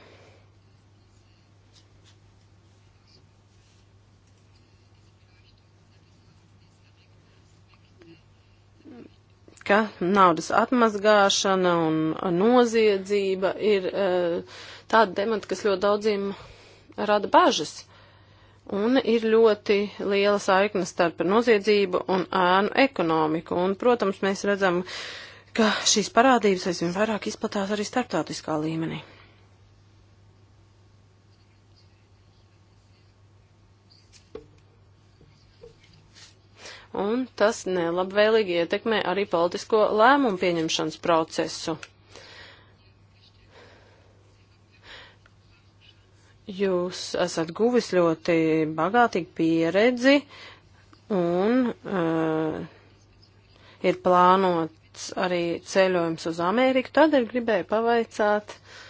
ka naudas atmazgāšana un noziedzība ir e, tāda temata, kas ļoti daudziem rada bažas. Un ir ļoti liela saikne starp noziedzību un ēnu ekonomiku. Un, protams, mēs redzam, ka šīs parādības aizvien vairāk izplatās arī starptautiskā līmenī. un tas nelabvēlīgi ietekmē arī politisko lēmumu pieņemšanas procesu. Jūs esat guvis ļoti bagātīgu pieredzi un uh, ir plānots arī ceļojums uz Ameriku, tādēļ gribēju pavaicāt, uh,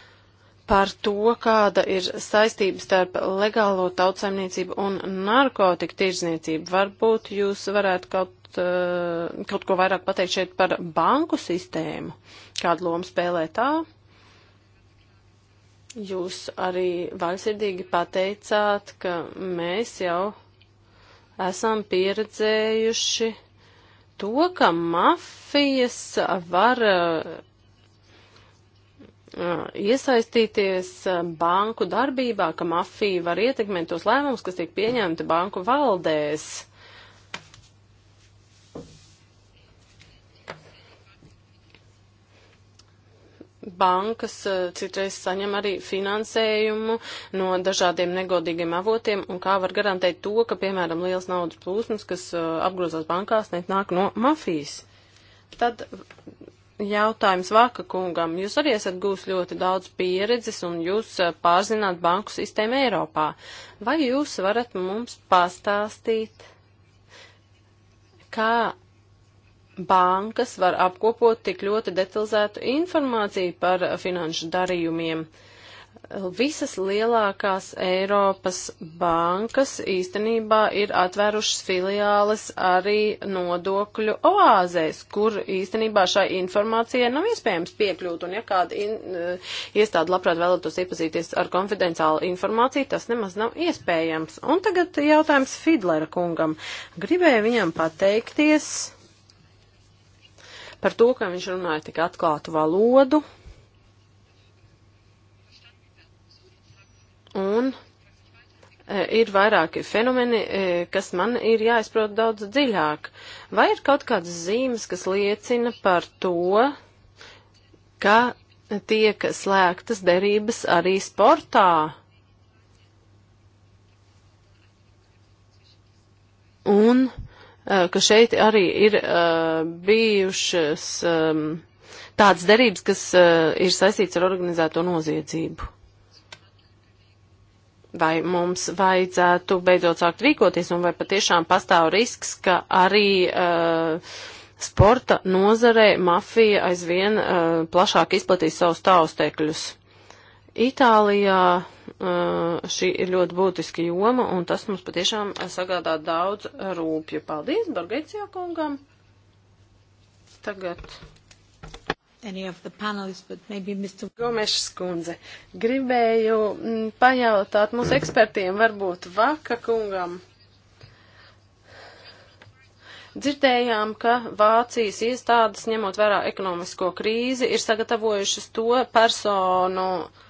par to, kāda ir saistība starp legālo tautsaimniecību un narkotiku tirdzniecību. Varbūt jūs varētu kaut, eh, kaut ko vairāk pateikt šeit par banku sistēmu, kādu lomu spēlē tā. Jūs arī vaļsirdīgi pateicāt, ka mēs jau esam pieredzējuši to, ka mafijas var eh, iesaistīties banku darbībā, ka mafija var ietekmēt tos lēmumus, kas tiek pieņemti banku valdēs. Bankas citreiz saņem arī finansējumu no dažādiem negodīgiem avotiem, un kā var garantēt to, ka, piemēram, liels naudas plūsmas, kas apgrozās bankās, nāk no mafijas. Tad jautājums Vaka kungam. Jūs arī esat gūs ļoti daudz pieredzes un jūs eh, pārzināt banku sistēmu Eiropā. Vai jūs varat mums pastāstīt, kā bankas var apkopot tik ļoti detalizētu informāciju par finanšu darījumiem? Uh, visas lielākās Eiropas bankas īstenībā ir atvērušas filiāles arī nodokļu oāzēs, kur īstenībā šai informācijai nav iespējams piekļūt, un ja kāda in, e, iestāde labprāt vēlētos iepazīties ar konfidenciālu informāciju, tas nemaz nav iespējams. Un tagad jautājums Fidlera kungam. Gribēju viņam pateikties par to, ka viņš runāja tik atklātu valodu. Un e, ir vairāki fenomeni, e, kas man ir jāizprot daudz dziļāk. Vai ir kaut kādas zīmes, kas liecina par to, ka tiek slēgtas derības arī sportā? Un e, ka šeit arī ir uh, bijušas um, tādas derības, kas uh, ir saistīts ar organizēto noziedzību vai mums vajadzētu beidzot sākt rīkoties, un vai patiešām pastāv risks, ka arī uh, sporta nozarē mafija aizvien uh, plašāk izplatīs savus taustekļus. Itālijā uh, šī ir ļoti būtiska joma, un tas mums patiešām sagādā daudz rūpju. Paldies Bargaicijā kungam! Tagad any of the panelists, but maybe Mr. Gomešs kundze. Gribēju m, mm, pajautāt mūsu ekspertiem, varbūt Vaka kungam. Dzirdējām, ka Vācijas iestādes, ņemot vērā ekonomisko krīzi, ir sagatavojušas to personu uh,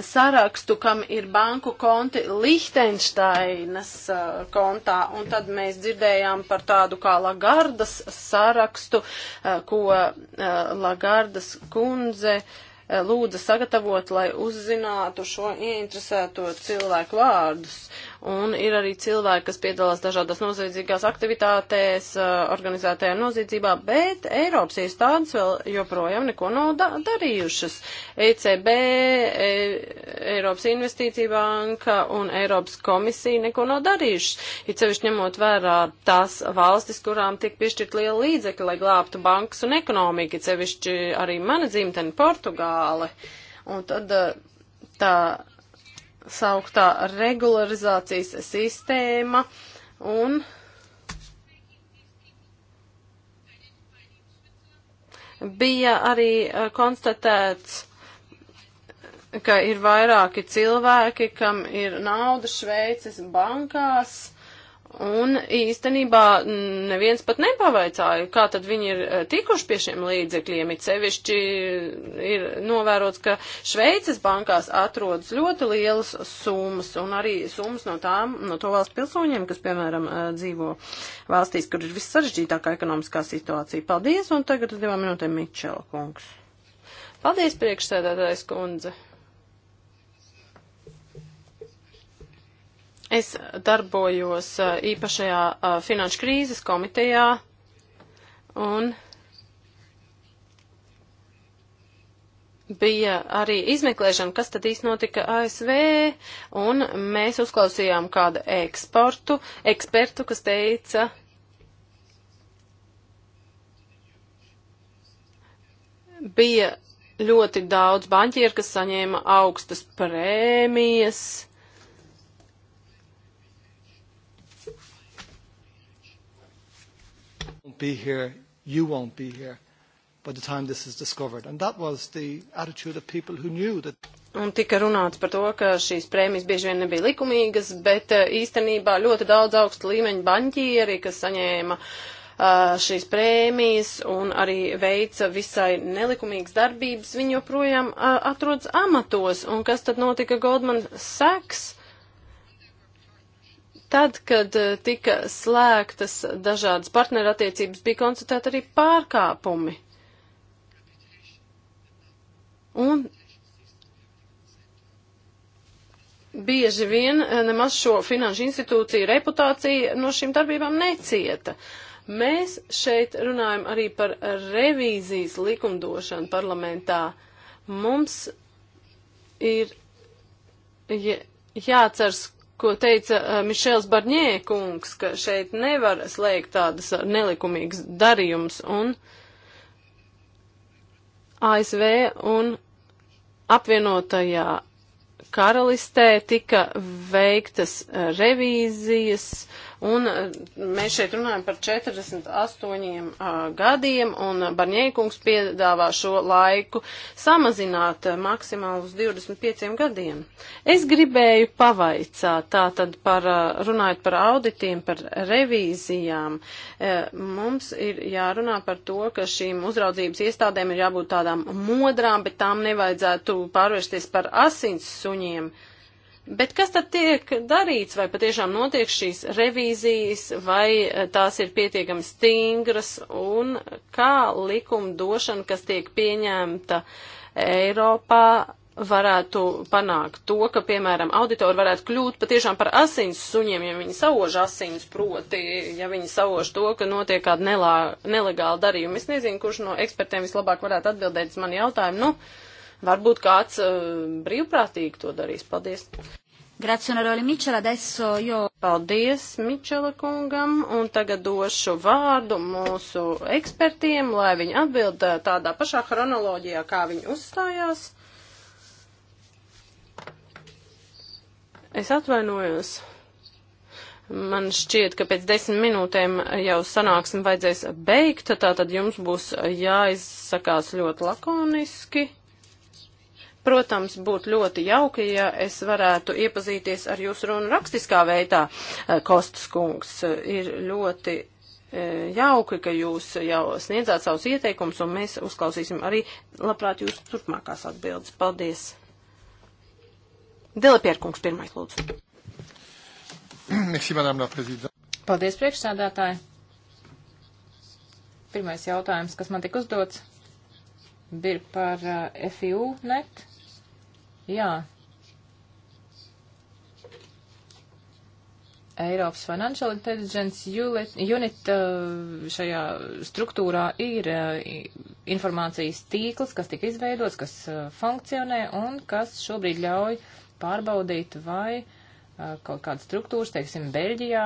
sarakstu, kam ir banku konti Lihtenšteinas uh, kontā, un tad mēs dzirdējām par tādu kā Lagardas sarakstu, uh, ko uh, Lagardas kundze lūdza sagatavot, lai uzzinātu šo ieinteresēto cilvēku vārdus un ir arī cilvēki, kas piedalās dažādās noziedzīgās aktivitātēs, organizētajā noziedzībā, bet Eiropas iestādes vēl joprojām neko nav da darījušas. ECB, e Eiropas investīcija banka un Eiropas komisija neko nav darījušas, it sevišķi ņemot vērā tās valstis, kurām tiek piešķirt liela līdzekļa, lai glābtu bankas un ekonomiku, it sevišķi arī mana dzimtene Portugāle. Un tad tā sauktā regularizācijas sistēma un bija arī eh, konstatēts, ka ir vairāki cilvēki, kam ir nauda Šveices bankās Un īstenībā neviens pat nepavaicāja, kā tad viņi ir eh, tikuši pie šiem līdzekļiem. It sevišķi ir novērots, ka Šveices bankās atrodas ļoti lielas summas un arī summas no tām, no to valstu pilsoņiem, kas, piemēram, eh, dzīvo valstīs, kur ir vissaržģītākā ekonomiskā situācija. Paldies, un tagad uz divām minūtēm Mičela kungs. Paldies, priekšsēdētājs kundze. Es darbojos eh, īpašajā eh, finanšu krīzes komitejā un bija arī izmeklēšana, kas tad īsti notika ASV, un mēs uzklausījām kādu eksportu, ekspertu, kas teica, bija ļoti daudz baņķieru, kas saņēma augstas prēmijas won't be here, you won't be here by the time this is discovered. And that was the attitude of people who knew that. Un tika runāts par to, ka šīs prēmijas bieži vien nebija likumīgas, bet eh, īstenībā ļoti daudz augstu līmeņu baņķieri, kas saņēma eh, šīs prēmijas un arī veica visai nelikumīgas darbības, viņi joprojām eh, atrodas amatos. Un kas tad notika Goldman Sachs? Tad, kad eh, tika slēgtas dažādas partnerattiecības, bija konstatēti arī pārkāpumi. Un bieži vien eh, nemaz šo finanšu institūciju reputācija no šīm darbībām necieta. Mēs šeit runājam arī par revīzijas likumdošanu parlamentā. Mums ir jāceras, ko teica eh, Mišels Barņē kungs, ka šeit nevar slēgt tādas eh, nelikumīgas darījums un ASV un apvienotajā karalistē tika veiktas eh, revīzijas, uh, Un e, mēs šeit runājam par 48 uh, e, gadiem, un Barņēkungs piedāvā šo laiku samazināt uh, maksimāli uz 25 gadiem. Es gribēju pavaicāt tātad par, uh, runājot par auditiem, par revīzijām. Mums ir jārunā par to, ka šīm uzraudzības iestādēm ir jābūt tādām modrām, bet tām nevajadzētu pārvērsties par asins suņiem. Uh, Bet kas tad tiek darīts, vai patiešām notiek šīs revīzijas, vai eh, tās ir pietiekami stingras, un kā likumdošana, kas tiek pieņemta Eiropā, varētu panākt to, ka, piemēram, auditori varētu kļūt patiešām par asins suņiem, ja viņi sauž asins, proti, ja viņi sauž to, ka notiek kāda nelā, nelegāla darījuma. Es nezinu, kurš no ekspertiem vislabāk varētu atbildēt uz mani jautājumu. Nu, Varbūt kāds uh, brīvprātīgi to darīs. Paldies! Grazie, Onoroli Mičela, adesso jo. Paldies Mičela kungam, un tagad došu vārdu mūsu ekspertiem, lai viņi atbild eh, tādā pašā chronoloģijā, kā viņi uzstājās. Es atvainojos. Man šķiet, ka pēc desmit minūtēm jau sanāksim vajadzēs beigt, tātad jums būs jāizsakās ļoti lakoniski. Protams, būtu ļoti jauki, ja es varētu iepazīties ar jūsu runu rakstiskā veidā. Eh, Kostas kungs ir ļoti eh, jauki, ka jūs jau sniedzāt savus ieteikumus, un mēs uzklausīsim arī, labprāt, jūsu turpmākās atbildes. Paldies! Delepierkungs pirmais, lūdzu. Merci, madame la prezidenta. Paldies, priekšsēdētāji. Pirmais jautājums, kas man tika uzdots, bija par uh, eh, FIU net Jā. Eiropas Financial Intelligence Unit uh, šajā struktūrā ir uh, informācijas tīkls, kas tika izveidots, kas uh, funkcionē un kas šobrīd ļauj pārbaudīt, vai kaut kāda struktūras, teiksim, Beļģijā,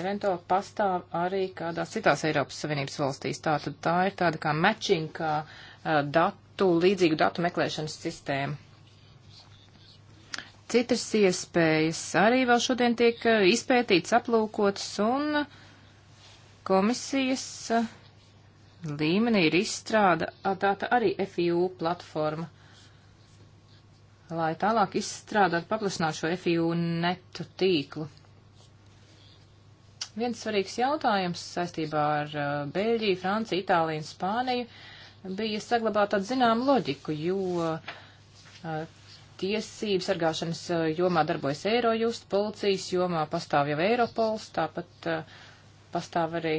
eventuāli pastāv arī kādās citās Eiropas Savienības valstīs. Tātad tā ir tāda kā matching, kā uh, datu datu, līdzīgu datu meklēšanas sistēmu. Citas iespējas arī vēl šodien tiek eh, izpētīts, aplūkots un komisijas eh, līmenī ir izstrādāta arī FIU platforma lai tālāk izstrādātu paplašināt šo FIU netu tīklu. Viens svarīgs jautājums saistībā ar eh, Beļģiju, Franciju, Itāliju un Spāniju bija saglabāta zinām loģiku, jo tiesības sargāšanas jomā darbojas Eirojust, policijas jomā pastāv jau Eiropols, tāpat pastāv arī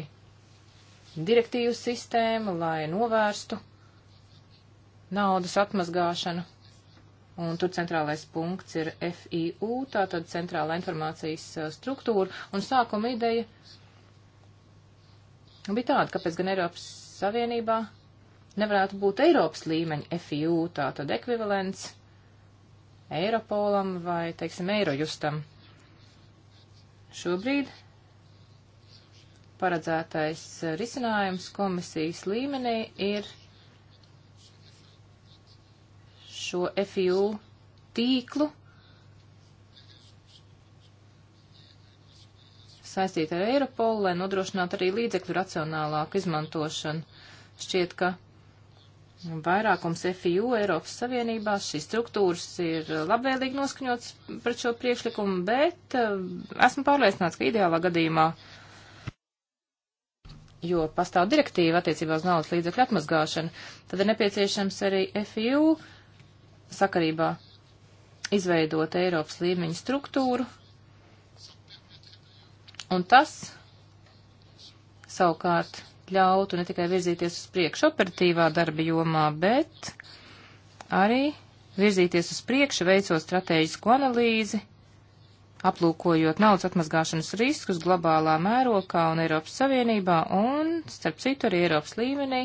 direktīvu sistēma, lai novērstu naudas atmazgāšanu. Un tur centrālais punkts ir FIU, tātad centrāla informācijas struktūra. Un sākuma ideja bija tāda, kāpēc gan Eiropas Savienībā nevarētu būt Eiropas līmeņa FIU, tā tad ekvivalents Eiropolam vai, teiksim, Eirojustam. Šobrīd paredzētais risinājums komisijas līmenī ir šo FIU tīklu saistīta ar Eiropolu, lai nodrošinātu arī līdzekļu racionālāku izmantošanu. Šķiet, ka Vairākums FIU Eiropas Savienībā šīs struktūras ir labvēlīgi noskaņots pret šo priekšlikumu, bet eh, esmu pārliecināts, ka ideālā gadījumā, jo pastāv direktīva attiecībā uz naudas līdzekļu atmazgāšanu, tad ir nepieciešams arī FIU sakarībā izveidot Eiropas līmeņa struktūru. Un tas savukārt ļautu ne tikai virzīties uz priekšu operatīvā darba jomā, bet arī virzīties uz priekšu, veicot strateģisku analīzi, aplūkojot naudas atmazgāšanas riskus globālā mērokā un Eiropas Savienībā un, starp citu, arī Eiropas līmenī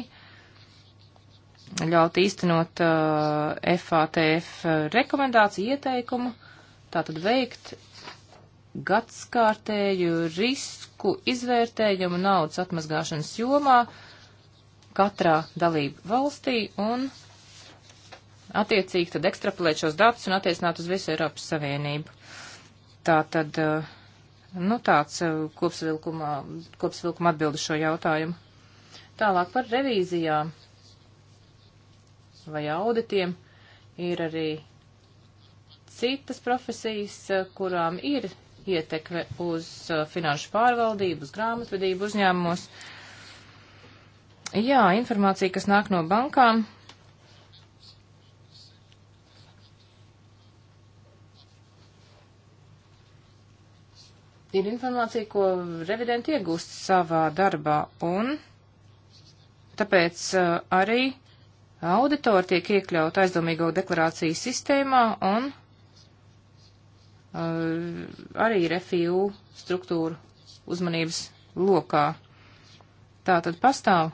ļaut īstenot uh, FATF uh, rekomendāciju ieteikumu, tātad veikt gadskārtēju risku izvērtējumu naudas atmazgāšanas jomā katrā dalību valstī un attiecīgi tad ekstrapolēt šos datus un attiecināt uz visu Eiropas Savienību. Tā tad, eh, nu tāds eh, kopsvilkuma, kopsvilkuma atbildi šo jautājumu. Tālāk par revīzijām vai auditiem ir arī citas profesijas, eh, kurām ir ietekme uz uh, finanšu pārvaldību, uz grāmatvedību uzņēmumos. Jā, informācija, kas nāk no bankām. Ir informācija, ko revidenti iegūst savā darbā, un tāpēc uh, arī auditori tiek iekļaut aizdomīgo deklarāciju sistēmā, un Uh, arī ir FIU struktūru uzmanības lokā. Tā tad pastāv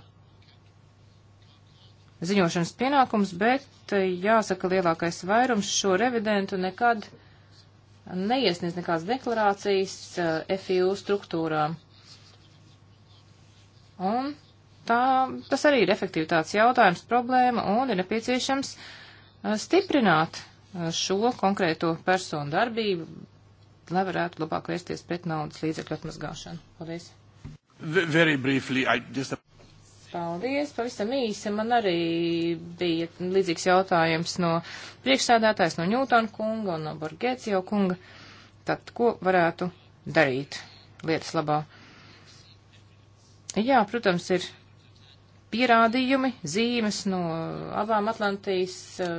ziņošanas pienākums, bet uh, jāsaka lielākais vairums šo revidentu nekad neiesniedz nekādas deklarācijas uh, FIU struktūrām. Un tā, tas arī ir efektivitātes jautājums, problēma, un ir nepieciešams stiprināt Eh, šo konkrēto personu darbību, lai varētu labāk vērsties pret naudas līdzekļu atmazgāšanu. Paldies. Very briefly, I just... Paldies, pavisam īsi. Man arī bija līdzīgs jautājums no priekšsādātājs, no Ņūtona kunga un no Borgēcijo kunga. Tad, ko varētu darīt lietas labā? Jā, protams, ir pierādījumi, zīmes no abām Atlantijas uh,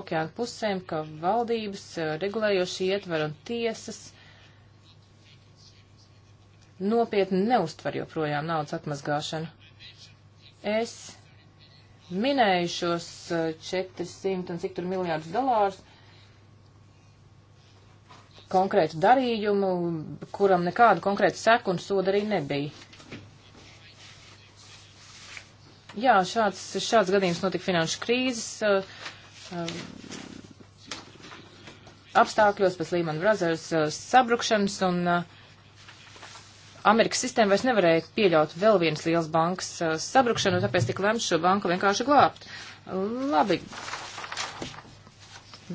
okeāna pusēm, ka valdības, uh, regulējošie ietver un tiesas nopietni neustver joprojām naudas atmazgāšanu. Es minēju šos uh, eh, 400 un cik tur miljārdus dolārus konkrētu darījumu, kuram nekādu konkrētu seku un sodu arī nebija. Jā, šāds, šāds gadījums notika finanšu krīzes uh, uh, apstākļos pēc Lehman Brothers uh, sabrukšanas, un uh, Amerikas sistēma vairs nevarēja pieļaut vēl vienas lielas bankas uh, sabrukšanu, tāpēc tika lemts šo banku vienkārši glābt. Labi,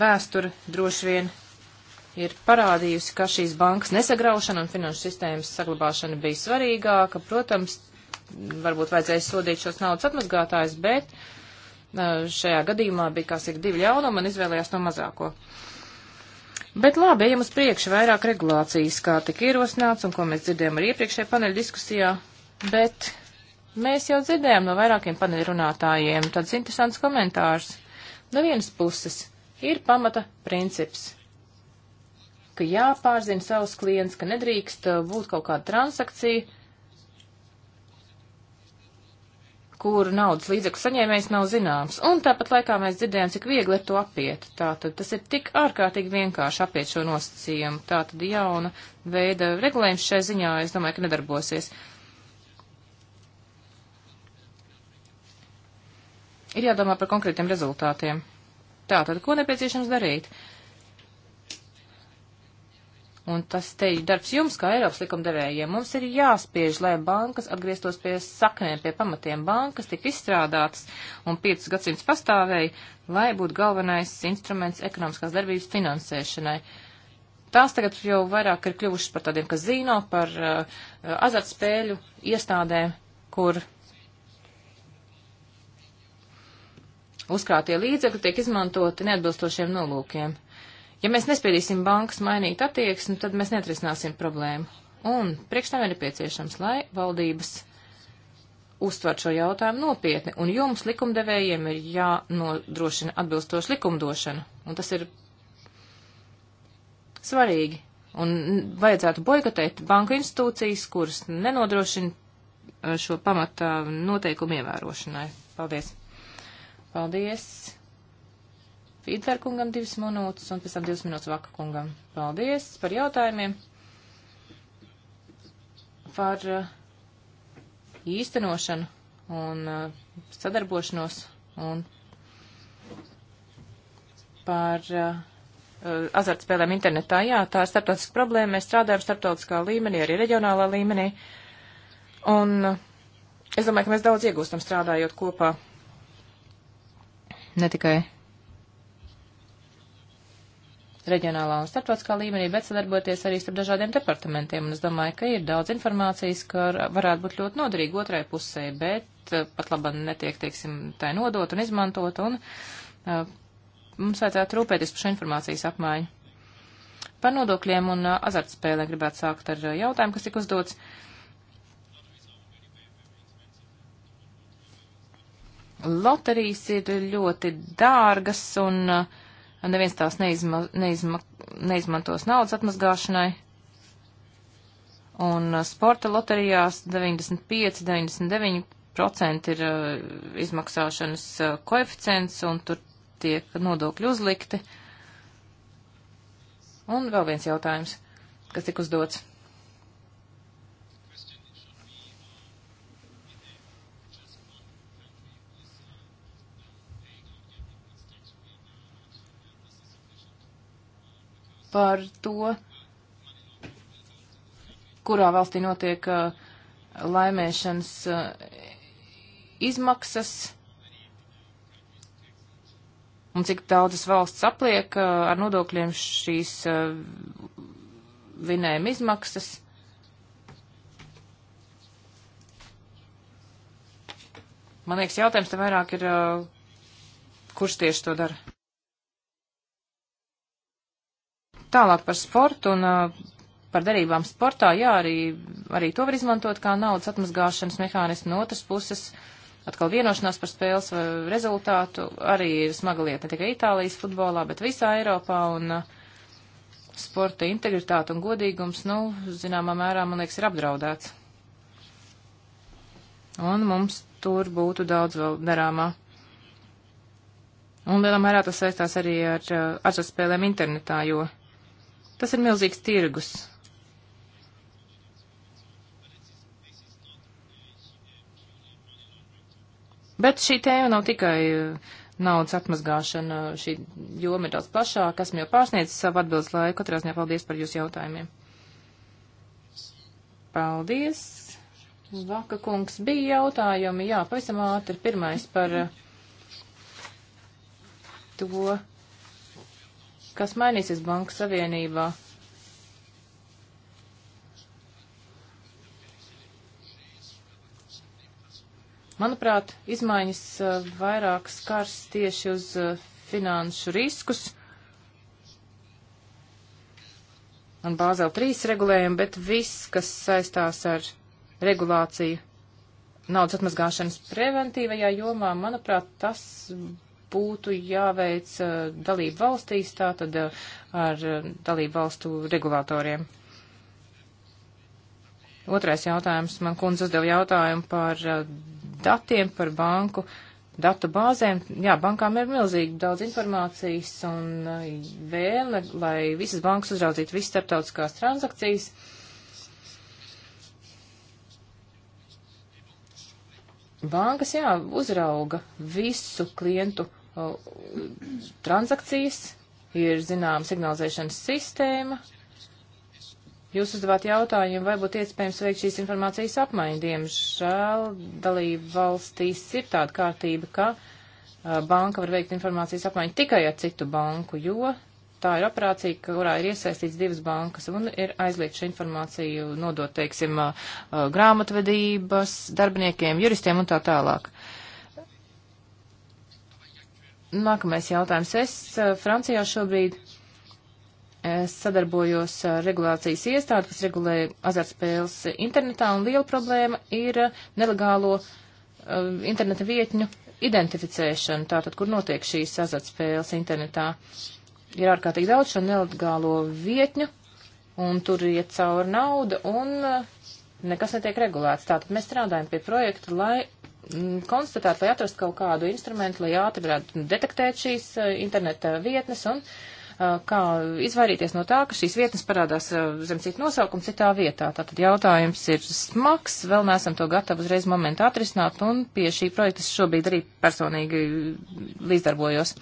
vēsture droši vien ir parādījusi, ka šīs bankas nesagraušana un finanšu sistēmas saglabāšana bija svarīgāka. Protams, varbūt vajadzēja sodīt šos naudas atmazgātājus, bet šajā gadījumā bija, kā saka, divi ļaunumi un izvēlējās no mazāko. Bet labi, ejam uz priekšu vairāk regulācijas, kā tik ierosināts un ko mēs dzirdējām arī iepriekšējā paneļa diskusijā, bet mēs jau dzirdējām no vairākiem paneļa runātājiem tāds interesants komentārs. No vienas puses ir pamata princips, ka jāpārzina savus klients, ka nedrīkst būt kaut kāda transakcija, kur naudas līdzekļu saņēmējs nav zināms. Un tāpat laikā mēs dzirdējām, cik viegli ir to apiet. Tātad tas ir tik ārkārtīgi vienkārši apiet šo nosacījumu. Tātad jauna veida regulējums šai ziņā, es domāju, ka nedarbosies. Ir jādomā par konkrētiem rezultātiem. Tātad, ko nepieciešams darīt? Uh, Un tas te ir darbs jums, kā Eiropas likumdevējiem. Mums ir jāspiež, lai bankas atgrieztos pie saknēm, pie pamatiem. Bankas tika izstrādātas un piecus gadsimtus pastāvēja, lai būtu galvenais instruments ekonomiskās darbības finansēšanai. Tās tagad jau vairāk ir kļuvušas par tādiem, kas zino par uh, azartspēļu iestādēm, kur uzkrātie līdzekļi tiek izmantoti neatbilstošiem nolūkiem. Ja mēs nespēdīsim bankas mainīt attieksmi, tad mēs netrisināsim problēmu. Un priekš tam ir nepieciešams, lai valdības uztver šo jautājumu nopietni, un jums likumdevējiem ir jānodrošina atbilstoši likumdošana, un tas ir svarīgi. Un vajadzētu boikotēt banku institūcijas, kuras nenodrošina uh, šo pamatā noteikumu ievērošanai. Paldies! Paldies! Fīdverkungam divas minūtes un pēc tam divas minūtes Vaka kungam. Paldies par jautājumiem. Par uh, īstenošanu un uh, sadarbošanos un par uh, azartspēlēm internetā. Jā, tā ir starptautiska problēma. Mēs strādājam starptautiskā līmenī, arī reģionālā līmenī. Un es domāju, ka mēs daudz iegūstam strādājot kopā. Ne tikai reģionālā un starptautiskā līmenī, bet sadarboties arī starp dažādiem departamentiem. Un es domāju, ka ir daudz informācijas, ka varētu būt ļoti noderīgi otrai pusē, bet eh, pat labam netiek, teiksim, tai nodot un izmantot. Un uh, mums vajadzētu rūpēties par šo informācijas apmaiņu. Par nodokļiem un eh, azartspēlēm gribētu sākt ar jautājumu, kas tika uzdots. Loterijas ir ļoti dārgas un uh, neviens tās neizma, neizma, neizmantos naudas atmazgāšanai. Un uh, sporta loterijās 95-99% ir uh, izmaksāšanas uh, koeficients, un tur tiek nodokļi uzlikti. Un vēl viens jautājums, kas tika uzdots. par to, kurā valstī notiek uh, laimēšanas uh, izmaksas un cik daudzas valsts apliek uh, ar nodokļiem šīs uh, vinējuma izmaksas. Man liekas, jautājums te vairāk ir, uh, kurš tieši to dara. Tālāk par sportu un par darībām sportā, jā, arī, arī to var izmantot kā naudas atmazgāšanas mehānismu no otras puses. Atkal vienošanās par spēles rezultātu arī ir smaga lieta ne tikai Itālijas futbolā, bet visā Eiropā. Un, sporta integritāte un godīgums, nu, zināmā mērā, man liekas, ir apdraudēts. Un mums tur būtu daudz vēl darāmā. Un lielā mērā tas saistās arī ar atspēlēm internetā, jo Tas ir milzīgs tirgus. Bet šī tēma nav tikai uh, naudas atmazgāšana, uh, šī joma ir daudz plašāka. Esmu jau pārsniedzis savu atbildes laiku. Katrā ziņā paldies par jūsu jautājumiem. Paldies. Vaka kungs bija jautājumi. Jā, pavisam ātri. Pirmais par uh, to, kas mainīsies Banka Savienībā. Manuprāt, izmaiņas uh, vairāk skars tieši uz uh, finanšu riskus un Bāzela 3 regulējumu, bet viss, kas saistās ar regulāciju naudas atmazgāšanas preventīvajā jomā, manuprāt, tas būtu jāveic eh, dalību valstīs, tātad eh, ar eh, dalību valstu regulātoriem. Otrais jautājums. Man kundze uzdev jautājumu par datiem, par banku datu bāzēm. Jā, bankām ir milzīgi daudz informācijas un vēlme, lai visas bankas uzraudzītu visas starptautiskās transakcijas. Bankas, jā, uzrauga visu klientu transakcijas, ir zināma signalizēšanas sistēma. Jūs uzdevāt jautājumu, vai būtu iespējams veikt šīs informācijas apmaiņu. Diemžēl dalību valstīs ir tāda kārtība, ka uh, banka var veikt informācijas apmaiņu tikai ar citu banku, jo tā ir operācija, kurā ir iesaistīts divas bankas un ir aizliegta šī informācija nodot, teiksim, uh, grāmatvedības darbiniekiem, juristiem un tā tālāk. Nākamais jautājums. Es eh, Francijā šobrīd es eh, sadarbojos ar regulācijas iestādi, kas regulē azartspēles internetā, un liela problēma ir eh, nelegālo uh, interneta vietņu identificēšana, tātad, kur notiek šīs azartspēles internetā. Ir ārkārtīgi daudz šo nelegālo vietņu, un tur iet cauri nauda, un uh, nekas netiek regulēts. Tātad mēs strādājam pie projekta, lai Mm, konstatēt, lai atrastu kaut kādu instrumentu, lai ātri varētu detektēt šīs eh, interneta vietnes un eh, kā izvairīties no tā, ka šīs vietnes parādās eh, zem citu nosaukumu citā vietā. Tātad jautājums ir smags, vēl neesam to gatavi uzreiz momentā atrisināt, un pie šī projekta es šobrīd arī personīgi līdzdarbojos.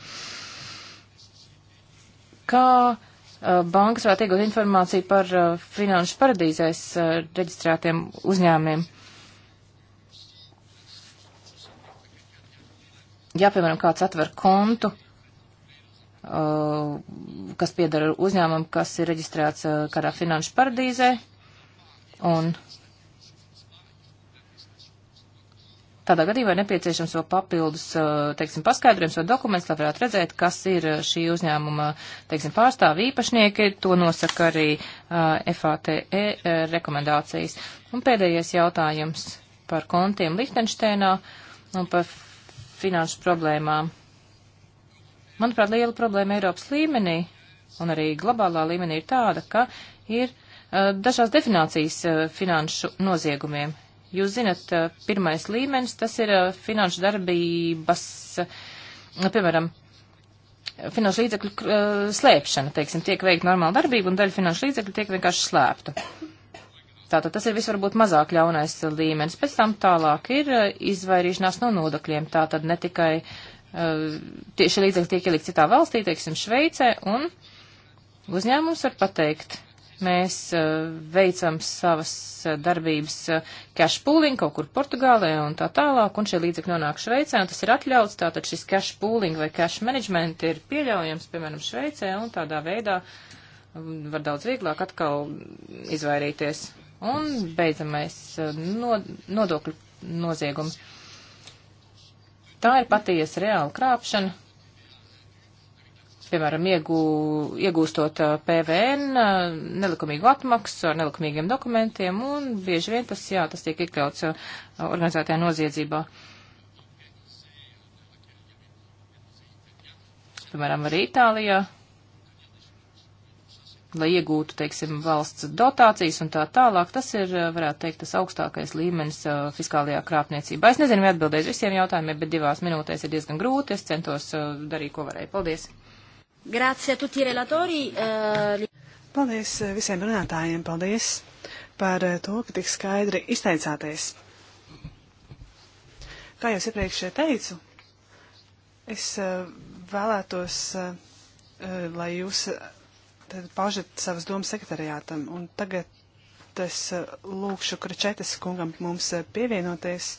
Kā bankas varētu iegūt informāciju par finanšu paradīzēs reģistrētiem uzņēmumiem? ja, piemēram, kāds atver kontu, uh, kas piedara uzņēmumam, kas ir reģistrēts uh, kādā finanšu paradīzē, un tādā gadījumā ir nepieciešams vēl papildus, uh, teiksim, paskaidrojums vai dokuments, lai varētu redzēt, kas ir uh, šī uzņēmuma, teiksim, pārstāvi īpašnieki, to nosaka arī uh, FATE uh, rekomendācijas. Un pēdējais jautājums par kontiem Lihtenšteinā un par finanšu problēmām. Manuprāt, liela problēma Eiropas līmenī un arī globālā līmenī ir tāda, ka ir uh, dažās definīcijas uh, finanšu noziegumiem. Jūs zinat, uh, pirmais līmenis tas ir finanšu darbības, piemēram, finanšu līdzekļu slēpšana, teiksim, tiek veikta normāla darbība un daļa finanšu līdzekļu tiek vienkārši slēpta. Tātad tas ir visvarbūt mazāk ļaunais līmenis. Pēc tam tālāk ir eh, izvairīšanās no nodokļiem. Tātad ne tikai uh, tieši līdzekļi tiek ielikt citā valstī, teiksim, Šveicē, un uzņēmums var pateikt, mēs uh, veicam savas darbības uh, cash pooling kaut kur Portugālē un tā tālāk, un šie līdzekļi nonāk Šveicē, un tas ir atļauts, tātad šis cash pooling vai cash management ir pieļaujams, piemēram, Šveicē, un tādā veidā mm, var daudz vieglāk atkal izvairīties Un beidzamais eh, nodokļu noziegums. Tā ir patiesa reāla krāpšana. Piemēram, iegū, iegūstot eh, PVN, eh, nelikumīgu atmaksu ar nelikumīgiem dokumentiem, un bieži vien tas, jā, tas tiek iekļauts organizētajā noziedzībā. Piemēram, arī Itālijā lai iegūtu, teiksim, valsts dotācijas un tā tālāk. Tas ir, eh, varētu teikt, tas augstākais līmenis uh, fiskālajā krāpniecībā. Es nezinu, vai atbildēju visiem jautājumiem, bet divās minūtēs ir diezgan grūti. Es centos uh, darīt, ko varēju. Paldies! Grazie tutti relatori! Uh... Paldies visiem runātājiem! Paldies par to, ka tik skaidri izteicāties! Kā jau iepriekš teicu, es uh, vēlētos, uh, lai jūs. Uh, tad paužat savas domas sekretariātam. Un tagad es eh, lūkšu Kračetes kungam mums eh, pievienoties.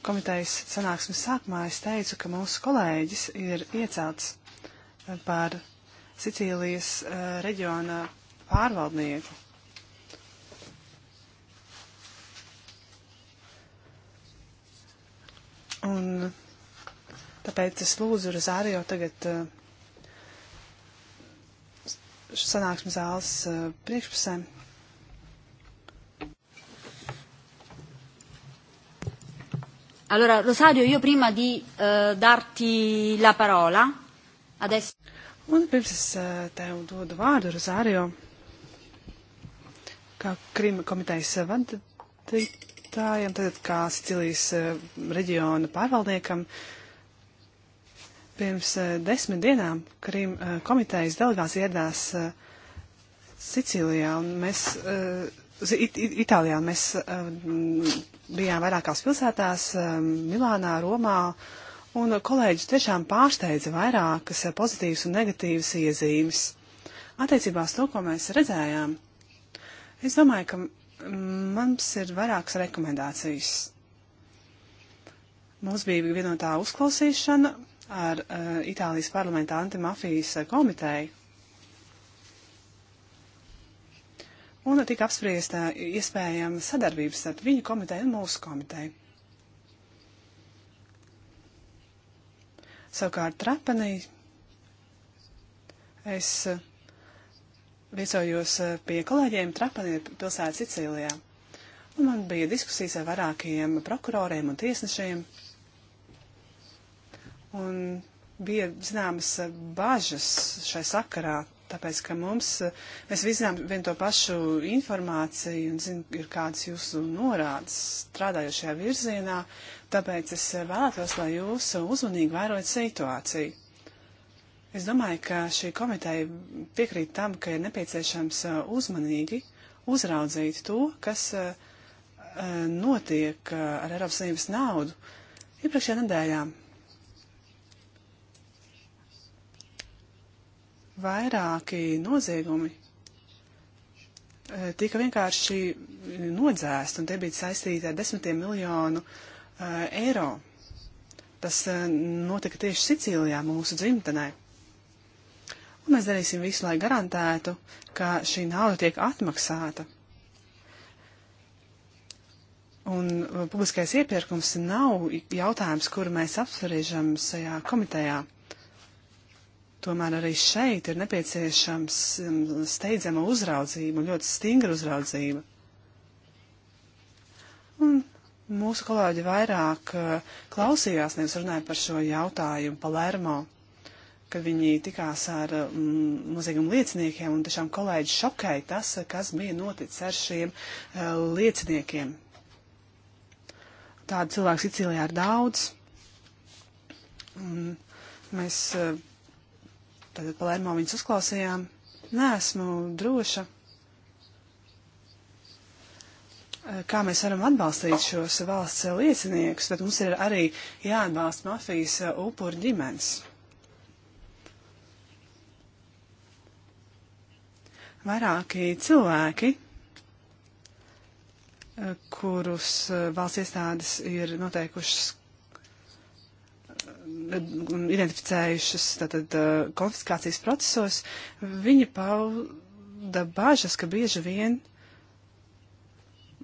Komitejas sanāksmes sākumā es teicu, ka mūsu kolēģis ir iecelts eh, par Sicīlijas reģiona pārvaldnieku. Un tāpēc es lūdzu Rozārio tagad uh, sanāksmes zāles eh, priekšpusē. Allora, Rosario, io prima di uh, darti la parola, adesso... Un pirms es eh, tev dodu vārdu, Rosario, kā Krīma komitejas vadītājiem, tad kā Sicilijas reģiona pārvaldniekam, uh, Pirms eh, desmit dienām Krim eh, komitejas delegāts ieradās eh, Sicīlijā un mēs, it, it, Itālijā, un mēs bijām vairākās pilsētās, Milānā, Romā, un kolēģis tiešām pārsteidza vairākas pozitīvas un negatīvas iezīmes. Attiecībā uz to, ko mēs redzējām, es domāju, ka mums ir vairākas rekomendācijas. Mums bija vienotā uzklausīšana, ar uh, Itālijas parlamenta antimafijas eh, komiteju. Un tika apspriesta eh, iespējama sadarbības starp viņu komiteju un mūsu komiteju. Savukārt Trapanī es viesojos pie kolēģiem Trapanī pilsētā Sicīlijā. Un man bija diskusijas ar vairākiem prokuroriem un tiesnešiem. Uh, un bija zināmas eh, bažas šai sakarā, tāpēc, ka mums, eh, mēs visi zinām vien to pašu informāciju un zinu, ir kādas jūsu norādes strādājošajā virzienā, tāpēc es eh, vēlētos, lai jūs uzmanīgi vērojat situāciju. Es domāju, ka šī komiteja piekrīt tam, ka ir nepieciešams uzmanīgi uzraudzīt to, kas notiek ar Eiropas Savienības naudu. Iepriekšējā nedēļā Vairāki noziegumi eh, tika vienkārši nodzēst, un tie bija saistīti ar desmitiem miljonu uh, eiro. Tas uh, notika tieši Sicīlijā, mūsu dzimtenē. Un mēs darīsim visu, lai garantētu, ka šī nauda tiek atmaksāta. Un publiskais iepirkums nav jautājums, kuru mēs apspriežam šajā komitejā. Tomēr arī šeit ir nepieciešams um, steidzama uzraudzība, ļoti stingra uzraudzība. Un mūsu kolēģi vairāk uh, klausījās, nevis runāja par šo jautājumu Palermo, kad viņi tikās ar nozieguma um, lieciniekiem, un tiešām kolēģi šokēja tas, kas bija noticis ar šiem uh, lieciniekiem. Tādu cilvēku Sicīlijā ir daudz. Un mēs uh, Tātad Palermo viņus uzklausījām. Nē, esmu droša. Kā mēs varam atbalstīt šos valsts lieciniekus, bet mums ir arī jāatbalsta mafijas upuru ģimenes. Vairāki cilvēki kurus valsts iestādes ir noteikušas identificējušas tātad, uh, konfiskācijas procesos, viņi pauda bažas, ka bieži vien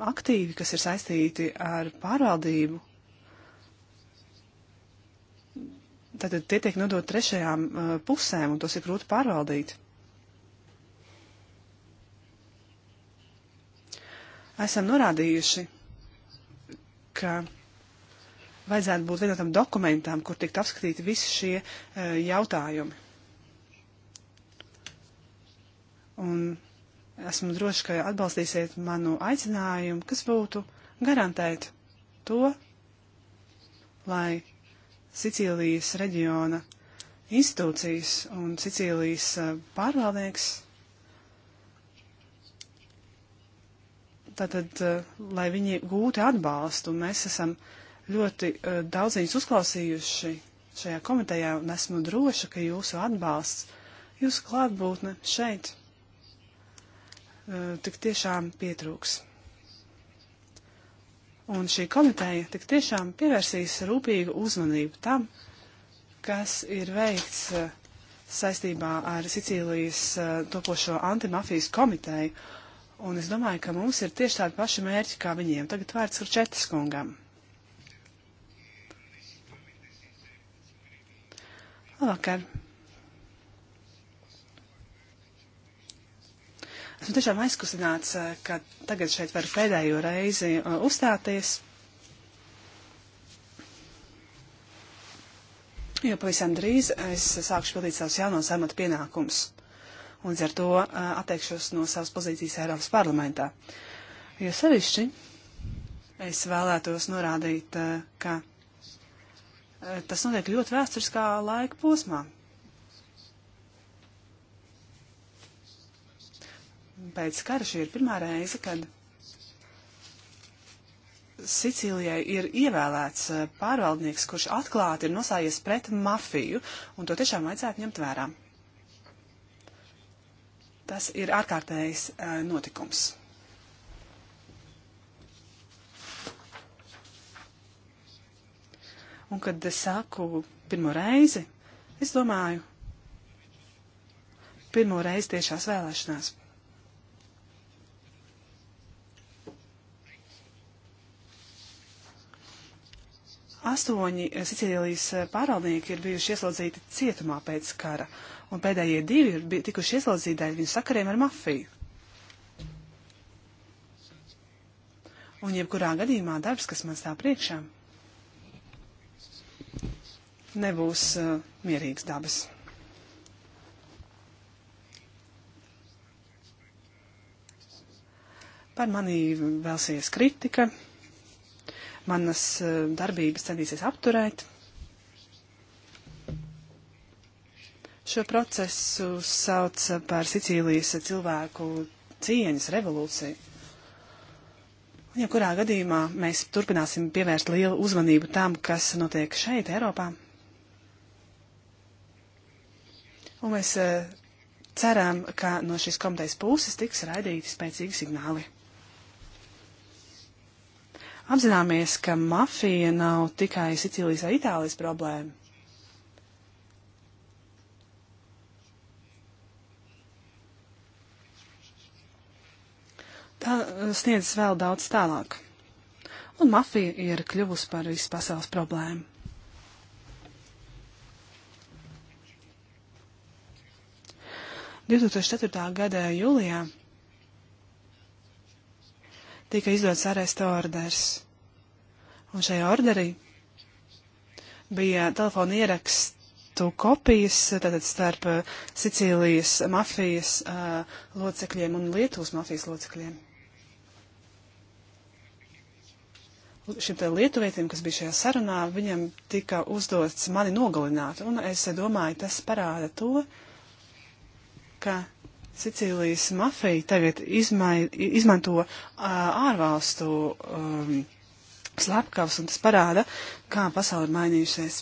aktīvi, kas ir saistīti ar pārvaldību, tātad tie tiek nodot trešajām uh, pusēm, un tos ir grūti pārvaldīt. Esam norādījuši, ka vajadzētu būt vienotam dokumentam, kur tikt apskatīti visi šie uh, jautājumi. Un esmu droši, ka atbalstīsiet manu aicinājumu, kas būtu garantēt to, lai Sicīlijas reģiona institūcijas un Sicīlijas uh, pārvaldnieks tātad, e, lai viņi gūtu atbalstu, un mēs esam uh, ļoti uh, eh, daudz viņus uzklausījuši šajā komitejā, un esmu droša, ka jūsu atbalsts, jūsu klātbūtne šeit uh, tik tiešām pietrūks. Un šī komiteja tik tiešām pievērsīs rūpīgu uzmanību tam, kas ir veikts uh, saistībā ar Sicīlijas topošo antimafijas komiteju, un es domāju, ka mums ir tieši tādi paši mērķi kā viņiem. Tagad vērts ar četras kungam. Labvakar! Esmu tiešām aizkustināts, eh, ka tagad šeit varu pēdējo reizi eh, uzstāties. Jo pavisam drīz es sākšu pildīt savus jaunos amatu pienākumus. Un līdz ar to eh, atteikšos no savas pozīcijas Eiropas parlamentā. Jo sevišķi es vēlētos norādīt, ka Eh, tas notiek ļoti vēsturiskā laika posmā. Pēc kara šī ir pirmā reize, kad Sicīlijai ir ievēlēts eh, pārvaldnieks, kurš atklāti ir nosājies pret mafiju, un to tiešām vajadzētu ņemt vērā. Tas ir ārkārtējs eh, notikums. Un kad es saku pirmo reizi, es domāju, pirmo reizi tiešās vēlēšanās. Astoņi Sicīlijas pārvaldnieki ir bijuši ieslodzīti cietumā pēc kara, un pēdējie divi ir tikuši ieslodzīti dēļ viņu sakariem ar mafiju. Un jebkurā gadījumā darbs, kas man stāv priekšām, nebūs uh, mierīgas dabas. Par mani vēlsies kritika, manas uh, darbības centīsies apturēt. Šo procesu sauc par Sicīlijas cilvēku cieņas revolūciju. Ja kurā gadījumā mēs turpināsim pievērst lielu uzmanību tam, kas notiek šeit, Eiropā, Un mēs eh, ceram, ka no šīs komitejas puses tiks raidīti spēcīgi signāli. Apzināmies, ka mafija nav tikai Sicīlijas vai Itālijas problēma. tā eh, sniedzas vēl daudz tālāk. Un mafija ir kļuvusi par visu pasaules problēmu. 2004. gada jūlijā tika izdots aresta orders. Un šajā orderī bija telefona ierakstu kopijas tātad starp uh, Sicīlijas mafijas uh, locekļiem un Lietuvas mafijas locekļiem. Šim te lietuvietim, kas bija šajā sarunā, viņam tika uzdots mani nogalināt, un es domāju, tas parāda to, uh, ka Sicīlijas mafija tagad izmai, izmanto uh, ārvalstu um, slepkavas, un tas parāda, kā pasauli ir mainījusies.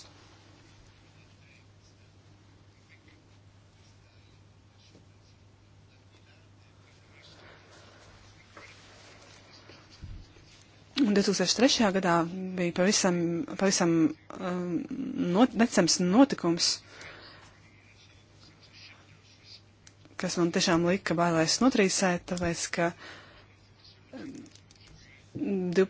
Un 2003. gadā bija pavisam, pavisam um, not, necams notikums. Uh, kas man tiešām lika bailēs notrīsēt, tāpēc, ka mm, du,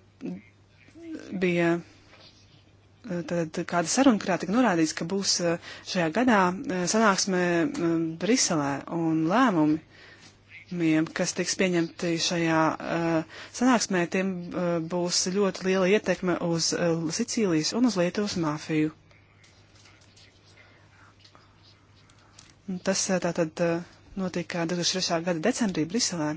bija eh, tad kāda saruna, kurā tika norādīts, ka būs eh, šajā gadā eh, sanāksme mm, Briselē un lēmumi, kas tiks pieņemti šajā sanāksmē, tiem būs ļoti liela ietekme uz Sicīlijas un uz Lietuvas mafiju. Tas tātad. Tā, notika 2003. gada decembrī Briselē.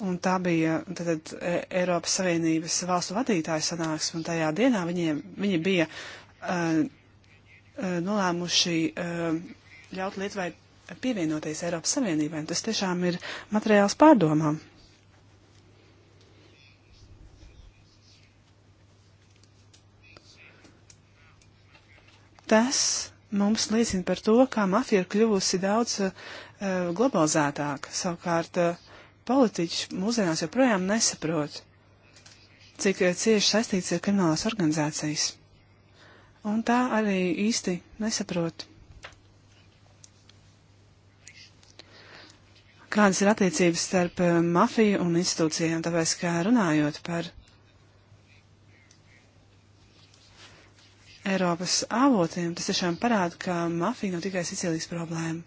Un tā bija tad, e, Eiropas Savienības valstu vadītāja sanāksme, un tajā dienā viņiem, viņi bija uh, nolēmuši uh, ļaut Lietuvai pievienoties Eiropas Savienībai. Un tas tiešām ir materiāls pārdomām. Tas mums liecina par to, kā mafija ir kļuvusi daudz uh, globalizētāka. Savukārt uh, politiķi mūsdienās joprojām nesaprot, cik uh, cieši saistīts ir kriminālās organizācijas. Un tā arī īsti nesaprot. Kādas ir attiecības starp mafiju un institūcijām, tāpēc, kā runājot par Eiropas avotiem, tas tiešām parāda, ka mafija nav tikai Sicīlijas problēma.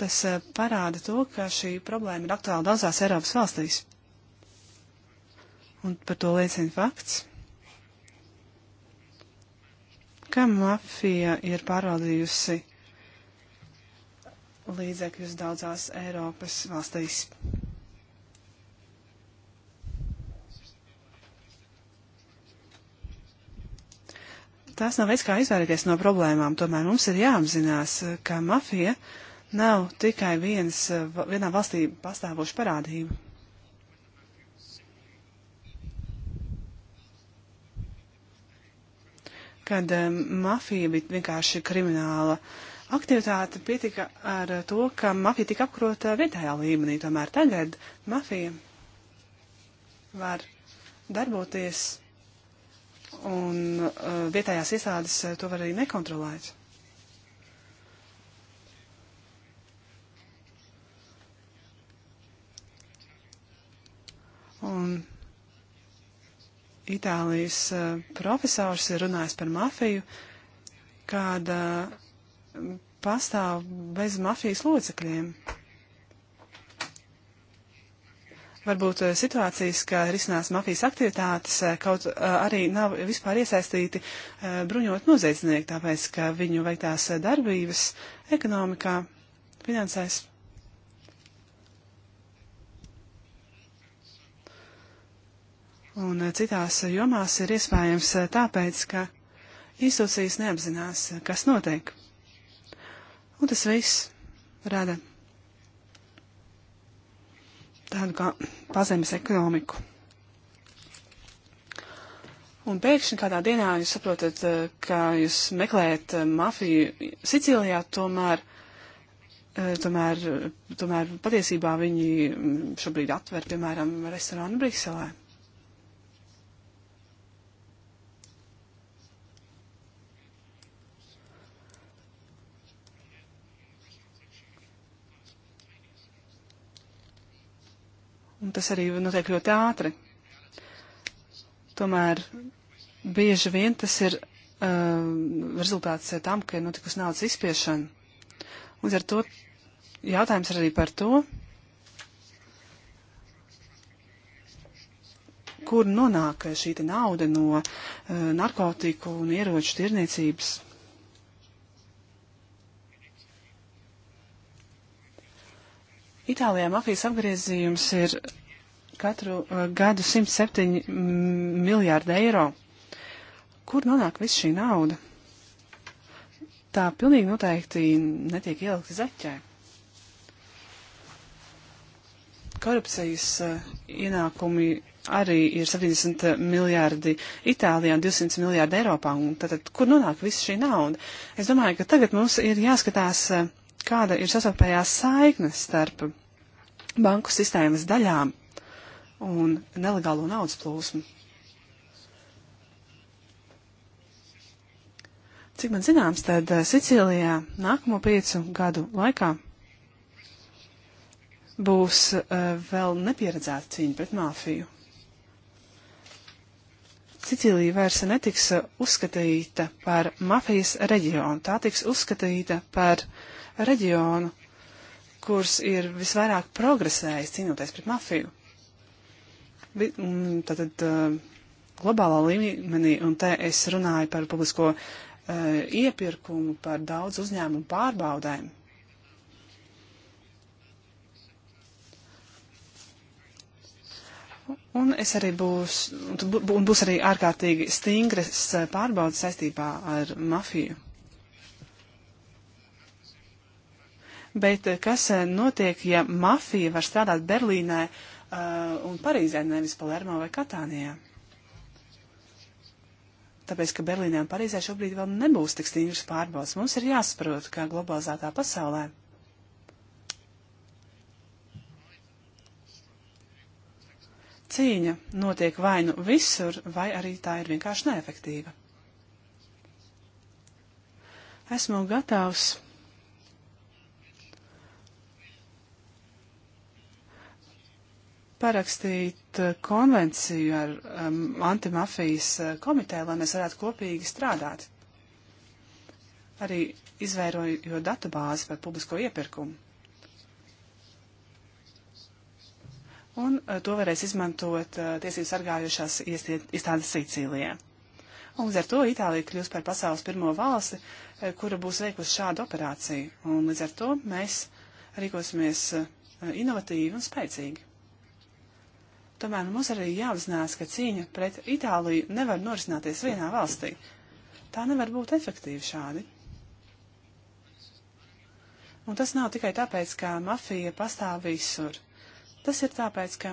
Tas eh, parāda to, ka šī problēma ir aktuāla daudzās Eiropas valstīs. Un par to liecina fakts, ka mafija ir pārvaldījusi līdzekļus daudzās Eiropas valstīs. Tas nav veids, kā izvairīties no problēmām. Tomēr mums ir jāapzinās, ka mafija nav tikai viens, vienā valstī pastāvoša parādība. Kad um, mafija bija vienkārši krimināla aktivitāte, pietika ar to, ka mafija tika apkrota vietējā līmenī. Tomēr tagad mafija var darboties un uh, vietējās iestādes uh, to var arī nekontrolēt. Un Itālijas uh, profesors ir runājis par mafiju, kāda um, pastāv bez mafijas locekļiem varbūt eh, situācijas, kā risinās mafijas aktivitātes, eh, kaut eh, arī nav vispār iesaistīti bruņot noziedznieki, tāpēc, ka viņu veiktās darbības ekonomikā finansēs. Un citās jomās ir iespējams tāpēc, ka institūcijas neapzinās, kas notiek. Un tas viss rada tādu kā pazemes ekonomiku. Un pēkšņi kādā dienā jūs saprotat, eh, ka jūs meklējat eh, mafiju Sicilijā, tomēr, eh, tomēr, tomēr patiesībā viņi mm, šobrīd atver, piemēram, restorānu Briselē. un tas arī notiek ļoti ātri. Tomēr bieži vien tas ir uh, rezultāts tam, ka ir notikusi naudas izspiešana. Līdz ar to jautājums ir arī par to, kur nonāk šī nauda no uh, narkotiku un ieroču tirniecības. Itālijā mafijas apgriezījums ir katru eh, gadu 107 miljārdi eiro. Kur nonāk viss šī nauda? Tā pilnīgi noteikti netiek ielikt zaķē. Korupcijas eh, ienākumi arī ir 70 miljārdi Itālijā un 200 miljārdi Eiropā. Un tātad, kur nonāk viss šī nauda? Es domāju, ka tagad mums ir jāskatās uh, kāda ir sasauktējā saikne starp banku sistēmas daļām un nelegālo naudas plūsmu. Cik man zināms, tad eh, Sicīlijā nākamo piecu gadu laikā būs uh, vēl nepieredzēta cīņa pret mafiju. Sicīlija vairs netiks eh, uzskatīta par mafijas reģionu, tā tiks uzskatīta par uh, reģionu, kurš ir visvairāk progresējis cīnoties pret mafiju. Tātad uh, globālā līmenī, un te es runāju par publisko uh, iepirkumu, par daudz uzņēmumu pārbaudēm. Un es arī būs, un būs arī ārkārtīgi stingras uh, pārbaudas saistībā ar mafiju. Bet eh, kas eh, notiek, ja mafija var strādāt Berlīnē uh, un Parīzē, nevis Palermo vai Katānijā? Tāpēc, ka Berlīnē un Parīzē šobrīd vēl nebūs tik stingras pārbaudas, mums ir jāsaprot, kā globalizētā pasaulē. Cīņa notiek vai nu visur, vai arī tā ir vienkārši neefektīva. Esmu gatavs parakstīt eh, konvenciju ar um, antimafijas eh, komiteju, lai mēs varētu kopīgi strādāt. Arī izvērojot datubāzi par publisko iepirkumu. Un uh, to varēs izmantot uh, tiesību sargājušās iestādes Sīcīlijā. Un līdz ar to Itālija kļūs par pasaules pirmo valsti, uh, kura būs veikusi šādu operāciju. Un līdz ar to mēs rīkosimies uh, inovatīvi un spēcīgi. Tomēr nu, mums arī jāapzinās, ka cīņa pret Itāliju nevar norisināties vienā valstī. Tā nevar būt efektīva šādi. Un tas nav tikai tāpēc, ka mafija pastāv visur. Tas ir tāpēc, ka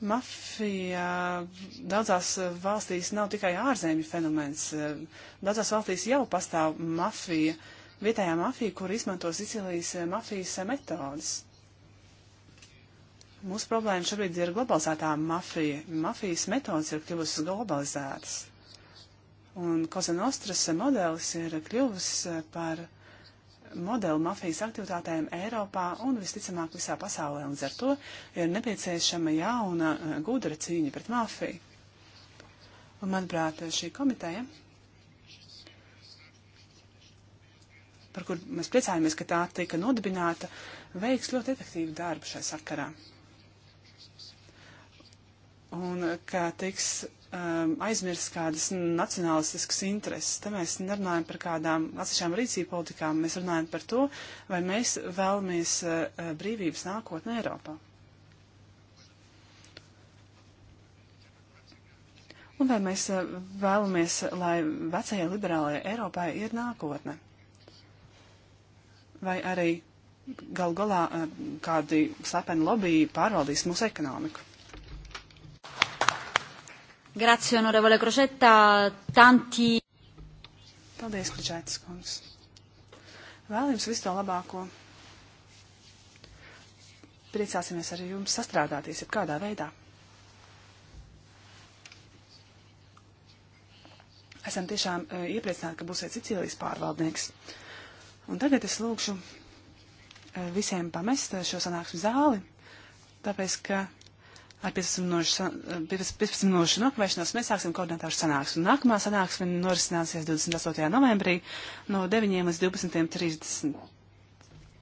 Mafija daudzās valstīs nav tikai ārzemju fenomens. Daudzās valstīs jau pastāv mafija, vietējā mafija, kur izmanto Sicilijas mafijas metodas. Mūsu problēma šobrīd ir globalizētā mafija. Mafijas metodas ir kļuvusi globalizētas. Un Kozenostras modelis ir kļuvis par modeli mafijas aktivitātēm Eiropā un visticamāk visā pasaulē. Līdz ar to ir nepieciešama jauna eh, gudra cīņa pret mafiju. Un, manuprāt, šī komiteja, par kur mēs priecājamies, ka tā tika nodibināta, veiks ļoti efektīvu darbu šai sakarā. Un ka tiks um, aizmirst kādas nacionālistiskas intereses. Te mēs nerunājam par kādām atsevišķām rīcību politikām, mēs runājam par to, vai mēs vēlamies uh, uh, brīvības nākotnē Eiropā. Un vai mēs uh, vēlamies, lai vecajai liberālajai Eiropai ir nākotne? Vai arī gal galā uh, kādi slepeni lobby pārvaldīs mūsu ekonomiku? Grazie, onorevole Krošeta. Tanti. Paldies, Krošetas kungs. Vēl jums visu to labāko. Priecāsimies ar jums sastrādāties, ja kādā veidā. Esam tiešām uh, iepriecināti, ka būsiet Sicīlijas pārvaldnieks. Un tagad es lūgšu uh, visiem pamest šo sanāksmu zāli, tāpēc, ka Ar 15 minūšu, minūšu nokavēšanos mēs sāksim koordinātāru sanāksmi. Nākamā sanāksme norisināsies 28. novembrī no 9 līdz 12.30.